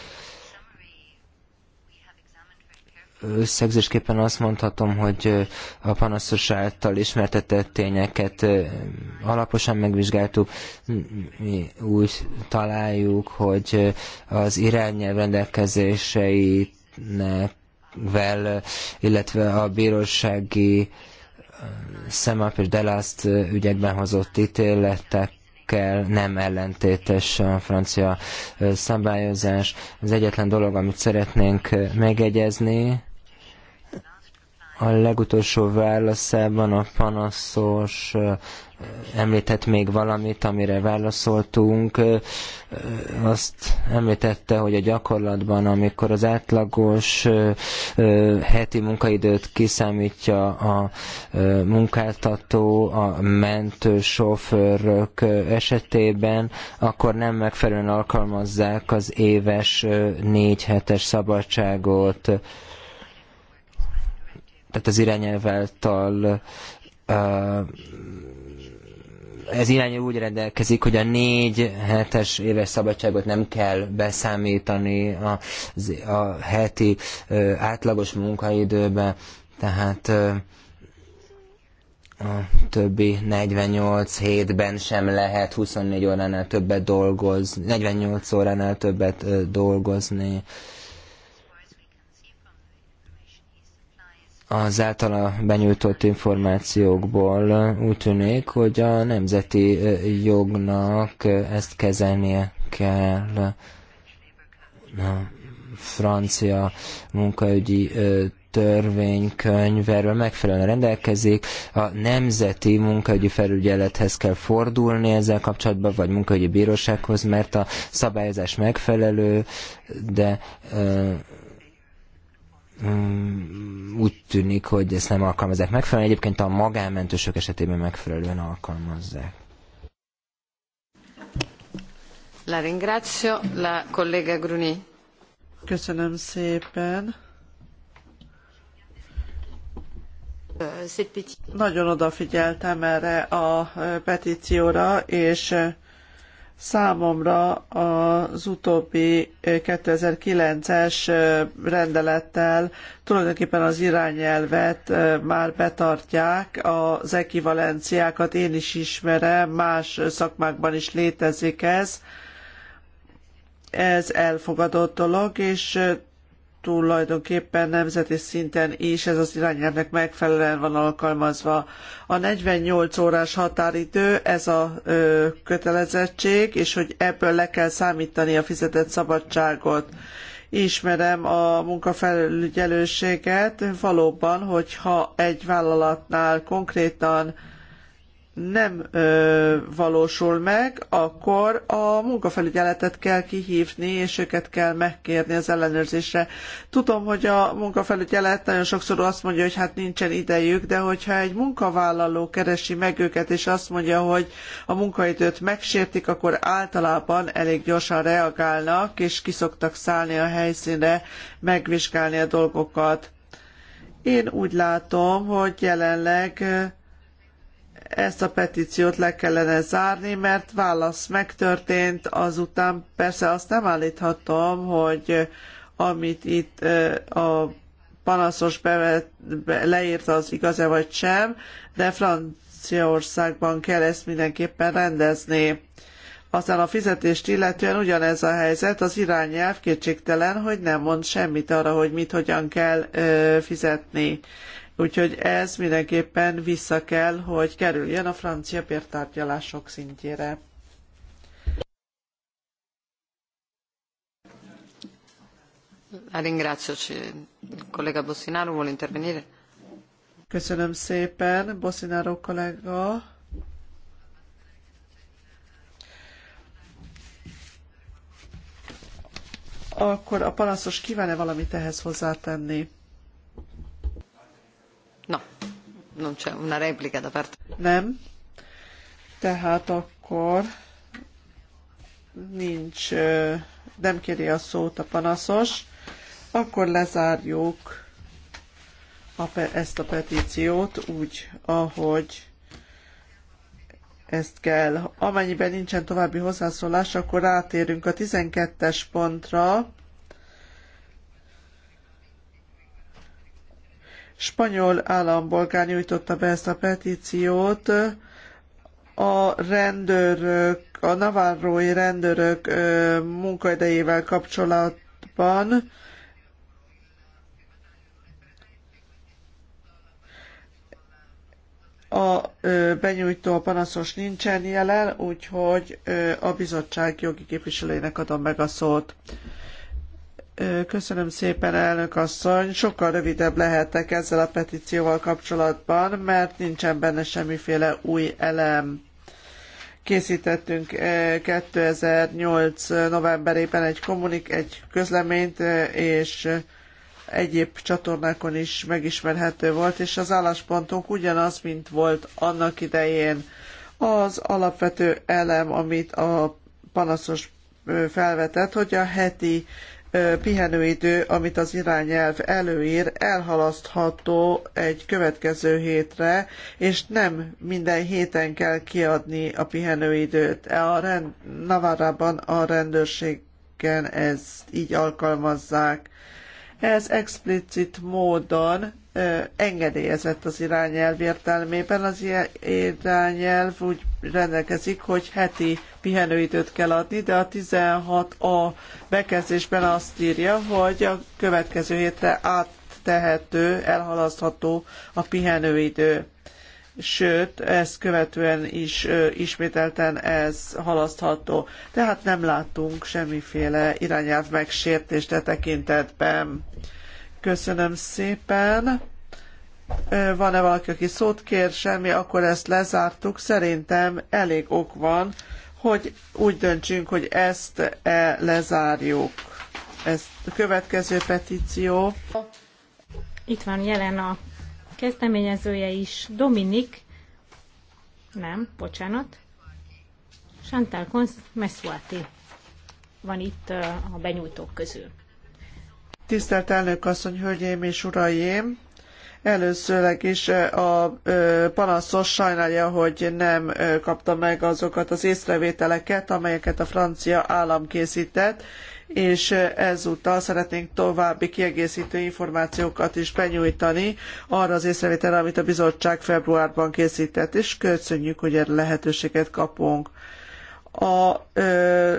Speaker 4: összegzésképpen azt mondhatom, hogy a panaszos által ismertetett tényeket alaposan megvizsgáltuk. Mi úgy találjuk, hogy az irányelv rendelkezéseinek illetve a bírósági Szemap és Delaszt ügyekben hozott ítéletek kell, nem ellentétes a francia szabályozás. Az egyetlen dolog, amit szeretnénk megegyezni, a legutolsó válaszában a panaszos említett még valamit, amire válaszoltunk. Azt említette, hogy a gyakorlatban, amikor az átlagos heti munkaidőt kiszámítja a munkáltató, a mentő sofőrök esetében, akkor nem megfelelően alkalmazzák az éves négy hetes szabadságot tehát az irányelv uh, ez irányelv úgy rendelkezik, hogy a négy hetes éves szabadságot nem kell beszámítani a, a heti átlagos munkaidőbe, tehát a többi 48 hétben sem lehet 24 óránál többet dolgozni, 48 óránál többet dolgozni. az általa benyújtott információkból úgy tűnik, hogy a nemzeti jognak ezt kezelnie kell. A francia munkaügyi törvénykönyv erről megfelelően rendelkezik, a nemzeti munkaügyi felügyelethez kell fordulni ezzel kapcsolatban, vagy munkaügyi bírósághoz, mert a szabályozás megfelelő, de Mm, úgy tűnik, hogy ezt nem alkalmazzák megfelelően, egyébként a magánmentősök esetében megfelelően alkalmazzák.
Speaker 2: La
Speaker 1: ringrazio, la collega Gruni. Köszönöm szépen. Uh, Nagyon odafigyeltem erre a petícióra, és Számomra az utóbbi 2009-es rendelettel tulajdonképpen az irányelvet már betartják, az ekivalenciákat én is ismerem, más szakmákban is létezik ez. Ez elfogadott dolog, és tulajdonképpen nemzeti szinten is ez az irányelvnek megfelelően van alkalmazva. A 48 órás határidő, ez a ö, kötelezettség, és hogy ebből le kell számítani a fizetett szabadságot. Ismerem a munkafelügyelőséget, valóban, hogyha egy vállalatnál konkrétan nem ö, valósul meg, akkor a munkafelügyeletet kell kihívni, és őket kell megkérni az ellenőrzésre. Tudom, hogy a munkafelügyelet nagyon sokszor azt mondja, hogy hát nincsen idejük, de hogyha egy munkavállaló keresi meg őket, és azt mondja, hogy a munkaidőt megsértik, akkor általában elég gyorsan reagálnak, és kiszoktak szállni a helyszínre, megvizsgálni a dolgokat. Én úgy látom, hogy jelenleg ezt a petíciót le kellene zárni, mert válasz megtörtént, azután persze azt nem állíthatom, hogy amit itt a panaszos bevet, be, leírta az igaz-e vagy sem, de Franciaországban kell ezt mindenképpen rendezni. Aztán a fizetést illetően ugyanez a helyzet, az irányelv kétségtelen, hogy nem mond semmit arra, hogy mit hogyan kell ö, fizetni. Úgyhogy ez mindenképpen vissza kell, hogy kerüljön a francia pértárgyalások szintjére. Köszönöm szépen, Bossinaro kollega. Akkor a panaszos kíván-e valamit ehhez hozzátenni? una replica da parte. Nem. Tehát akkor nincs, nem kéri a szót a panaszos. Akkor lezárjuk a, ezt a petíciót úgy, ahogy ezt kell. Amennyiben nincsen további hozzászólás, akkor átérünk a 12-es pontra, spanyol állampolgár nyújtotta be ezt a petíciót, a rendőrök, a navarrói rendőrök munkaidejével kapcsolatban, a benyújtó a panaszos nincsen jelen, úgyhogy a bizottság jogi képviselőjének adom meg a szót. Köszönöm szépen, elnök asszony. Sokkal rövidebb lehetek ezzel a petícióval kapcsolatban, mert nincsen benne semmiféle új elem. Készítettünk 2008. novemberében egy, kommunik, egy közleményt, és egyéb csatornákon is megismerhető volt, és az álláspontunk ugyanaz, mint volt annak idején. Az alapvető elem, amit a panaszos felvetett, hogy a heti pihenőidő, amit az irányelv előír, elhalasztható egy következő hétre, és nem minden héten kell kiadni a pihenőidőt. E a rend, Navarában a rendőrségen ezt így alkalmazzák. Ez explicit módon engedélyezett az irányelv értelmében. Az irányelv úgy rendelkezik, hogy heti pihenőidőt kell adni, de a 16a bekezdésben azt írja, hogy a következő hétre áttehető, elhalasztható a pihenőidő sőt, ezt követően is ismételten ez halasztható. Tehát nem látunk semmiféle irányelv megsértést e tekintetben. Köszönöm szépen. Van-e valaki, aki szót kér, semmi, akkor ezt lezártuk. Szerintem elég ok van, hogy úgy döntsünk, hogy ezt -e lezárjuk. Ez a következő petíció.
Speaker 3: Itt van jelen a kezdeményezője is Dominik, nem, bocsánat, Chantal Konsz Messuati van itt a benyújtók közül.
Speaker 1: Tisztelt elnök asszony, hölgyeim és uraim! Előszörleg is a panaszos sajnálja, hogy nem kapta meg azokat az észrevételeket, amelyeket a francia állam készített, és ezúttal szeretnénk további kiegészítő információkat is benyújtani arra az észrevételre, amit a bizottság februárban készített, és köszönjük, hogy erre lehetőséget kapunk. A ö,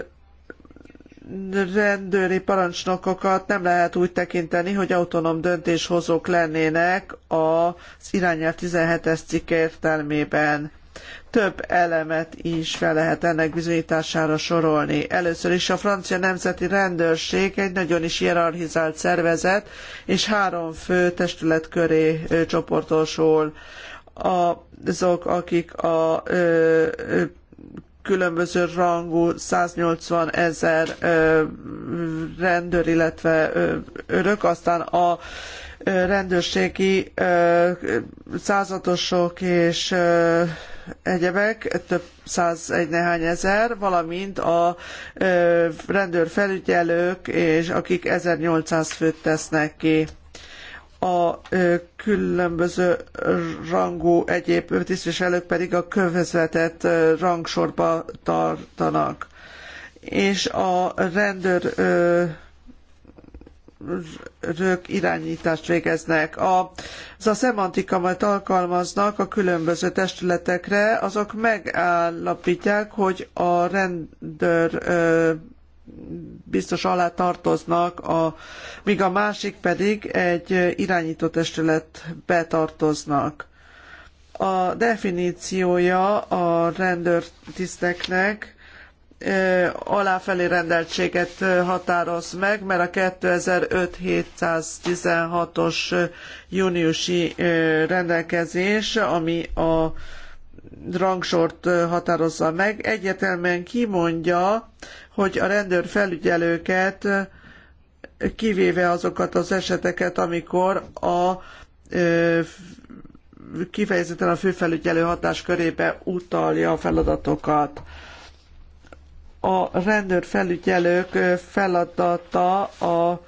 Speaker 1: rendőri parancsnokokat nem lehet úgy tekinteni, hogy autonóm döntéshozók lennének az irányelv 17-es cikk értelmében több elemet is fel lehet ennek bizonyítására sorolni. Először is a francia nemzeti rendőrség egy nagyon is hierarchizált szervezet, és három fő testület köré csoportosul. Azok, akik a ö, különböző rangú 180 ezer rendőr, illetve örök, aztán a rendőrségi századosok és egyebek, több száz egy nehány ezer, valamint a ö, rendőrfelügyelők, és akik 1800 főt tesznek ki a különböző rangú egyéb tisztviselők pedig a közvetett rangsorba tartanak. És a rendőr rendőrök irányítást végeznek. A, az a szemantika, amit alkalmaznak a különböző testületekre, azok megállapítják, hogy a rendőr ö, biztos alá tartoznak, a, míg a másik pedig egy irányító testületbe tartoznak. A definíciója a rendőrtiszteknek aláfelé rendeltséget határoz meg, mert a 2005-716-os júniusi rendelkezés, ami a rangsort határozza meg, egyetemen kimondja, hogy a rendőr felügyelőket kivéve azokat az eseteket, amikor a kifejezetten a főfelügyelő hatáskörébe utalja a feladatokat a rendőrfelügyelők feladata a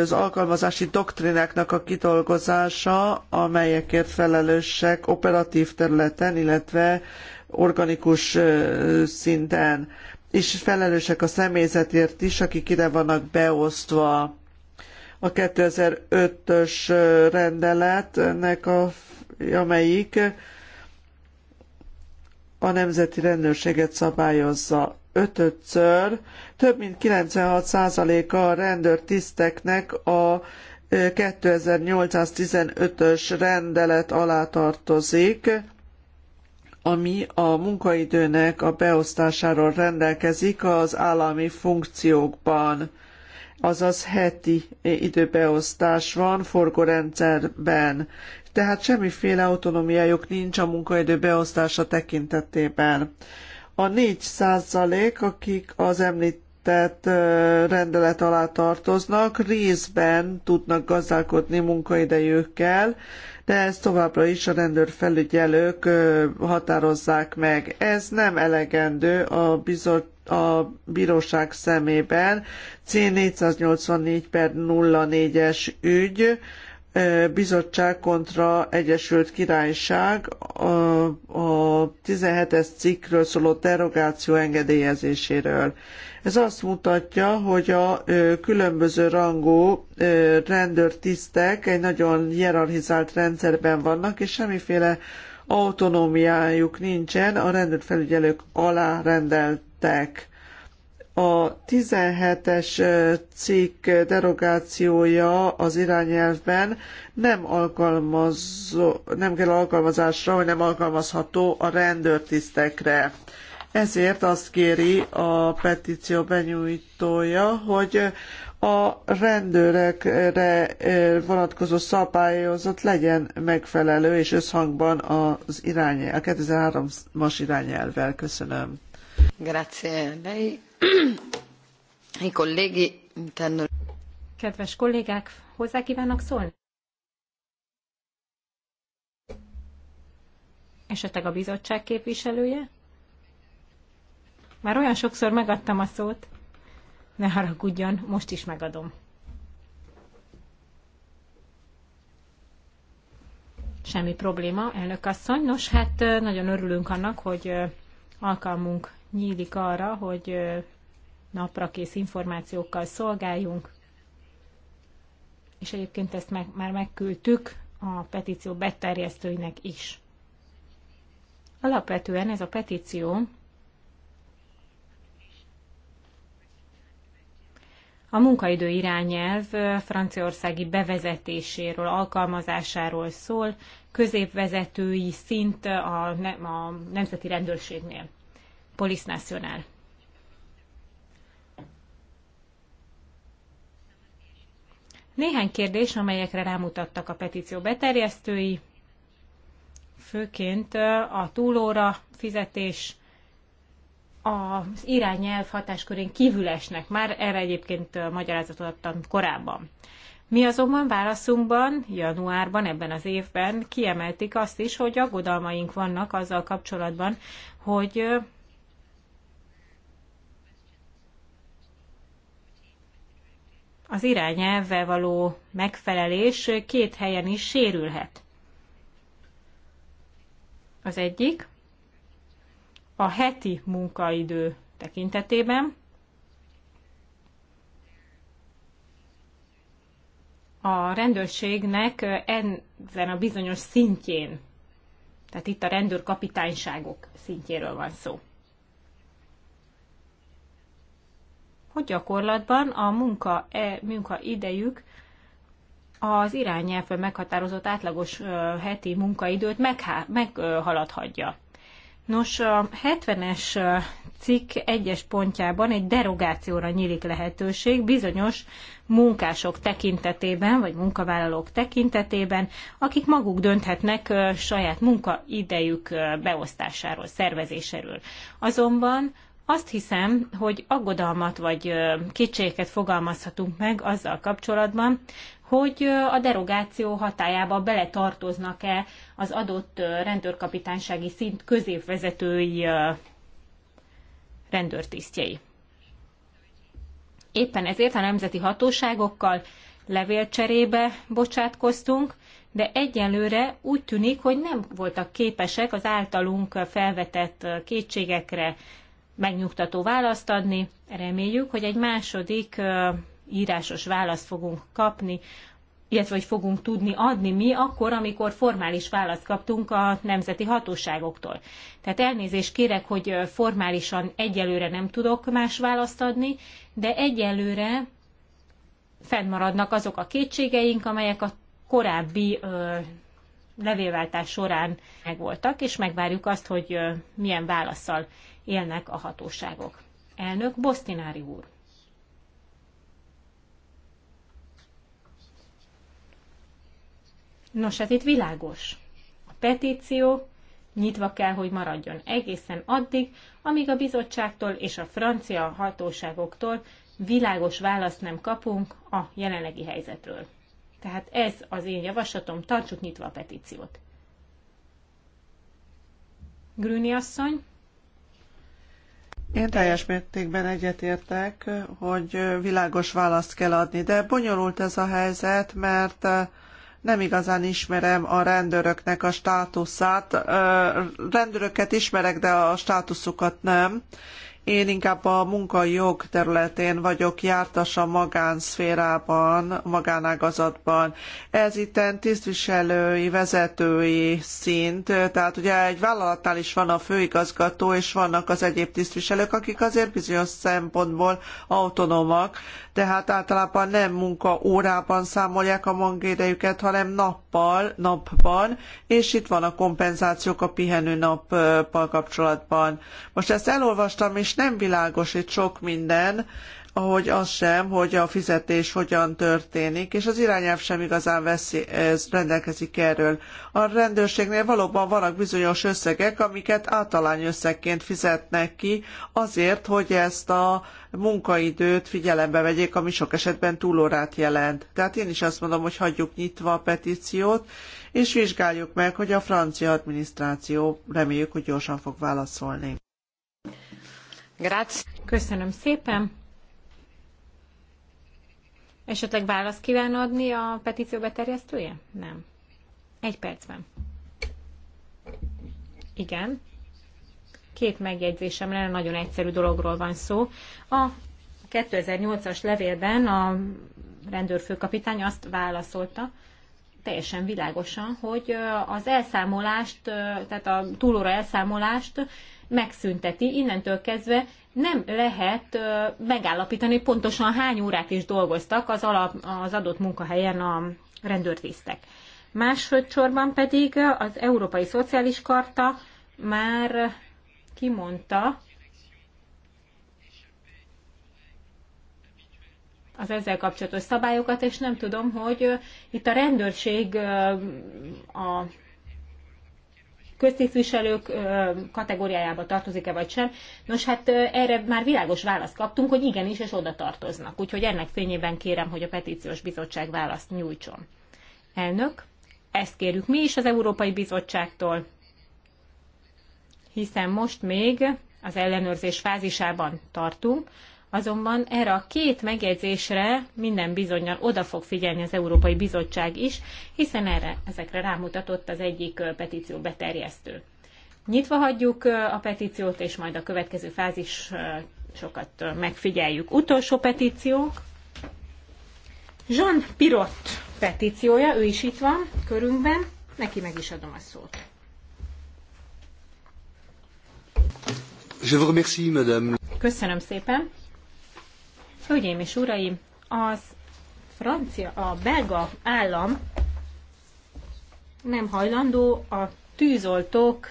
Speaker 1: az alkalmazási doktrináknak a kidolgozása, amelyekért felelősek operatív területen, illetve organikus szinten, és felelősek a személyzetért is, akik ide vannak beosztva. A 2005-ös rendeletnek, a, amelyik a nemzeti rendőrséget szabályozza ötödször több mint 96%-a a rendőrtiszteknek a 2815-ös rendelet alá tartozik, ami a munkaidőnek a beosztásáról rendelkezik az állami funkciókban, azaz heti időbeosztás van forgórendszerben. Tehát semmiféle autonómiájuk nincs a munkaidő beosztása tekintetében. A 4 százalék, akik az említett rendelet alá tartoznak, részben tudnak gazdálkodni munkaidejükkel, de ezt továbbra is a rendőrfelügyelők határozzák meg. Ez nem elegendő a bizottság a bíróság szemében C484 per 04-es ügy bizottság kontra Egyesült Királyság a, a 17-es cikkről szóló derogáció engedélyezéséről. Ez azt mutatja, hogy a különböző rangú rendőrtisztek egy nagyon hierarchizált rendszerben vannak, és semmiféle autonómiájuk nincsen, a rendőrfelügyelők alá rendeltek a 17-es cikk derogációja az irányelvben nem, alkalmazó, nem kell alkalmazásra, vagy nem alkalmazható a rendőrtisztekre. Ezért azt kéri a petíció benyújtója, hogy a rendőrekre vonatkozó szabályozat legyen megfelelő és összhangban az irány a 2003-as irányelvvel. Köszönöm.
Speaker 2: Grazie lei. Kedves kollégák, hozzá kívánnak szólni?
Speaker 3: Esetleg a bizottság képviselője? Már olyan sokszor megadtam a szót. Ne haragudjon, most is megadom. Semmi probléma, elnök asszony. Nos, hát nagyon örülünk annak, hogy alkalmunk nyílik arra, hogy naprakész információkkal szolgáljunk, és egyébként ezt meg, már megküldtük a petíció beterjesztőinek is. Alapvetően ez a petíció a munkaidő irányelv franciaországi bevezetéséről, alkalmazásáról szól, középvezetői szint a, a nemzeti rendőrségnél. Police National. Néhány kérdés, amelyekre rámutattak a petíció beterjesztői, főként a túlóra fizetés, az irányelv hatáskörén kívül esnek. Már erre egyébként magyarázatot adtam korábban. Mi azonban válaszunkban, januárban, ebben az évben kiemeltik azt is, hogy aggodalmaink vannak azzal kapcsolatban, hogy az irányelvvel való megfelelés két helyen is sérülhet. Az egyik a heti munkaidő tekintetében, a rendőrségnek ezen a bizonyos szintjén, tehát itt a rendőrkapitányságok szintjéről van szó. hogy gyakorlatban a munka, e, munka idejük az irányelvben meghatározott átlagos heti munkaidőt meghaladhatja. Nos, a 70-es cikk egyes pontjában egy derogációra nyílik lehetőség bizonyos munkások tekintetében, vagy munkavállalók tekintetében, akik maguk dönthetnek saját munkaidejük beosztásáról, szervezéséről. Azonban azt hiszem, hogy aggodalmat vagy kétségeket fogalmazhatunk meg azzal kapcsolatban, hogy a derogáció hatájába beletartoznak-e az adott rendőrkapitánysági szint középvezetői rendőrtisztjei. Éppen ezért a nemzeti hatóságokkal levélcserébe bocsátkoztunk, de egyelőre úgy tűnik, hogy nem voltak képesek az általunk felvetett kétségekre, megnyugtató választ adni. Reméljük, hogy egy második írásos választ fogunk kapni, illetve hogy fogunk tudni adni mi akkor, amikor formális választ kaptunk a nemzeti hatóságoktól. Tehát elnézést kérek, hogy formálisan egyelőre nem tudok más választ adni, de egyelőre fennmaradnak azok a kétségeink, amelyek a korábbi ö, levélváltás során megvoltak, és megvárjuk azt, hogy ö, milyen válaszsal élnek a hatóságok. Elnök Bosztinári úr. Nos, hát itt világos. A petíció nyitva kell, hogy maradjon egészen addig, amíg a bizottságtól és a francia hatóságoktól világos választ nem kapunk a jelenlegi helyzetről. Tehát ez az én javaslatom, tartsuk nyitva a petíciót.
Speaker 1: Grüni asszony. Én teljes mértékben egyetértek, hogy világos választ kell adni, de bonyolult ez a helyzet, mert nem igazán ismerem a rendőröknek a státuszát. Rendőröket ismerek, de a státuszukat nem. Én inkább a munkajog területén vagyok jártas a magánszférában, magánágazatban. Ez itten tisztviselői, vezetői szint, tehát ugye egy vállalatnál is van a főigazgató, és vannak az egyéb tisztviselők, akik azért bizonyos szempontból autonómak, tehát általában nem munka órában számolják a munkaidejüket, hanem nappal, napban, és itt van a kompenzációk a pihenő nappal kapcsolatban. Most ezt elolvastam, és nem világos itt sok minden, ahogy az sem, hogy a fizetés hogyan történik, és az irányelv sem igazán veszi, ez rendelkezik erről. A rendőrségnél valóban vannak bizonyos összegek, amiket általány összegként fizetnek ki, azért, hogy ezt a munkaidőt figyelembe vegyék, ami sok esetben túlórát jelent. Tehát én is azt mondom, hogy hagyjuk nyitva a petíciót, és vizsgáljuk meg, hogy a francia adminisztráció reméljük, hogy gyorsan fog válaszolni.
Speaker 3: Köszönöm szépen. Esetleg választ kíván adni a petíció beterjesztője? Nem. Egy percben. Igen. Két megjegyzésem lenne, nagyon egyszerű dologról van szó. A 2008-as levélben a rendőrfőkapitány azt válaszolta, teljesen világosan, hogy az elszámolást, tehát a túlóra elszámolást megszünteti, innentől kezdve nem lehet megállapítani pontosan hány órát is dolgoztak az, alap, az adott munkahelyen a rendőrtisztek. Másodszorban pedig az Európai Szociális Karta már kimondta az ezzel kapcsolatos szabályokat, és nem tudom, hogy itt a rendőrség a köztisztviselők kategóriájába tartozik-e vagy sem. Nos, hát erre már világos választ kaptunk, hogy igenis, és oda tartoznak. Úgyhogy ennek fényében kérem, hogy a petíciós bizottság választ nyújtson. Elnök, ezt kérjük mi is az Európai Bizottságtól, hiszen most még az ellenőrzés fázisában tartunk, Azonban erre a két megjegyzésre minden bizonyal oda fog figyelni az Európai Bizottság is, hiszen erre, ezekre rámutatott az egyik petíció beterjesztő. Nyitva hagyjuk a petíciót, és majd a következő fázisokat megfigyeljük. Utolsó petíciónk. Jean Pirot petíciója, ő is itt van körünkben, neki meg is adom a szót.
Speaker 4: Je vous remercie, madame.
Speaker 3: Köszönöm szépen. Hölgyeim és uraim, az francia, a belga állam nem hajlandó a tűzoltókra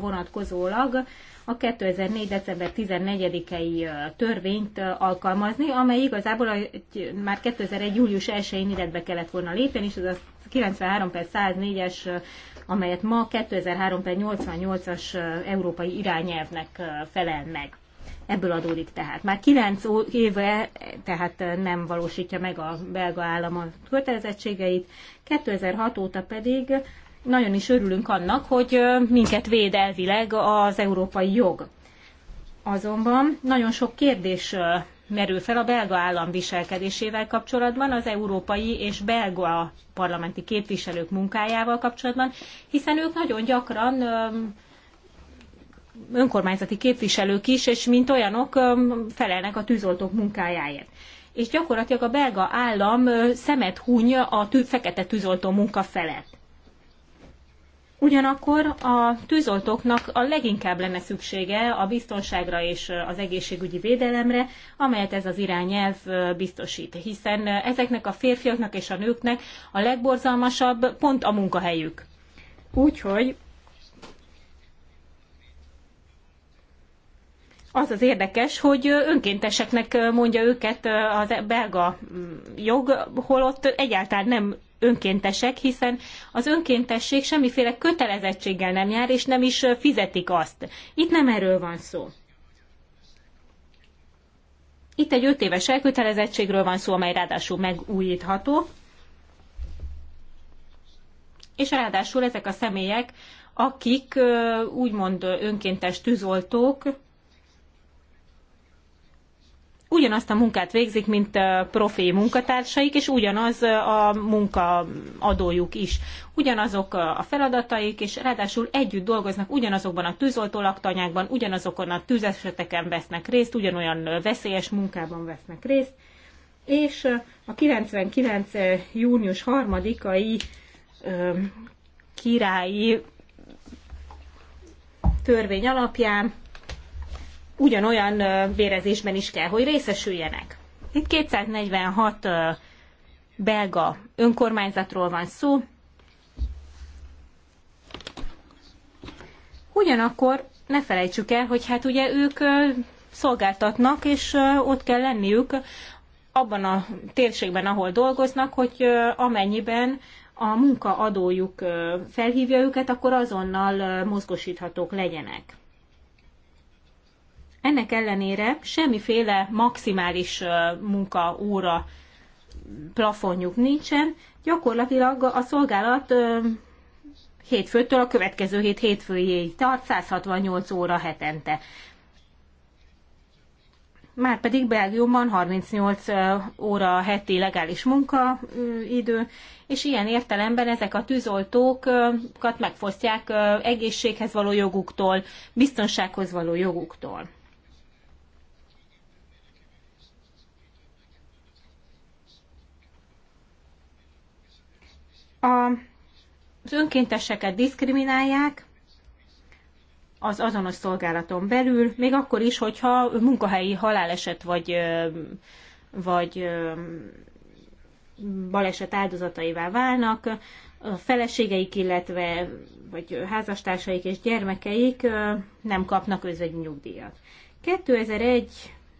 Speaker 3: vonatkozólag a 2004. december 14-i törvényt alkalmazni, amely igazából már 2001. július 1-én idetbe kellett volna lépni, és ez a 93 per 104-es, amelyet ma 2003 per 88-as európai irányelvnek felel meg. Ebből adódik tehát. Már kilenc éve tehát nem valósítja meg a belga állam a kötelezettségeit, 2006 óta pedig nagyon is örülünk annak, hogy minket véd elvileg az európai jog. Azonban nagyon sok kérdés merül fel a belga állam viselkedésével kapcsolatban, az európai és belga parlamenti képviselők munkájával kapcsolatban, hiszen ők nagyon gyakran önkormányzati képviselők is, és mint olyanok felelnek a tűzoltók munkájáért. És gyakorlatilag a belga állam szemet huny a tű, fekete tűzoltó munka felett. Ugyanakkor a tűzoltóknak a leginkább lenne szüksége a biztonságra és az egészségügyi védelemre, amelyet ez az irányelv biztosít, hiszen ezeknek a férfiaknak és a nőknek a legborzalmasabb pont a munkahelyük. Úgyhogy az az érdekes, hogy önkénteseknek mondja őket az e- belga mm, jog, holott egyáltalán nem önkéntesek, hiszen az önkéntesség semmiféle kötelezettséggel nem jár, és nem is fizetik azt. Itt nem erről van szó. Itt egy öt éves elkötelezettségről van szó, amely ráadásul megújítható, és ráadásul ezek a személyek, akik úgymond önkéntes tűzoltók, ugyanazt a munkát végzik, mint profi munkatársaik, és ugyanaz a munkaadójuk is. Ugyanazok a feladataik, és ráadásul együtt dolgoznak ugyanazokban a tűzoltó laktanyákban, ugyanazokon a tűzeseteken vesznek részt, ugyanolyan veszélyes munkában vesznek részt, és a 99. június 3-ai királyi törvény alapján ugyanolyan vérezésben is kell, hogy részesüljenek. Itt 246 belga önkormányzatról van szó. Ugyanakkor ne felejtsük el, hogy hát ugye ők szolgáltatnak, és ott kell lenniük abban a térségben, ahol dolgoznak, hogy amennyiben a munkaadójuk felhívja őket, akkor azonnal mozgosíthatók legyenek. Ennek ellenére semmiféle maximális munkaóra plafonjuk nincsen, gyakorlatilag a szolgálat hétfőtől a következő hét hétfőjéig tart, 168 óra hetente. Márpedig Belgiumban 38 óra heti legális munkaidő, és ilyen értelemben ezek a tűzoltókat megfosztják egészséghez való joguktól, biztonsághoz való joguktól. az önkénteseket diszkriminálják az azonos szolgálaton belül, még akkor is, hogyha munkahelyi haláleset vagy, vagy baleset áldozataivá válnak, a feleségeik, illetve vagy házastársaik és gyermekeik nem kapnak özvegy nyugdíjat. 2001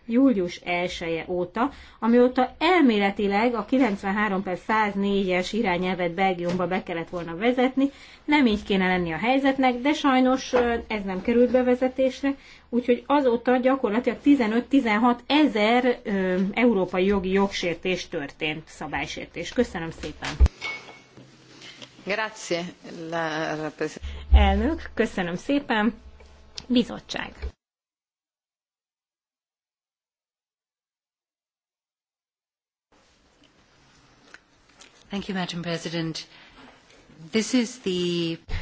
Speaker 3: július 1-e óta, amióta elméletileg a 93 per 104-es irányelvet Belgiumba be kellett volna vezetni. Nem így kéne lenni a helyzetnek, de sajnos ez nem került bevezetésre, úgyhogy azóta gyakorlatilag 15-16 ezer európai jogi jogsértés történt, szabálysértés. Köszönöm szépen!
Speaker 2: Grazie. La...
Speaker 3: Elnök, köszönöm szépen.
Speaker 2: Bizottság.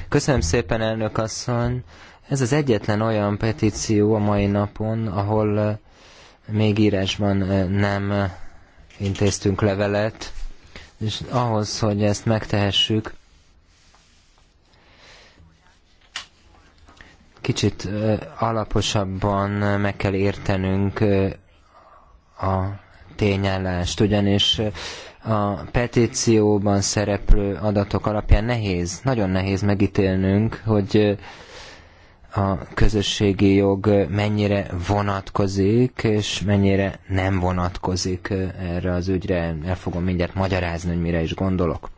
Speaker 4: Köszönöm szépen, elnök asszony. Ez az egyetlen olyan petíció a mai napon, ahol eh, még írásban eh, nem eh, intéztünk levelet, és ahhoz, hogy ezt megtehessük, kicsit alaposabban meg kell értenünk a tényállást, ugyanis a petícióban szereplő adatok alapján nehéz, nagyon nehéz megítélnünk, hogy a közösségi jog mennyire vonatkozik, és mennyire nem vonatkozik erre az ügyre. El fogom mindjárt magyarázni, hogy mire is gondolok.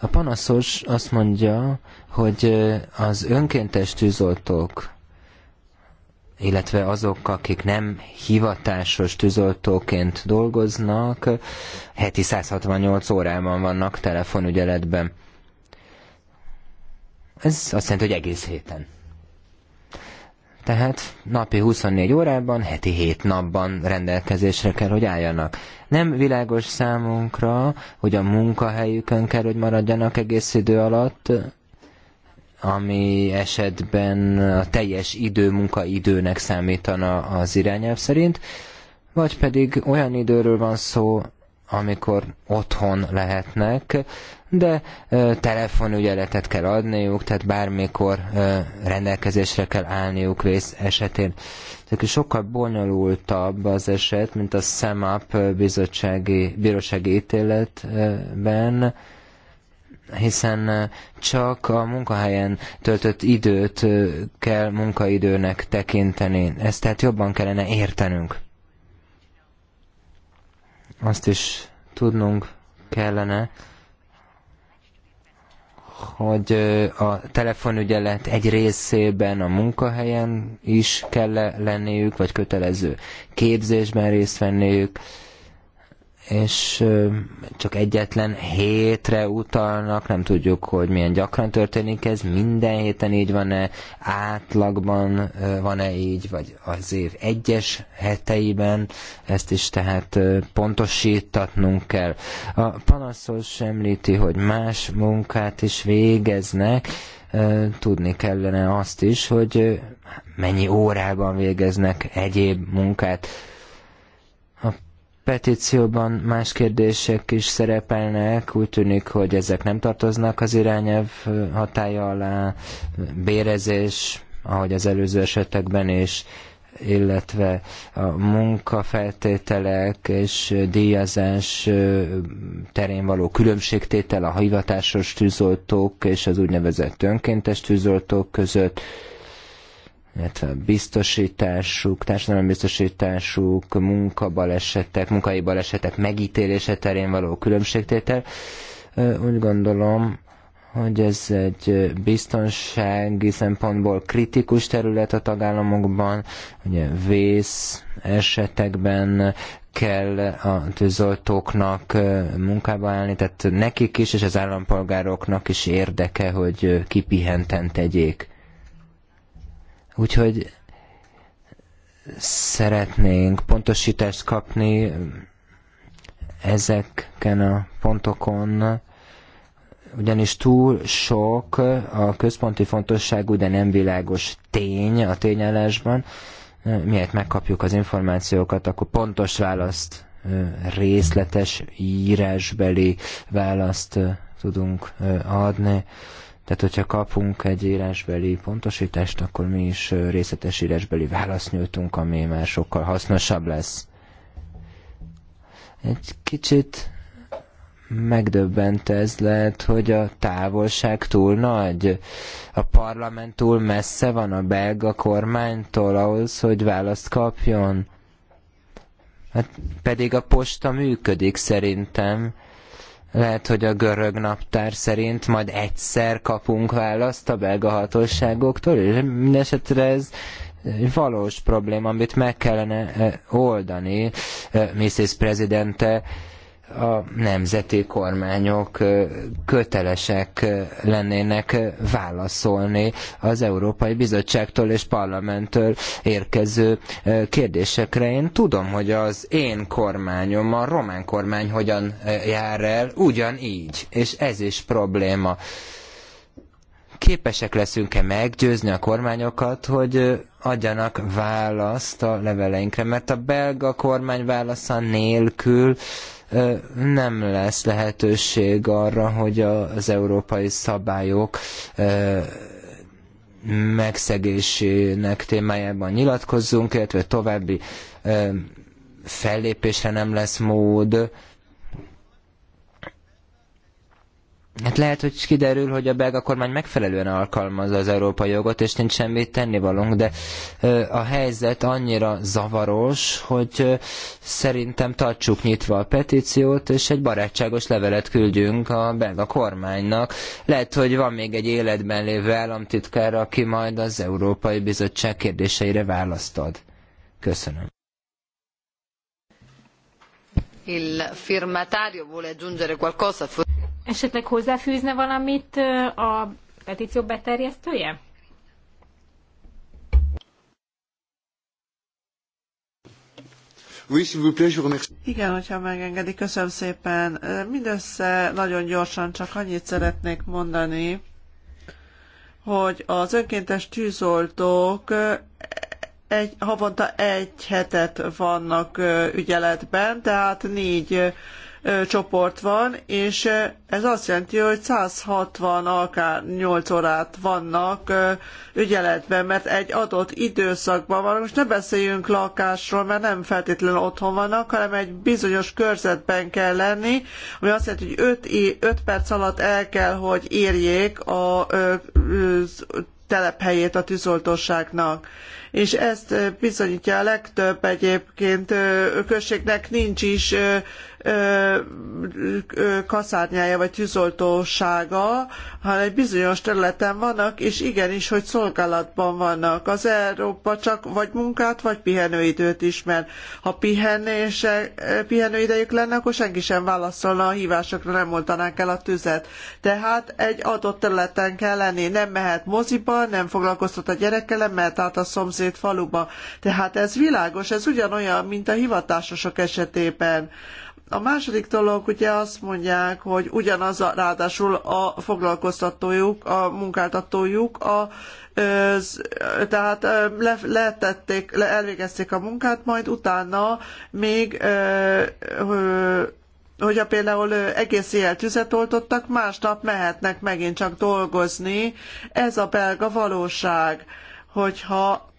Speaker 4: A panaszos azt mondja, hogy az önkéntes tűzoltók illetve azok, akik nem hivatásos tűzoltóként dolgoznak, heti 168 órában vannak telefonügyeletben. Ez azt jelenti, hogy egész héten. Tehát napi 24 órában, heti 7 napban rendelkezésre kell, hogy álljanak. Nem világos számunkra, hogy a munkahelyükön kell, hogy maradjanak egész idő alatt, ami esetben a teljes idő munkaidőnek számítana az irányelv szerint, vagy pedig olyan időről van szó, amikor otthon lehetnek, de ö, telefonügyeletet kell adniuk, tehát bármikor ö, rendelkezésre kell állniuk vész esetén. Tehát sokkal bonyolultabb az eset, mint a SEMAP bizottsági, bírósági ítéletben, hiszen csak a munkahelyen töltött időt kell munkaidőnek tekinteni. Ezt tehát jobban kellene értenünk. Azt is tudnunk kellene, hogy a telefonügyelet egy részében a munkahelyen is kell lenniük, vagy kötelező képzésben részt venniük, és csak egyetlen hétre utalnak, nem tudjuk, hogy milyen gyakran történik ez, minden héten így van-e, átlagban van-e így, vagy az év egyes heteiben, ezt is tehát pontosítatnunk kell. A panaszos említi, hogy más munkát is végeznek, tudni kellene azt is, hogy mennyi órában végeznek egyéb munkát, petícióban más kérdések is szerepelnek, úgy tűnik, hogy ezek nem tartoznak az irányelv hatája alá, bérezés, ahogy az előző esetekben is, illetve a munkafeltételek és díjazás terén való különbségtétel a hivatásos tűzoltók és az úgynevezett önkéntes tűzoltók között, illetve biztosításuk, társadalombiztosításuk, munkabalesetek, munkai balesetek megítélése terén való különbségtétel. Úgy gondolom, hogy ez egy biztonsági szempontból kritikus terület a tagállamokban, ugye vész esetekben kell a tűzoltóknak munkába állni, tehát nekik is és az állampolgároknak is érdeke, hogy kipihenten tegyék Úgyhogy szeretnénk pontosítást kapni ezeken a pontokon, ugyanis túl sok a központi fontosságú, de nem világos tény a tényállásban. Miért megkapjuk az információkat, akkor pontos választ, részletes írásbeli választ tudunk adni. Tehát, hogyha kapunk egy írásbeli pontosítást, akkor mi is részletes írásbeli választ nyújtunk, ami már sokkal hasznosabb lesz. Egy kicsit megdöbbent ez lehet, hogy a távolság túl nagy, a parlament túl messze van a belga kormánytól ahhoz, hogy választ kapjon. Hát pedig a posta működik szerintem lehet, hogy a görög naptár szerint majd egyszer kapunk választ a belga hatóságoktól, és mindesetre ez egy valós probléma, amit meg kellene eh, oldani, eh, Mrs. Presidente a nemzeti kormányok kötelesek lennének válaszolni az Európai Bizottságtól és Parlamenttől érkező kérdésekre. Én tudom, hogy az én kormányom, a román kormány hogyan jár el, ugyanígy, és ez is probléma. Képesek leszünk-e meggyőzni a kormányokat, hogy adjanak választ a leveleinkre, mert a belga kormány válasza nélkül uh, nem lesz lehetőség arra, hogy az európai szabályok megszegésének témájában nyilatkozzunk, illetve további fellépésre nem lesz mód, Hát lehet, hogy kiderül, hogy a belga kormány megfelelően alkalmazza az európai jogot, és nincs semmit tennivalónk, de a helyzet annyira zavaros, hogy szerintem tartsuk nyitva a petíciót, és egy barátságos levelet küldjünk a belga kormánynak. Lehet, hogy van még egy életben lévő államtitkár, aki majd az Európai Bizottság kérdéseire választ ad. Köszönöm.
Speaker 2: Il firmatario vuole aggiungere qualcosa? Esetleg hozzáfűzne valamit a petíció
Speaker 1: beterjesztője? Igen, hogyha megengedi, köszönöm szépen. Mindössze nagyon gyorsan csak annyit szeretnék mondani, hogy az önkéntes tűzoltók egy, havonta egy hetet vannak ügyeletben, tehát négy csoport van, és ez azt jelenti, hogy 160 akár 8 órát vannak ügyeletben, mert egy adott időszakban van. Most ne beszéljünk lakásról, mert nem feltétlenül otthon vannak, hanem egy bizonyos körzetben kell lenni, ami azt jelenti, hogy 5, 5 perc alatt el kell, hogy érjék a, a telephelyét a tűzoltóságnak és ezt bizonyítja a legtöbb egyébként községnek nincs is kaszárnyája vagy tűzoltósága, hanem bizonyos területen vannak, és igenis, hogy szolgálatban vannak. Az Európa csak vagy munkát, vagy pihenőidőt ismer. Ha pihenése, pihenőidejük lenne, akkor senki sem válaszolna a hívásokra, nem oltanák el a tüzet. Tehát egy adott területen kell lenni. Nem mehet moziba, nem foglalkoztat a gyerekkel, nem mehet át a szomszéd szomszéd faluba. Tehát ez világos, ez ugyanolyan, mint a hivatásosok esetében. A második dolog ugye azt mondják, hogy ugyanaz a, ráadásul a foglalkoztatójuk, a munkáltatójuk, a, az, tehát le, letették, le, elvégezték a munkát, majd utána még ö, ö, hogyha például egész éjjel tüzet oltottak, másnap mehetnek megint csak dolgozni. Ez a belga valóság, hogyha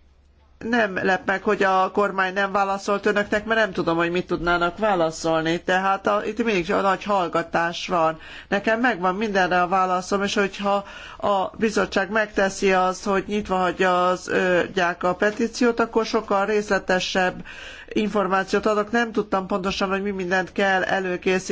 Speaker 1: nem lep meg, hogy a kormány nem válaszolt önöknek, mert nem tudom, hogy mit tudnának válaszolni. Tehát a, itt mindig a nagy hallgatás van. Nekem megvan mindenre a válaszom, és hogyha a bizottság megteszi azt, hogy nyitva hagyja az ö, a petíciót, akkor sokkal részletesebb információt adok. Nem tudtam pontosan, hogy mi mindent kell előkészíteni